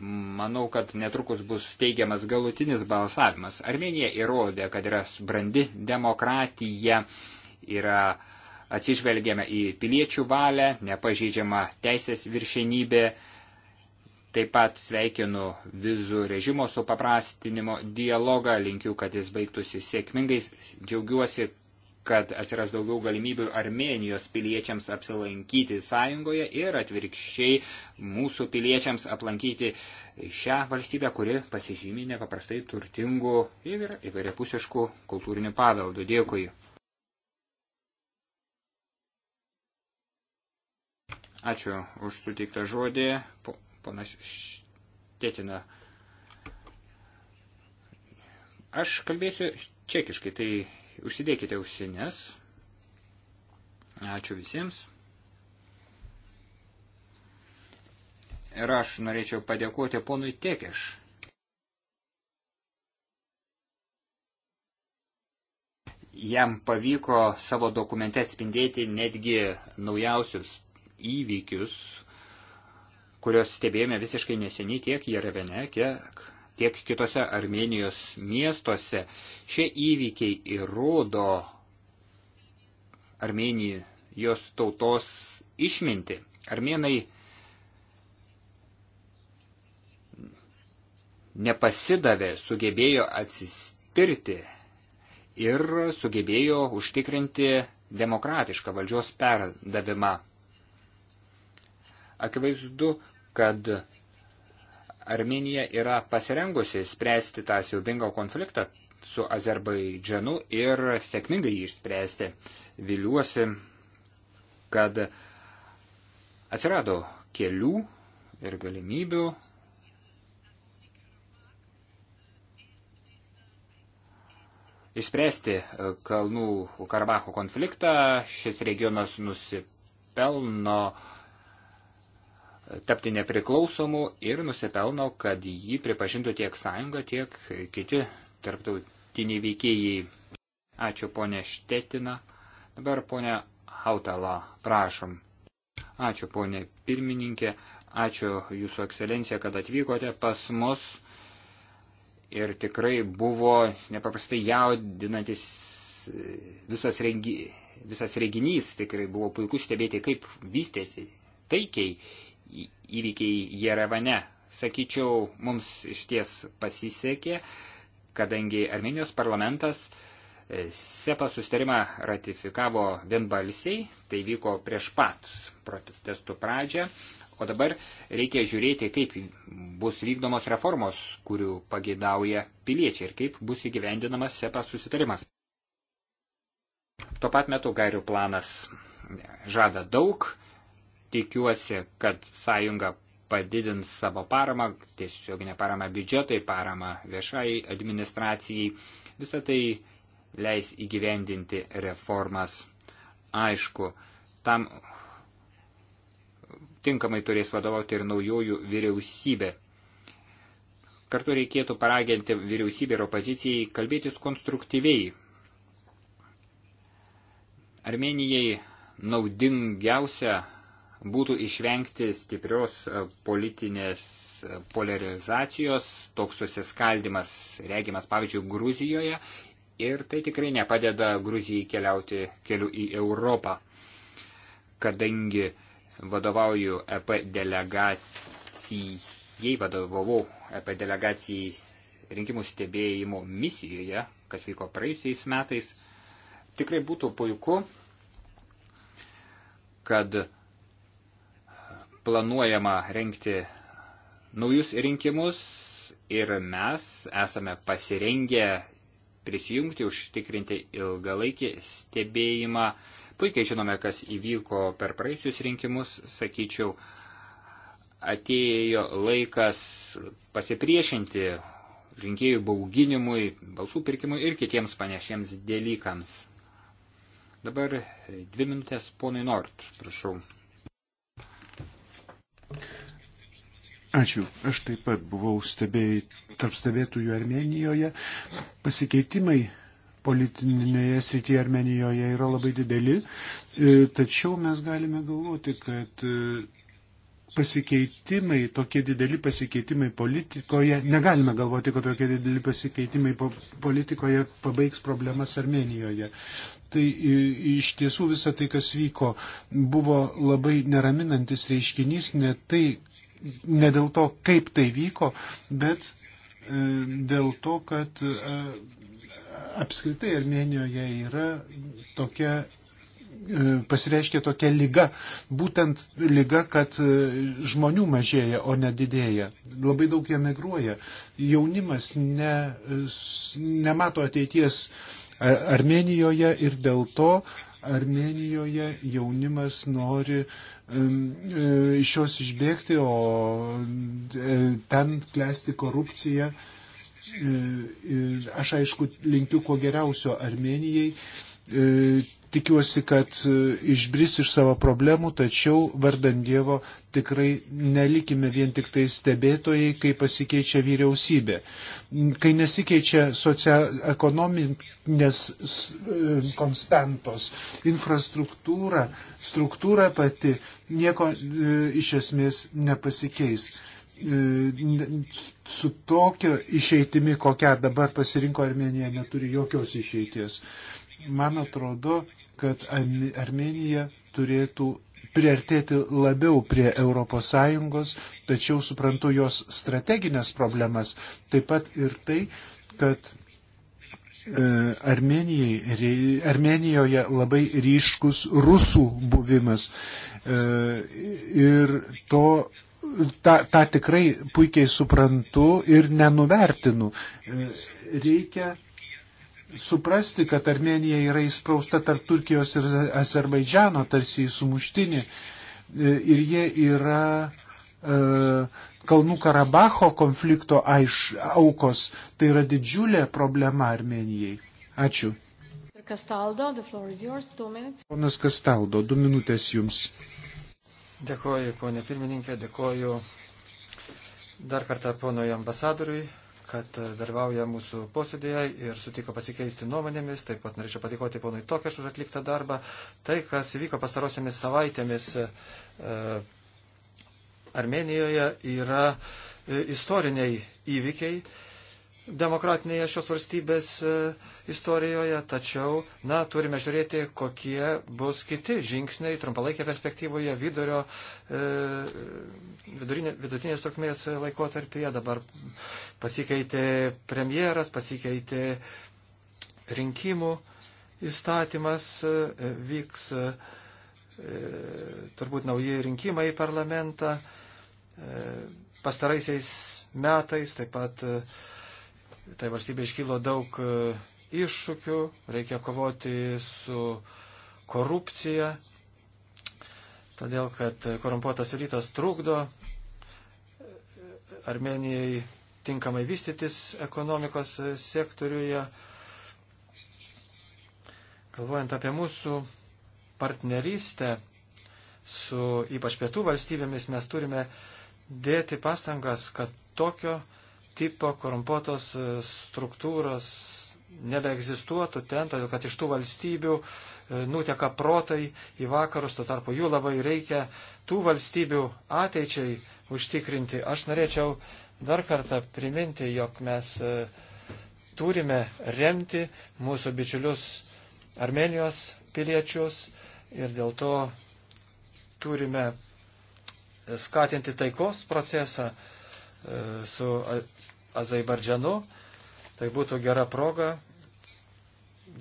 C: Manau, kad netrukus bus teigiamas galutinis balsavimas. Armenija įrodė, kad yra brandi demokratija, yra atsižvelgiame į piliečių valią, nepažeidžiama teisės viršenybė. Taip pat sveikinu vizų režimo supaprastinimo dialogą, linkiu, kad jis baigtųsi sėkmingais. Džiaugiuosi, kad atsiras daugiau galimybių Armenijos piliečiams apsilankyti sąjungoje ir atvirkščiai mūsų piliečiams aplankyti šią valstybę, kuri pasižymė nepaprastai turtingų ir įvairiapusiškų kultūrinių paveldų. Dėkui. Ačiū už suteiktą žodį. Ponas Štetina. Aš kalbėsiu čekiškai, tai užsidėkite ausinės. Ačiū visiems. Ir aš norėčiau padėkoti ponui Tekeš. Jam pavyko savo dokumente atspindėti netgi naujausius įvykius, kuriuos stebėjome visiškai neseniai tiek Jerevene, tiek tiek kitose Armenijos miestuose. Šie įvykiai įrodo Armenijos tautos išminti. Armenai nepasidavė, sugebėjo atsistirti ir sugebėjo užtikrinti demokratišką valdžios perdavimą. Akivaizdu, kad Armenija yra pasirengusi spręsti tą siaubingą konfliktą su Azerbaidžanu ir sėkmingai jį išspręsti. Viliuosi, kad atsirado kelių ir galimybių. Išspręsti e, Kalnų Karabacho konfliktą šis regionas nusipelno uh, tapti nepriklausomu ir nusipelno, kad jį pripažintų tiek sąjunga, tiek kiti tarptautiniai veikėjai. Ačiū ponė Štetina. Dabar ponė Hautala, prašom. Ačiū ponė pirmininkė, ačiū jūsų ekscelencija, kad atvykote pas mus. Ir tikrai buvo nepaprastai jaudinantis e, visas, rengi, visas reginys, tikrai buvo puiku stebėti, kaip vystėsi taikiai įvykiai Jerevane. Sakyčiau, mums išties pasisekė, kadangi Armenijos parlamentas e, SEPA sustarimą ratifikavo vienbalsiai, tai vyko prieš pat protestų pradžią, o dabar reikia žiūrėti, kaip bus vykdomos reformos, kurių pagėdauja piliečiai ir kaip bus įgyvendinamas SEPA susitarimas. Tuo pat metu gairių planas žada daug, Tikiuosi, kad sąjunga padidins savo paramą, tiesioginę paramą biudžetui, paramą viešai administracijai. Visą tai leis įgyvendinti reformas. Aišku, tam tinkamai turės vadovauti ir naujojų vyriausybė. Kartu reikėtų paraginti vyriausybę ir opozicijai kalbėtis konstruktyviai. Armenijai naudingiausia būtų išvengti stiprios e, politinės e, polarizacijos, toks susiskaldimas regimas, pavyzdžiui, Gruzijoje, ir tai tikrai nepadeda Gruzijai keliauti keliu į Europą, kadangi vadovauju EP delegacijai, vadovavau EP delegacijai rinkimų stebėjimo misijoje, kas vyko praėjusiais metais, tikrai būtų puiku, kad planuojama renkti naujus rinkimus ir mes esame pasirengę prisijungti, užtikrinti ilgalaikį stebėjimą. Puikiai žinome, kas įvyko per praeisius rinkimus, sakyčiau, atėjo laikas pasipriešinti rinkėjų bauginimui, balsų pirkimui ir kitiems panešiems dalykams. Dabar dvi minutės ponui Nort, prašau.
D: Ačiū. Aš taip pat buvau stebėjai, tarp stebėtųjų Armenijoje. Pasikeitimai politinėje srityje Armenijoje yra labai dideli, e, tačiau mes galime galvoti, kad e, pasikeitimai, tokie dideli pasikeitimai politikoje, negalime galvoti, kad tokie dideli pasikeitimai politikoje pabaigs problemas Armenijoje. Tai iš tiesų visa tai, kas vyko, buvo labai neraminantis reiškinys, ne, tai, ne dėl to, kaip tai vyko, bet e, dėl to, kad e, apskritai Armenijoje yra tokia E, pasireiškia tokia lyga, būtent lyga, kad e, žmonių mažėja, o nedidėja. Labai daug jie migruoja. Jaunimas ne, e, nemato ateities Armenijoje ir dėl to Armenijoje jaunimas nori iš jos išbėgti, o ten klesti korupcija. Aš aišku linkiu kuo geriausio Armenijai tikiuosi, kad e, išbris iš savo problemų, tačiau vardan Dievo tikrai nelikime vien tik tai stebėtojai, kai pasikeičia vyriausybė. Kai nesikeičia socioekonominės e, konstantos, infrastruktūra, struktūra pati nieko e, iš esmės nepasikeis su tokio išeitimi, kokią dabar pasirinko Armenija, neturi jokios išeities. Man atrodo, kad Armenija turėtų priartėti labiau prie ES, tačiau suprantu jos strateginės problemas, taip pat ir tai, kad e, Armenijai, Armenijoje labai ryškus rusų buvimas e, ir to tą, tą tikrai puikiai suprantu ir nenuvertinu. E, reikia suprasti, kad Armenija yra įsprausta tarp Turkijos ir Azerbaidžiano, tarsi į sumuštinį. E, ir jie yra e, Kalnų Karabacho konflikto aiš, aukos. Tai yra didžiulė problema Armenijai. Ačiū.
A: Kastaldo, yours,
D: Ponas Kastaldo, du minutės jums.
B: Dėkoju, ponė pirmininkė, dėkoju dar kartą ponui ambasadoriui kad dalyvauja mūsų posėdėje ir sutiko pasikeisti nuomonėmis. Taip pat norėčiau padėkoti ponui Tokeš už atliktą darbą. Tai, kas įvyko pastarosiamis savaitėmis e, Armenijoje, yra e, istoriniai įvykiai demokratinėje šios valstybės e, istorijoje, tačiau, na, turime žiūrėti, kokie bus kiti žingsniai trumpalaikė perspektyvoje, vidurio, e, vidurinė, vidutinės trukmės laikotarpyje, dabar pasikeitė premjeras, pasikeitė rinkimų įstatymas, e, vyks turbūt nauji rinkimai į parlamentą, pastaraisiais metais taip pat tai valstybė iškylo daug e, iššūkių, reikia kovoti su korupcija, todėl kad korumpuotas rytas trukdo e, Armenijai tinkamai vystytis ekonomikos e, sektoriuje. Galvojant apie mūsų partnerystę su ypač pietų valstybėmis, mes turime dėti pastangas, kad tokio tipo korumpuotos e, struktūros nebeegzistuotų ten, todėl kad iš tų valstybių e, nuteka protai į vakarus, tuo tarpu jų labai reikia tų valstybių ateičiai užtikrinti. Aš norėčiau dar kartą priminti, jog mes e, turime remti mūsų bičiulius Armenijos piliečius ir dėl to turime skatinti taikos procesą su Azerbaidžianu. Tai būtų gera proga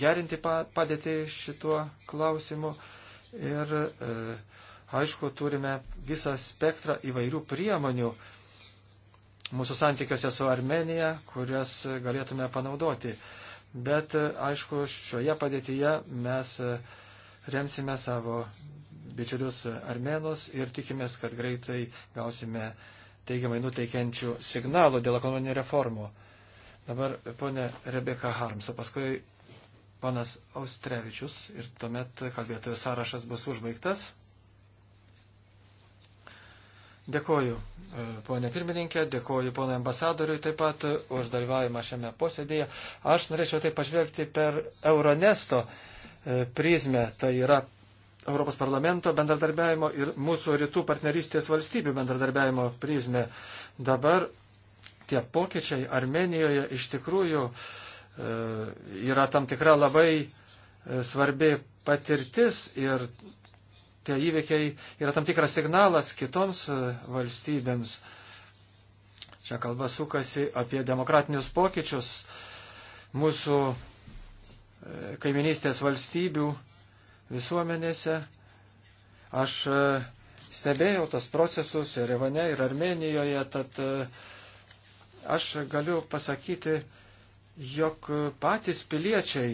B: gerinti padėtį šituo klausimu. Ir e, aišku, turime visą spektrą įvairių priemonių mūsų santykiuose su Armenija, kurias galėtume panaudoti. Bet, e, aišku, šioje padėtyje mes e, remsime savo bičiulius armenus ir tikimės, kad greitai gausime teigiamai nuteikiančių signalų dėl ekonominių reformų. Dabar ponė Rebeka Harms, o paskui ponas Austrevičius ir tuomet kalbėtojų sąrašas bus užbaigtas. Dėkoju, e, ponė pirmininkė, dėkoju ponai ambasadoriui taip pat už dalyvavimą šiame posėdėje. Aš norėčiau tai pažvelgti per Euronesto e, prizmę, tai yra Europos parlamento bendradarbiavimo ir mūsų rytų partnerystės valstybių bendradarbiavimo prizmę. Dabar tie pokyčiai Armenijoje iš tikrųjų e, yra tam tikra labai e, svarbi patirtis ir tie įvykiai yra tam tikras signalas kitoms e, valstybėms. Čia kalba sukasi apie demokratinius pokyčius mūsų kaiminystės valstybių visuomenėse. Aš e, stebėjau tas procesus ir Ivane, ir Armenijoje, tad e, aš galiu pasakyti, jog patys piliečiai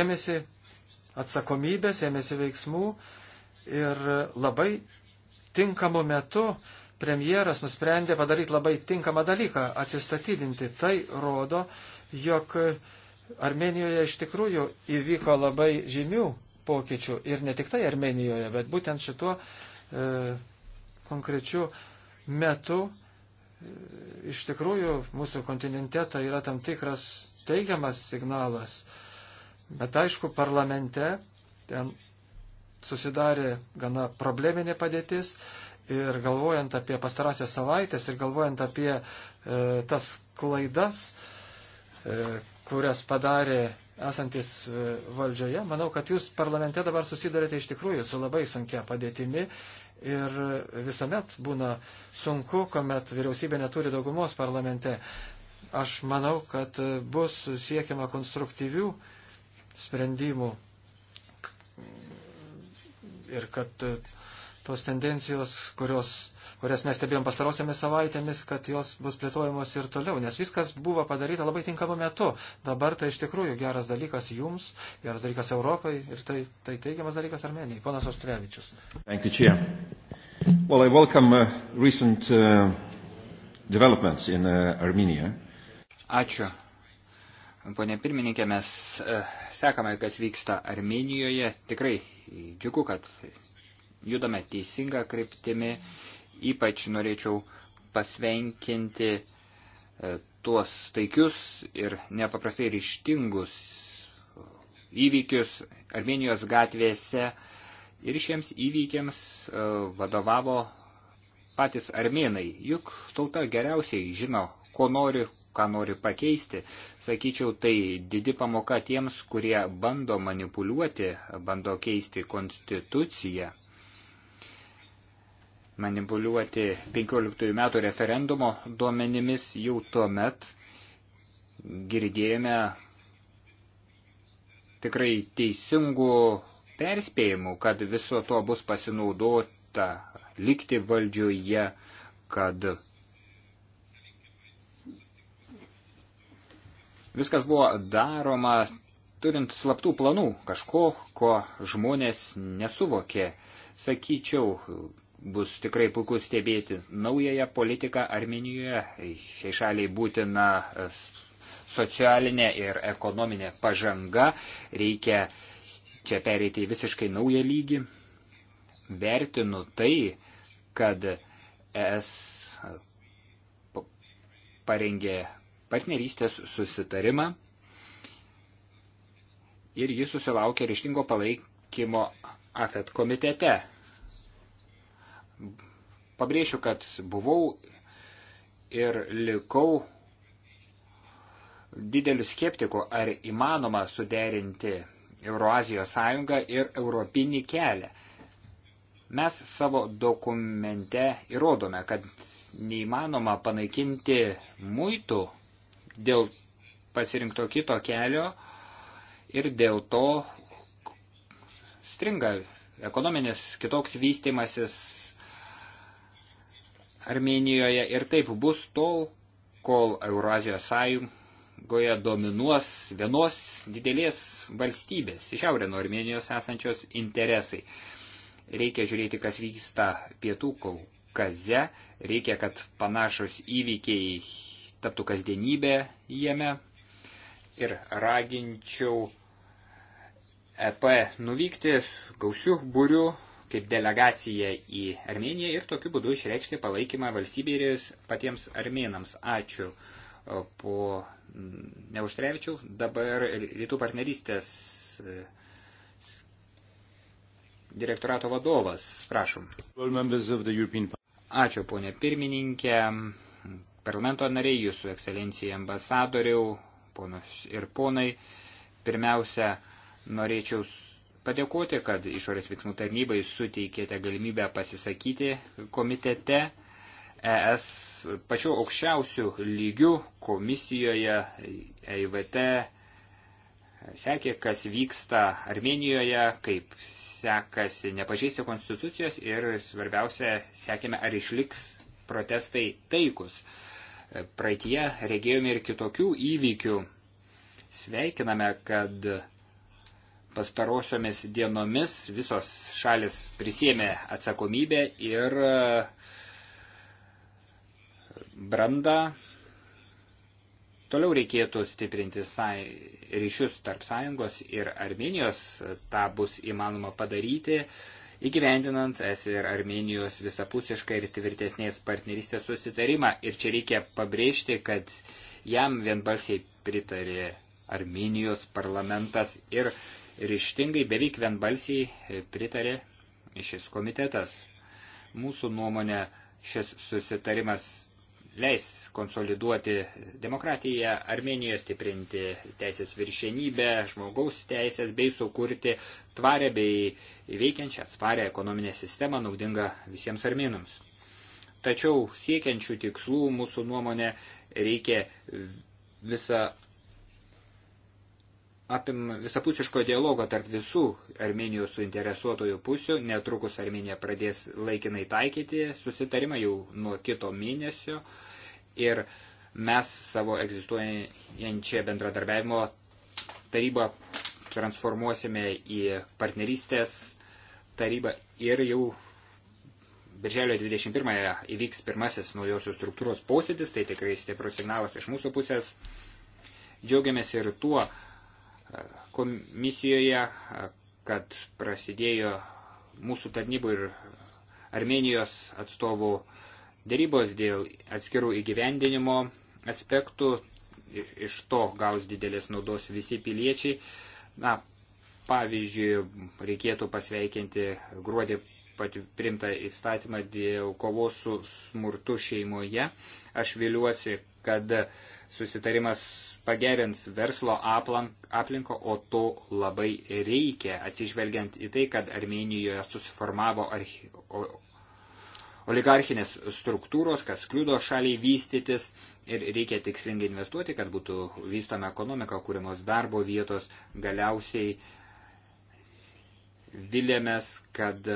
B: ėmėsi atsakomybės, ėmėsi veiksmų ir labai tinkamu metu premjeras nusprendė padaryti labai tinkamą dalyką - atsistatydinti. Tai rodo, jog Armenijoje iš tikrųjų įvyko labai žymių pokyčių ir ne tik tai Armenijoje, bet būtent šituo e, konkrečiu metu e, iš tikrųjų mūsų kontinente tai yra tam tikras teigiamas signalas. Bet aišku, parlamente ten susidarė gana probleminė padėtis ir galvojant apie pastarąsias savaitės ir galvojant apie e, tas klaidas, e, kurias padarė esantis e, valdžioje. Manau, kad jūs parlamente dabar susidurite iš tikrųjų su labai sunkia padėtimi ir visuomet būna sunku, kuomet vyriausybė neturi daugumos parlamente. Aš manau, kad e, bus siekiama konstruktyvių sprendimų ir kad e, tos tendencijos, kurios, kurias mes stebėjom pastarosiamis savaitėmis, kad jos bus plėtojamos ir toliau, nes viskas buvo padaryta labai tinkamu metu. Dabar tai iš tikrųjų geras dalykas jums, geras dalykas Europai ir tai, tai teigiamas dalykas Armenijai. Ponas Ostrevičius.
D: Well, I welcome uh, recent uh, developments in uh, Armenia.
C: Ačiū. Pone pirmininkė, mes uh, sekame, kas vyksta Armenijoje. Tikrai džiugu, kad judame teisinga kryptimi. Ypač norėčiau pasvenkinti e, tuos taikius ir nepaprastai ryštingus e, įvykius Armenijos gatvėse. Ir šiems įvykiams e, vadovavo patys armenai. Juk tauta geriausiai žino, ko nori, ką nori pakeisti. Sakyčiau, tai didi pamoka tiems, kurie bando manipuliuoti, bando keisti konstituciją manipuliuoti 15 metų referendumo duomenimis, jau tuo met girdėjome tikrai teisingų perspėjimų, kad viso to bus pasinaudota likti valdžioje, kad viskas buvo daroma turint slaptų planų, kažko, ko žmonės nesuvokė. Sakyčiau, Bus tikrai puiku stebėti naująją politiką Armenijoje. Šiai šaliai būtina e, socialinė ir ekonominė pažanga. Reikia čia pereiti į visiškai naują lygį. Vertinu tai, kad ES parengė partnerystės susitarimą ir jis susilaukė ryštingo palaikymo AFET komitete. Pabrėšiu, kad buvau ir likau dideliu skeptiku, ar įmanoma suderinti Euroazijos sąjungą ir europinį kelią. Mes savo dokumente įrodome, kad neįmanoma panaikinti muitų dėl pasirinkto kito kelio ir dėl to stringa ekonominis kitoks vystimasis Armenijoje ir taip bus tol, kol Eurazijos sąjungoje dominuos vienos didelės valstybės, iš šiaurė nuo Armenijos esančios interesai. Reikia žiūrėti, kas vyksta pietų Kaukaze, reikia, kad panašus įvykiai taptų kasdienybė jame ir raginčiau EP nuvykti gausių būrių kaip delegacija į Armeniją ir tokiu būdu išreikšti palaikymą valstybei ir patiems armėnams. Ačiū po mm, Neuštrevičių. Dabar rytų partnerystės e, direktorato vadovas. Prašom. Ačiū, ponė pirmininkė, parlamento nariai, jūsų ekscelencija ambasadoriau, ponus ir ponai. Pirmiausia, norėčiau padėkoti, kad išorės veiksmų tarnybai suteikėte galimybę pasisakyti komitete ES pačiu aukščiausiu lygiu komisijoje EIVT sekė, kas vyksta Armenijoje, kaip sekasi nepažeisti konstitucijos ir svarbiausia, sekėme, ar išliks protestai taikus. Praeitie regėjome ir kitokių įvykių. Sveikiname, kad Pastarosiomis dienomis visos šalis prisėmė atsakomybę ir e, brandą. Toliau reikėtų stiprinti ryšius tarp sąjungos ir Armenijos. Ta bus įmanoma padaryti įgyvendinant es ir Armenijos visapusišką ir tvirtesnės partnerystės susitarimą. Ir čia reikia pabrėžti, kad jam vienbalsiai pritarė Armenijos parlamentas ir ryštingai beveik vienbalsiai e, pritarė šis komitetas. Mūsų nuomonė šis susitarimas leis konsoliduoti demokratiją, Armenijoje stiprinti teisės viršenybę, žmogaus teisės bei sukurti tvarę bei veikiančią atsparę ekonominę sistemą naudingą visiems armenams. Tačiau siekiančių tikslų mūsų nuomonė reikia visą apima visapusiško dialogo tarp visų Armenijos suinteresuotojų pusių. Netrukus Armenija pradės laikinai taikyti susitarimą jau nuo kito mėnesio. Ir mes savo egzistuojančią bendradarbiavimo tarybą transformuosime į partnerystės tarybą ir jau Birželio 21-ąją įvyks pirmasis naujosios struktūros posėdis, tai tikrai stiprus signalas iš mūsų pusės. Džiaugiamės ir tuo, komisijoje, kad prasidėjo mūsų tarnybų ir Armenijos atstovų dėrybos dėl atskirų įgyvendinimo aspektų. Iš to gaus didelės naudos visi piliečiai. Na, pavyzdžiui, reikėtų pasveikinti gruodį primtą įstatymą dėl kovos su smurtu šeimoje. Aš viliuosi, kad susitarimas pagerins verslo aplinką, o to labai reikia, atsižvelgiant į tai, kad Armenijoje susiformavo archi... oligarchinės struktūros, kas kliudo šaliai vystytis ir reikia tikslingai investuoti, kad būtų vystama ekonomika, kūrimos darbo vietos. Galiausiai vilėmės, kad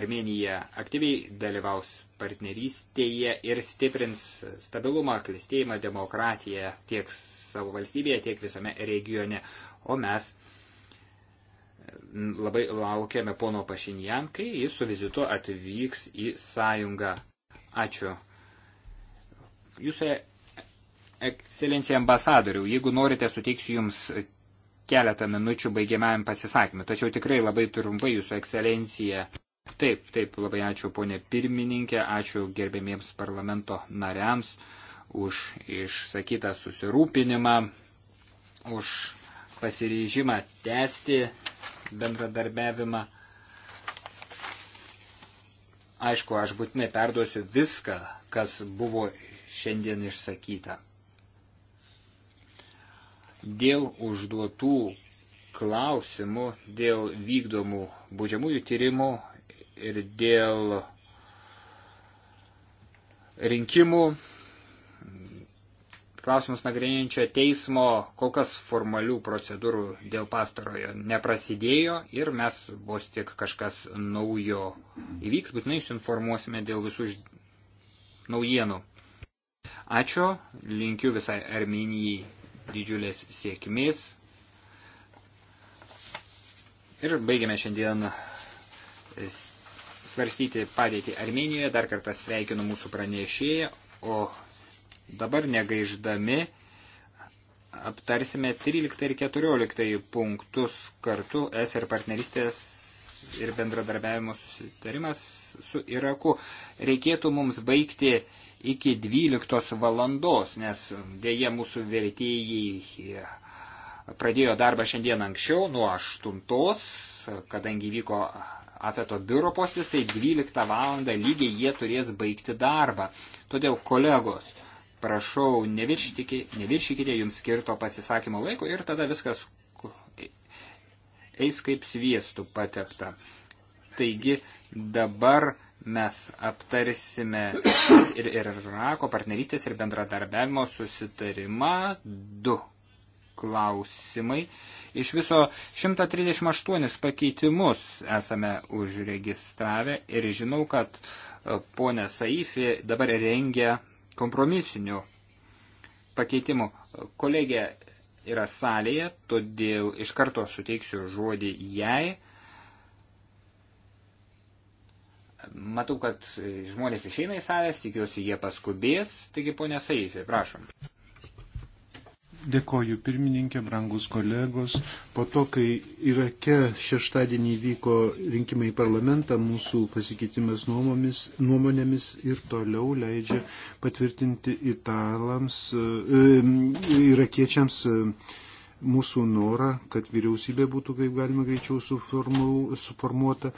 C: Armenija aktyviai dalyvaus partnerystėje ir stiprins stabilumą, klistėjimą, demokratiją tiek savo valstybėje, tiek visame regione. O mes labai laukiame pono Pašinjan, kai jis su vizitu atvyks į sąjungą. Ačiū. Jūsų ekscelencija ambasadorių, jeigu norite, suteiksiu Jums keletą minučių baigiamajam pasisakymui. Tačiau tikrai labai trumpai Jūsų ekscelencija. Taip, taip, labai ačiū ponė pirmininkė, ačiū gerbėmiems parlamento nariams už išsakytą susirūpinimą, už pasiryžimą tęsti bendradarbiavimą. Aišku, aš būtinai perduosiu viską, kas buvo šiandien išsakyta. Dėl užduotų klausimų, dėl vykdomų būdžiamųjų tyrimų ir dėl rinkimų klausimus nagrinėjančio teismo kol kas formalių procedūrų dėl pastarojo neprasidėjo ir mes vos tik kažkas naujo įvyks, būtinai jūs informuosime dėl visų naujienų. Ačiū, linkiu visai Arminijai didžiulės sėkmės. Ir baigiame šiandien svarstyti padėtį Armenijoje. Dar kartą sveikinu mūsų pranešėją, o Dabar negaiždami aptarsime 13 ir 14 punktus kartu S ir partneristės ir bendradarbiavimo susitarimas su Iraku. Reikėtų mums baigti iki 12 valandos, nes dėje mūsų vertėjai pradėjo darbą šiandien anksčiau, nuo 8, kadangi vyko afeto biuro postis, tai 12 valandą lygiai jie turės baigti darbą. Todėl kolegos, prašau, neviršykite, neviršykite jums skirto pasisakymo laiko ir tada viskas eis kaip sviestų patepta. Taigi dabar mes aptarsime ir, ir Irako partnerystės ir bendradarbiavimo susitarimą du klausimai. Iš viso 138 pakeitimus esame užregistravę ir žinau, kad e, ponė Saifė dabar rengia kompromisinių pakeitimų. Kolegė yra salėje, todėl iš karto suteiksiu žodį jai. Matau, kad žmonės išeina į salės, tikiuosi, jie paskubės. Taigi, ponė Saifė, prašom.
D: Dėkoju pirmininkė, brangus kolegos. Po to, kai Irake šeštadienį vyko rinkimai į parlamentą, mūsų pasikeitimas nuomomis, nuomonėmis ir toliau leidžia patvirtinti italams, e, e, irakiečiams e, mūsų norą, kad vyriausybė būtų kaip galima greičiau suformu, suformuota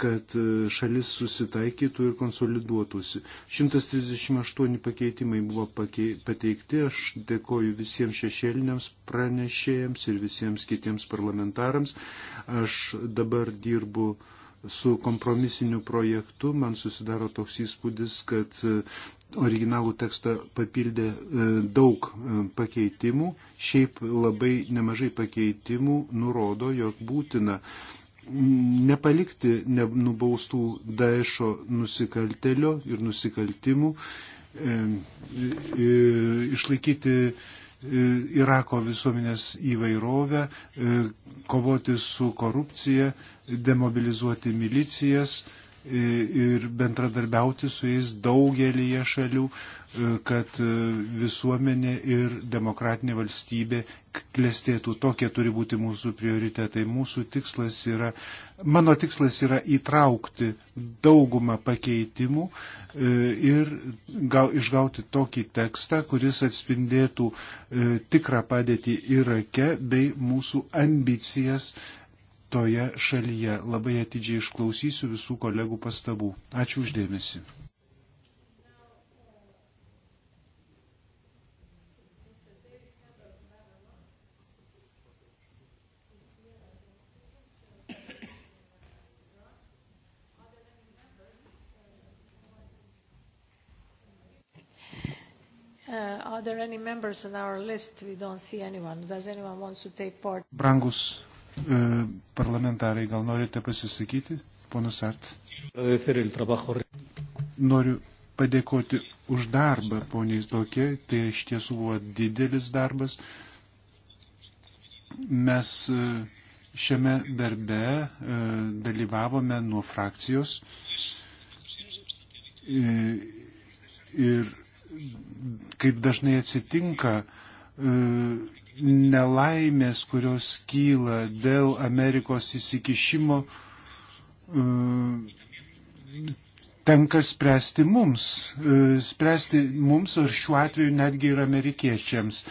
D: kad e, šalis susitaikytų ir konsoliduotųsi. 138 pakeitimai buvo pakei, pateikti. Aš dėkoju visiems šešėliniams pranešėjams ir visiems kitiems parlamentarams. Aš dabar dirbu su kompromisiniu projektu. Man susidaro toks įspūdis, kad e, originalų tekstą papildė e, daug pakeitimų. Šiaip labai nemažai pakeitimų nurodo, jog būtina nepalikti nenubaustų Daešo nusikaltelio ir nusikaltimų, e, e, išlaikyti e, Irako visuomenės įvairovę, e, kovoti su korupcija, demobilizuoti milicijas, ir bendradarbiauti su jais daugelįje šalių, e, kad e, visuomenė ir demokratinė valstybė klestėtų. Tokie turi būti mūsų prioritetai. Mūsų tikslas yra, mano tikslas yra įtraukti daugumą pakeitimų e, ir gau, išgauti tokį tekstą, kuris atspindėtų tikrą padėtį Irake bei mūsų ambicijas toje šalyje. Labai atidžiai išklausysiu visų kolegų pastabų. Ačiū uždėmesi.
A: Uh, are there any members on our list? We don't see anyone. Does anyone want to take part?
D: Brangus E, parlamentarai, gal norite pasisakyti, ponas Art? Noriu padėkoti už darbą, poniai tokie, tai iš tiesų buvo didelis darbas. Mes e, šiame darbe e, dalyvavome nuo frakcijos ir kaip dažnai atsitinka, nelaimės, kurios kyla dėl Amerikos įsikišimo, e, tenka spręsti mums. E, spręsti mums, ar šiuo atveju netgi ir amerikiečiams.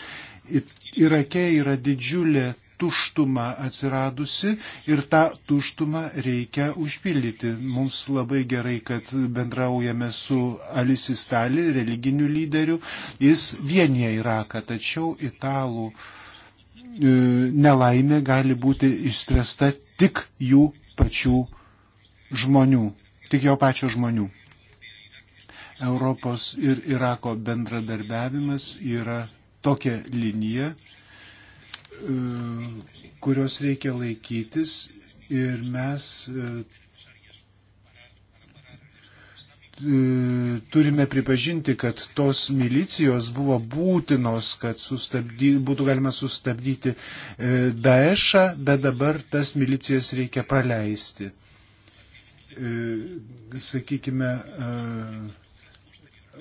D: Irake yra didžiulė tuštuma atsiradusi ir tą tuštumą reikia užpildyti. Mums labai gerai, kad bendraujame su Alisi Stali, religiniu lyderiu. Jis vienyje Iraką, tačiau italų e, nelaimė gali būti išspręsta tik jų pačių žmonių, tik jo pačio žmonių. Europos ir Irako bendradarbiavimas yra tokia linija, E, kurios reikia laikytis ir mes e, e, turime pripažinti, kad tos milicijos buvo būtinos, kad sustabdy, būtų galima sustabdyti Daešą, bet dabar tas milicijas reikia paleisti. Sakykime,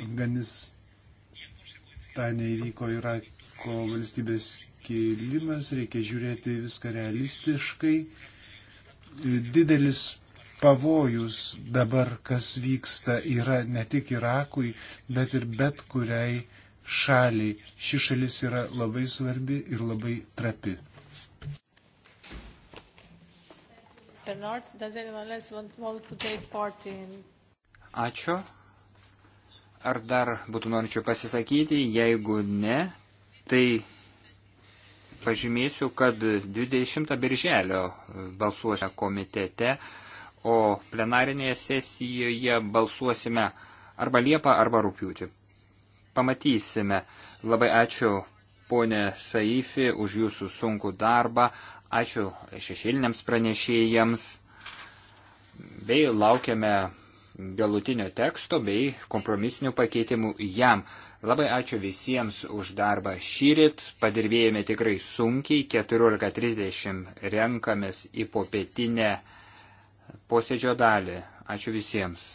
D: Afganistane įvyko Irako valstybės pakilimas, reikia žiūrėti viską realistiškai. Didelis pavojus dabar, kas vyksta, yra ne tik Irakui, bet ir bet kuriai šaliai. Ši šalis yra labai svarbi ir labai trapi.
C: Ačiū. Ar dar būtų norinčių pasisakyti? Jeigu ne, tai pažymėsiu, kad 20 birželio balsuosime komitete, o plenarinėje sesijoje balsuosime arba Liepą, arba Rūpiūtį. Pamatysime. Labai ačiū ponė Saifi už jūsų sunkų darbą, ačiū šešėliniams pranešėjams, bei laukiame galutinio teksto bei kompromisinių pakeitimų jam. Labai ačiū visiems už darbą šyrit, padirbėjome tikrai sunkiai, 14.30 renkamės į popietinę posėdžio dalį. Ačiū visiems.